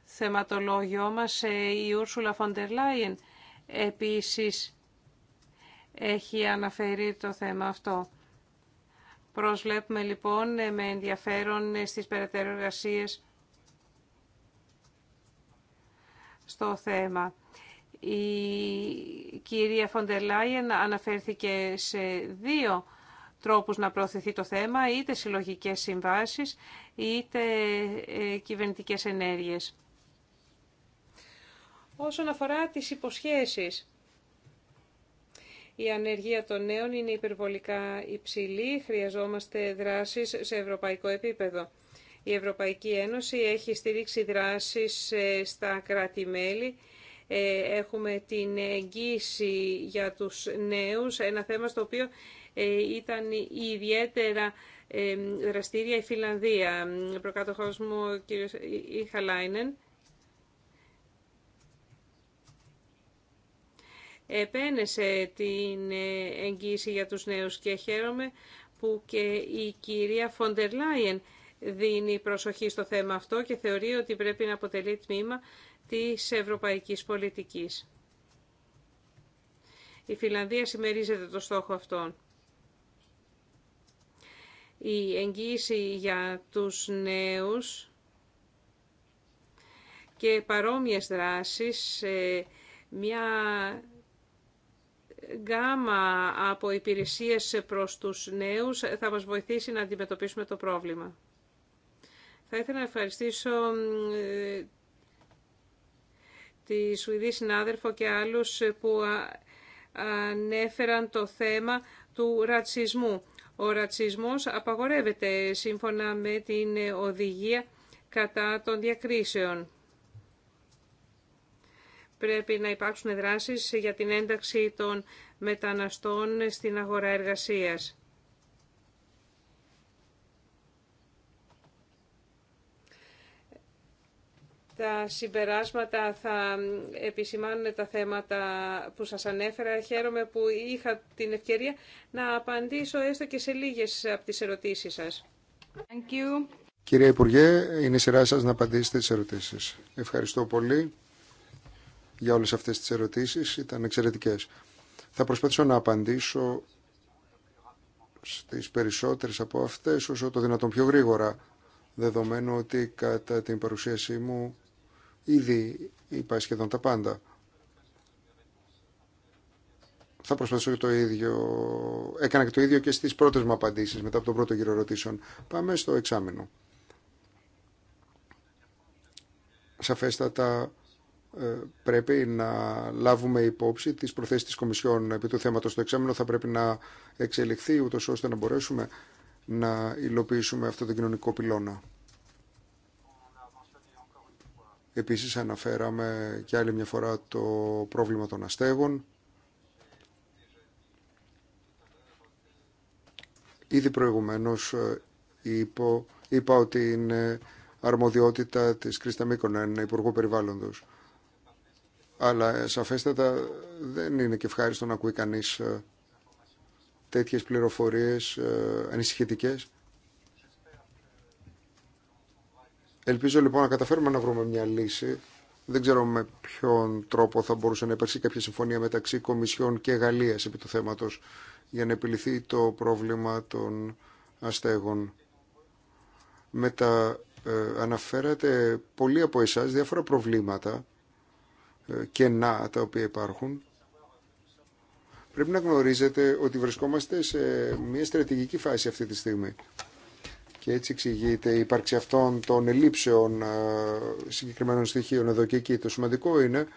θεματολόγιο μας. Ε, η Ούρσουλα Φοντερ Λάιεν επίσης έχει αναφέρει το θέμα αυτό. Προσβλέπουμε λοιπόν ε, με ενδιαφέρον ε, στις περαιτέρω εργασίες στο θέμα. Η κυρία Φοντερ Λάιεν αναφέρθηκε σε δύο τρόπους να προωθηθεί το θέμα, είτε συλλογικές συμβάσεις, είτε ε, κυβερνητικές ενέργειες. Όσον αφορά τις υποσχέσεις, η ανεργία των νέων είναι υπερβολικά υψηλή, χρειαζόμαστε δράσεις σε ευρωπαϊκό επίπεδο. Η Ευρωπαϊκή Ένωση έχει στηρίξει δράσεις ε, στα κράτη-μέλη. Ε, έχουμε την εγγύηση για τους νέους, ένα θέμα στο οποίο ε, ήταν ιδιαίτερα δραστήρια η Φιλανδία. Ο προκάτοχός μου, ο κύριος Ιχαλάινεν, επένεσε την ε, εγγύηση για τους νέους και χαίρομαι που και η κυρία Φοντερ Λάιεν δίνει προσοχή στο θέμα αυτό και θεωρεί ότι πρέπει να αποτελεί τμήμα της ευρωπαϊκής πολιτικής. Η Φιλανδία συμμερίζεται το στόχο αυτόν η εγγύηση για τους νέους και παρόμοιες δράσεις, μια γάμα από υπηρεσίες προς τους νέους θα μας βοηθήσει να αντιμετωπίσουμε το πρόβλημα. Θα ήθελα να ευχαριστήσω ε, τη Σουηδή συνάδελφο και άλλους που ανέφεραν το θέμα του ρατσισμού. Ο ρατσισμός απαγορεύεται σύμφωνα με την οδηγία κατά των διακρίσεων. Πρέπει να υπάρξουν δράσεις για την ένταξη των μεταναστών στην αγορά εργασίας. Τα συμπεράσματα θα επισημάνουν τα θέματα που σας ανέφερα. Χαίρομαι που είχα την ευκαιρία να απαντήσω έστω και σε λίγες από τις ερωτήσεις σας. Thank you. Κυρία Υπουργέ, είναι η σειρά σας να απαντήσετε τις ερωτήσεις. Ευχαριστώ πολύ για όλες αυτές τις ερωτήσεις. Ήταν εξαιρετικές. Θα προσπαθήσω να απαντήσω στις περισσότερες από αυτές όσο το δυνατόν πιο γρήγορα δεδομένου ότι κατά την παρουσίασή μου Ήδη είπα σχεδόν τα πάντα. Θα προσπαθήσω και το ίδιο. Έκανα και το ίδιο και στις πρώτες μου απαντήσεις μετά από τον πρώτο γύρο ερωτήσεων. Πάμε στο εξάμεινο. Σαφέστατα ε, πρέπει να λάβουμε υπόψη τις προθέσεις της Κομισιόν επί του θέματος στο εξάμεινο. Θα πρέπει να εξελιχθεί ούτως ώστε να μπορέσουμε να υλοποιήσουμε αυτό το κοινωνικό πυλώνα. Επίσης αναφέραμε και άλλη μια φορά το πρόβλημα των αστέγων. Ήδη προηγουμένως ε, είπα, είπα ότι είναι αρμοδιότητα της Κρίστα Μίκονα, Υπουργού Περιβάλλοντος. Αλλά ε, σαφέστατα δεν είναι και ευχάριστο να ακούει κανείς ε, τέτοιες πληροφορίες ανησυχητικές Ελπίζω λοιπόν να καταφέρουμε να βρούμε μια λύση. Δεν ξέρω με ποιον τρόπο θα μπορούσε να υπάρξει κάποια συμφωνία μεταξύ Κομισιόν και Γαλλίας επί του θέματος για να επιληθεί το πρόβλημα των αστέγων. Μετα, ε, αναφέρατε πολλοί από εσάς διάφορα προβλήματα ε, κενά τα οποία υπάρχουν. Πρέπει να γνωρίζετε ότι βρισκόμαστε σε μια στρατηγική φάση αυτή τη στιγμή. Και έτσι εξηγείται η ύπαρξη αυτών των ελλείψεων ε, συγκεκριμένων στοιχείων εδώ και εκεί. Το σημαντικό είναι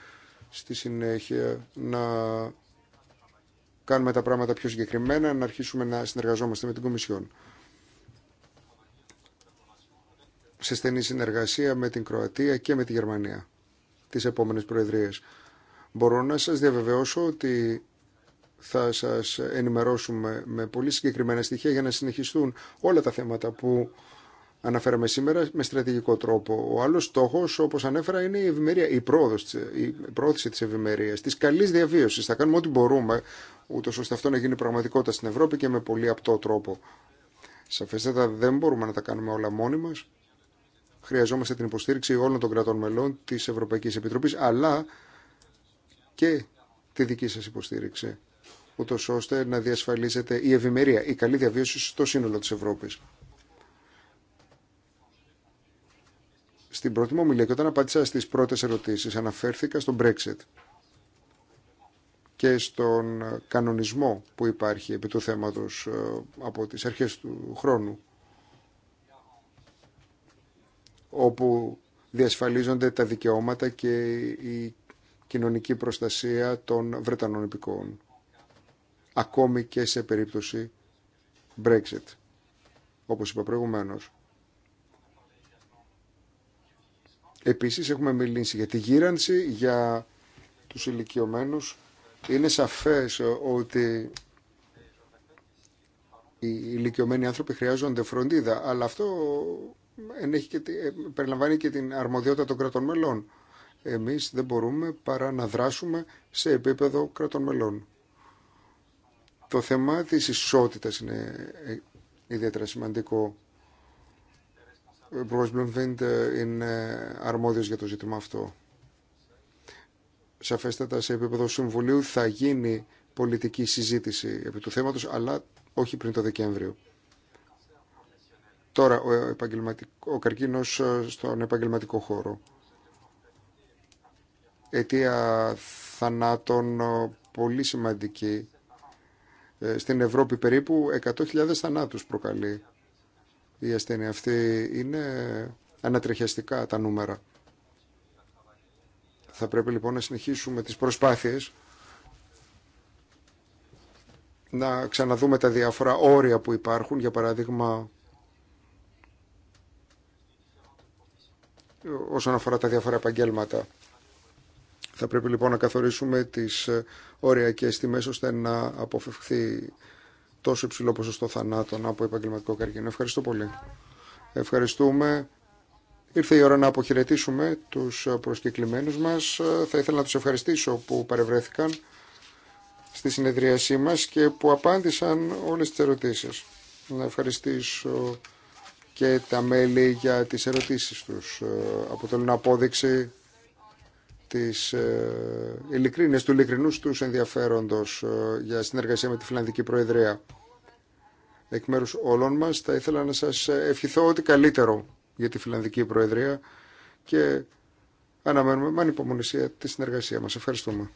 στη συνέχεια να κάνουμε τα πράγματα πιο συγκεκριμένα, να αρχίσουμε να συνεργαζόμαστε με την Κομισιόν. Σε στενή συνεργασία με την Κροατία και με τη Γερμανία τις επόμενες προεδρίες. Μπορώ να σας διαβεβαιώσω ότι θα σας ενημερώσουμε με πολύ συγκεκριμένα στοιχεία για να συνεχιστούν όλα τα θέματα που αναφέραμε σήμερα με στρατηγικό τρόπο. Ο άλλο στόχος, όπως ανέφερα, είναι η ευημερία, η, πρόθεση της ευημερία, της καλής διαβίωσης. Θα κάνουμε ό,τι μπορούμε, ούτως ώστε αυτό να γίνει πραγματικότητα στην Ευρώπη και με πολύ απτό τρόπο. Σαφέστατα δεν μπορούμε να τα κάνουμε όλα μόνοι μας. Χρειαζόμαστε την υποστήριξη όλων των κρατών μελών της Ευρωπαϊκής Επιτροπής, αλλά και τη δική σας υποστήριξη ούτω ώστε να διασφαλίζεται η ευημερία, η καλή διαβίωση στο σύνολο της Ευρώπης. Στην πρώτη μου ομιλία και όταν απάντησα στις πρώτες ερωτήσεις αναφέρθηκα στον Brexit και στον κανονισμό που υπάρχει επί του θέματος ε, από τις αρχές του χρόνου όπου διασφαλίζονται τα δικαιώματα και η κοινωνική προστασία των Βρετανών υπηκόων ακόμη και σε περίπτωση Brexit, όπως είπα προηγουμένως. Επίσης έχουμε μιλήσει για τη γύρανση, για τους ηλικιωμένου. Είναι σαφές ότι οι ηλικιωμένοι άνθρωποι χρειάζονται φροντίδα, αλλά αυτό ενέχει ε, περιλαμβάνει και την αρμοδιότητα των κρατών μελών. Εμείς δεν μπορούμε παρά να δράσουμε σε επίπεδο κρατών μελών. Το θέμα της ισότητας είναι ε, ιδιαίτερα σημαντικό. Ο Υπουργός Μπλουμφίντ ε, είναι αρμόδιος για το ζήτημα αυτό. Σαφέστατα σε επίπεδο Συμβουλίου θα γίνει πολιτική συζήτηση επί του θέματος, αλλά όχι πριν το Δεκέμβριο. Τώρα, ο, ο καρκίνος ε, στον επαγγελματικό χώρο. Αιτία θανάτων πολύ σημαντική ε, στην Ευρώπη περίπου 100.000 θανάτους προκαλεί η ασθένεια αυτή. Είναι ανατριχιαστικά τα νούμερα. Θα πρέπει λοιπόν να συνεχίσουμε τις προσπάθειες να ξαναδούμε τα διάφορα όρια που υπάρχουν, για παράδειγμα όσον αφορά τα διάφορα επαγγέλματα. Θα πρέπει λοιπόν να καθορίσουμε τις ε, οριακές τιμές ώστε να αποφευχθεί τόσο υψηλό ποσοστό θανάτων από επαγγελματικό καρκίνο. Ευχαριστώ πολύ. Ευχαριστούμε. Ήρθε η ώρα να αποχαιρετήσουμε τους προσκεκλημένους μας. Ε, θα ήθελα να τους ευχαριστήσω που παρευρέθηκαν στη συνεδρίασή μας και που απάντησαν όλες τις ερωτήσεις. Να ευχαριστήσω και τα μέλη για τις ερωτήσεις τους. Ε, αποτελούν απόδειξη τις ε, ειλικρίνες του ειλικρινούς τους ενδιαφέροντος ε, για συνεργασία με τη Φιλανδική Προεδρία. Εκ μέρους όλων μας θα ήθελα να σας ευχηθώ ό,τι καλύτερο για τη Φιλανδική Προεδρία και αναμένουμε με ανυπομονησία τη συνεργασία μας. Ευχαριστούμε.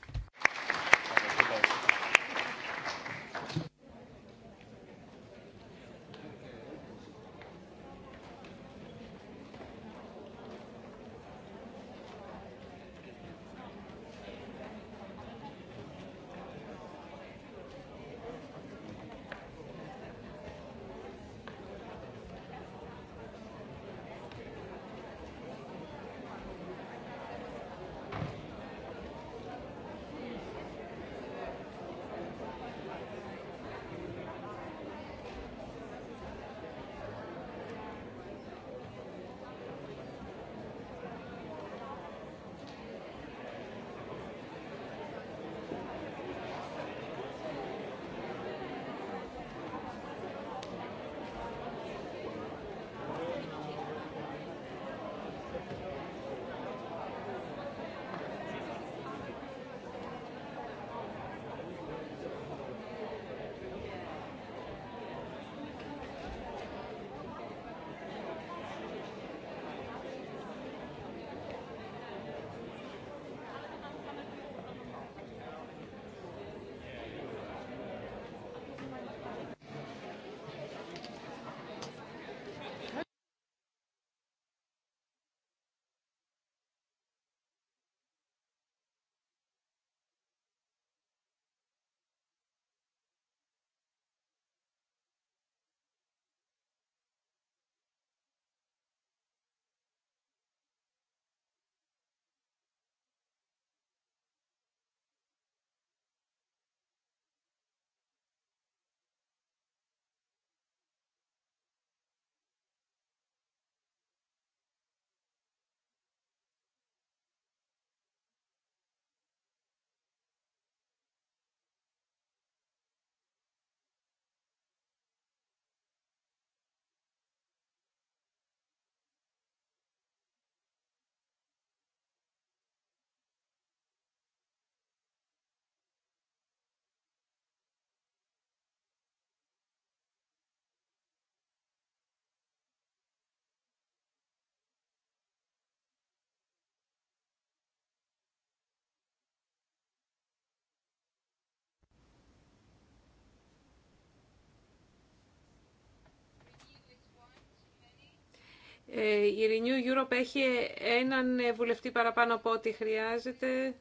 Ε, η Renew Europe έχει έναν βουλευτή παραπάνω από ό,τι χρειάζεται,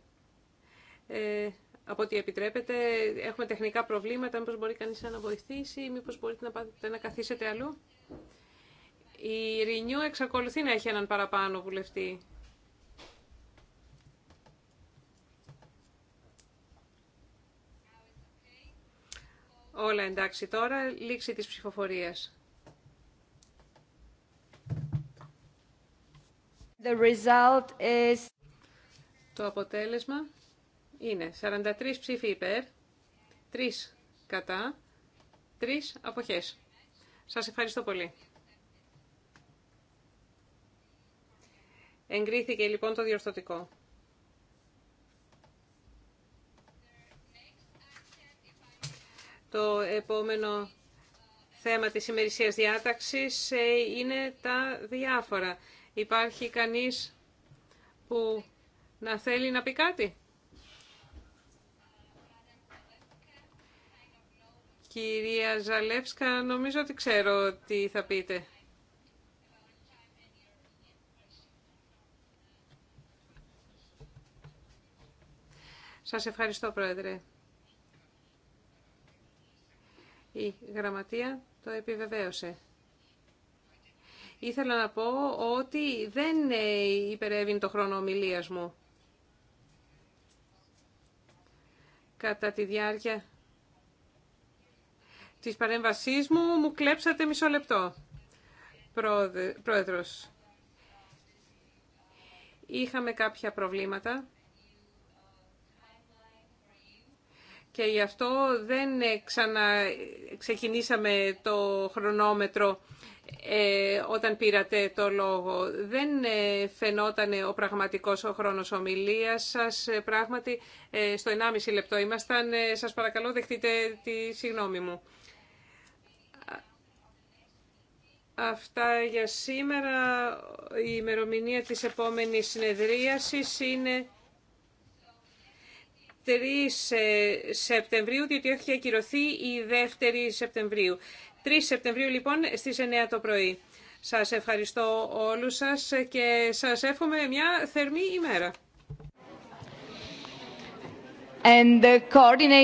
ε, από ό,τι επιτρέπεται. Έχουμε τεχνικά προβλήματα, μήπως μπορεί κανείς να βοηθήσει, μήπως μπορείτε να, πάτε, να καθίσετε αλλού. Η Renew εξακολουθεί να έχει έναν παραπάνω βουλευτή. Όλα εντάξει τώρα, λήξη της ψηφοφορίας. result Το αποτέλεσμα είναι 43 ψήφοι υπέρ, 3 κατά, 3 αποχές. Σας ευχαριστώ πολύ. Εγκρίθηκε λοιπόν το διορθωτικό. Το επόμενο θέμα της ημερησίας διάταξης ε, είναι τα διάφορα. Υπάρχει κανείς που να θέλει να πει κάτι. Κυρία Ζαλεύσκα, νομίζω ότι ξέρω τι θα πείτε. Σας ευχαριστώ, Πρόεδρε. Η Γραμματεία το επιβεβαίωσε ήθελα να πω ότι δεν ε, υπερεύει το χρόνο ομιλίας μου. Κατά τη διάρκεια της παρέμβασής μου, μου κλέψατε μισό λεπτό, Πρόεδρος. Είχαμε κάποια προβλήματα. και γι' αυτό δεν ε, ξαναξεκινήσαμε ε, το χρονόμετρο ε, όταν πήρατε το λόγο. Δεν φαινόταν ο πραγματικός ο χρόνος ομιλίας σας. Πράγματι, στο 1,5 λεπτό ήμασταν. σας παρακαλώ, δεχτείτε τη συγνώμη μου. Αυτά για σήμερα. Η ημερομηνία της επόμενης συνεδρίασης είναι... 3 ε, Σεπτεμβρίου, διότι έχει ακυρωθεί η 2η Σεπτεμβρίου. 3 Σεπτεμβρίου λοιπόν στις 9 το πρωί. Σας ευχαριστώ όλους σας και σας εύχομαι μια θερμή ημέρα. And the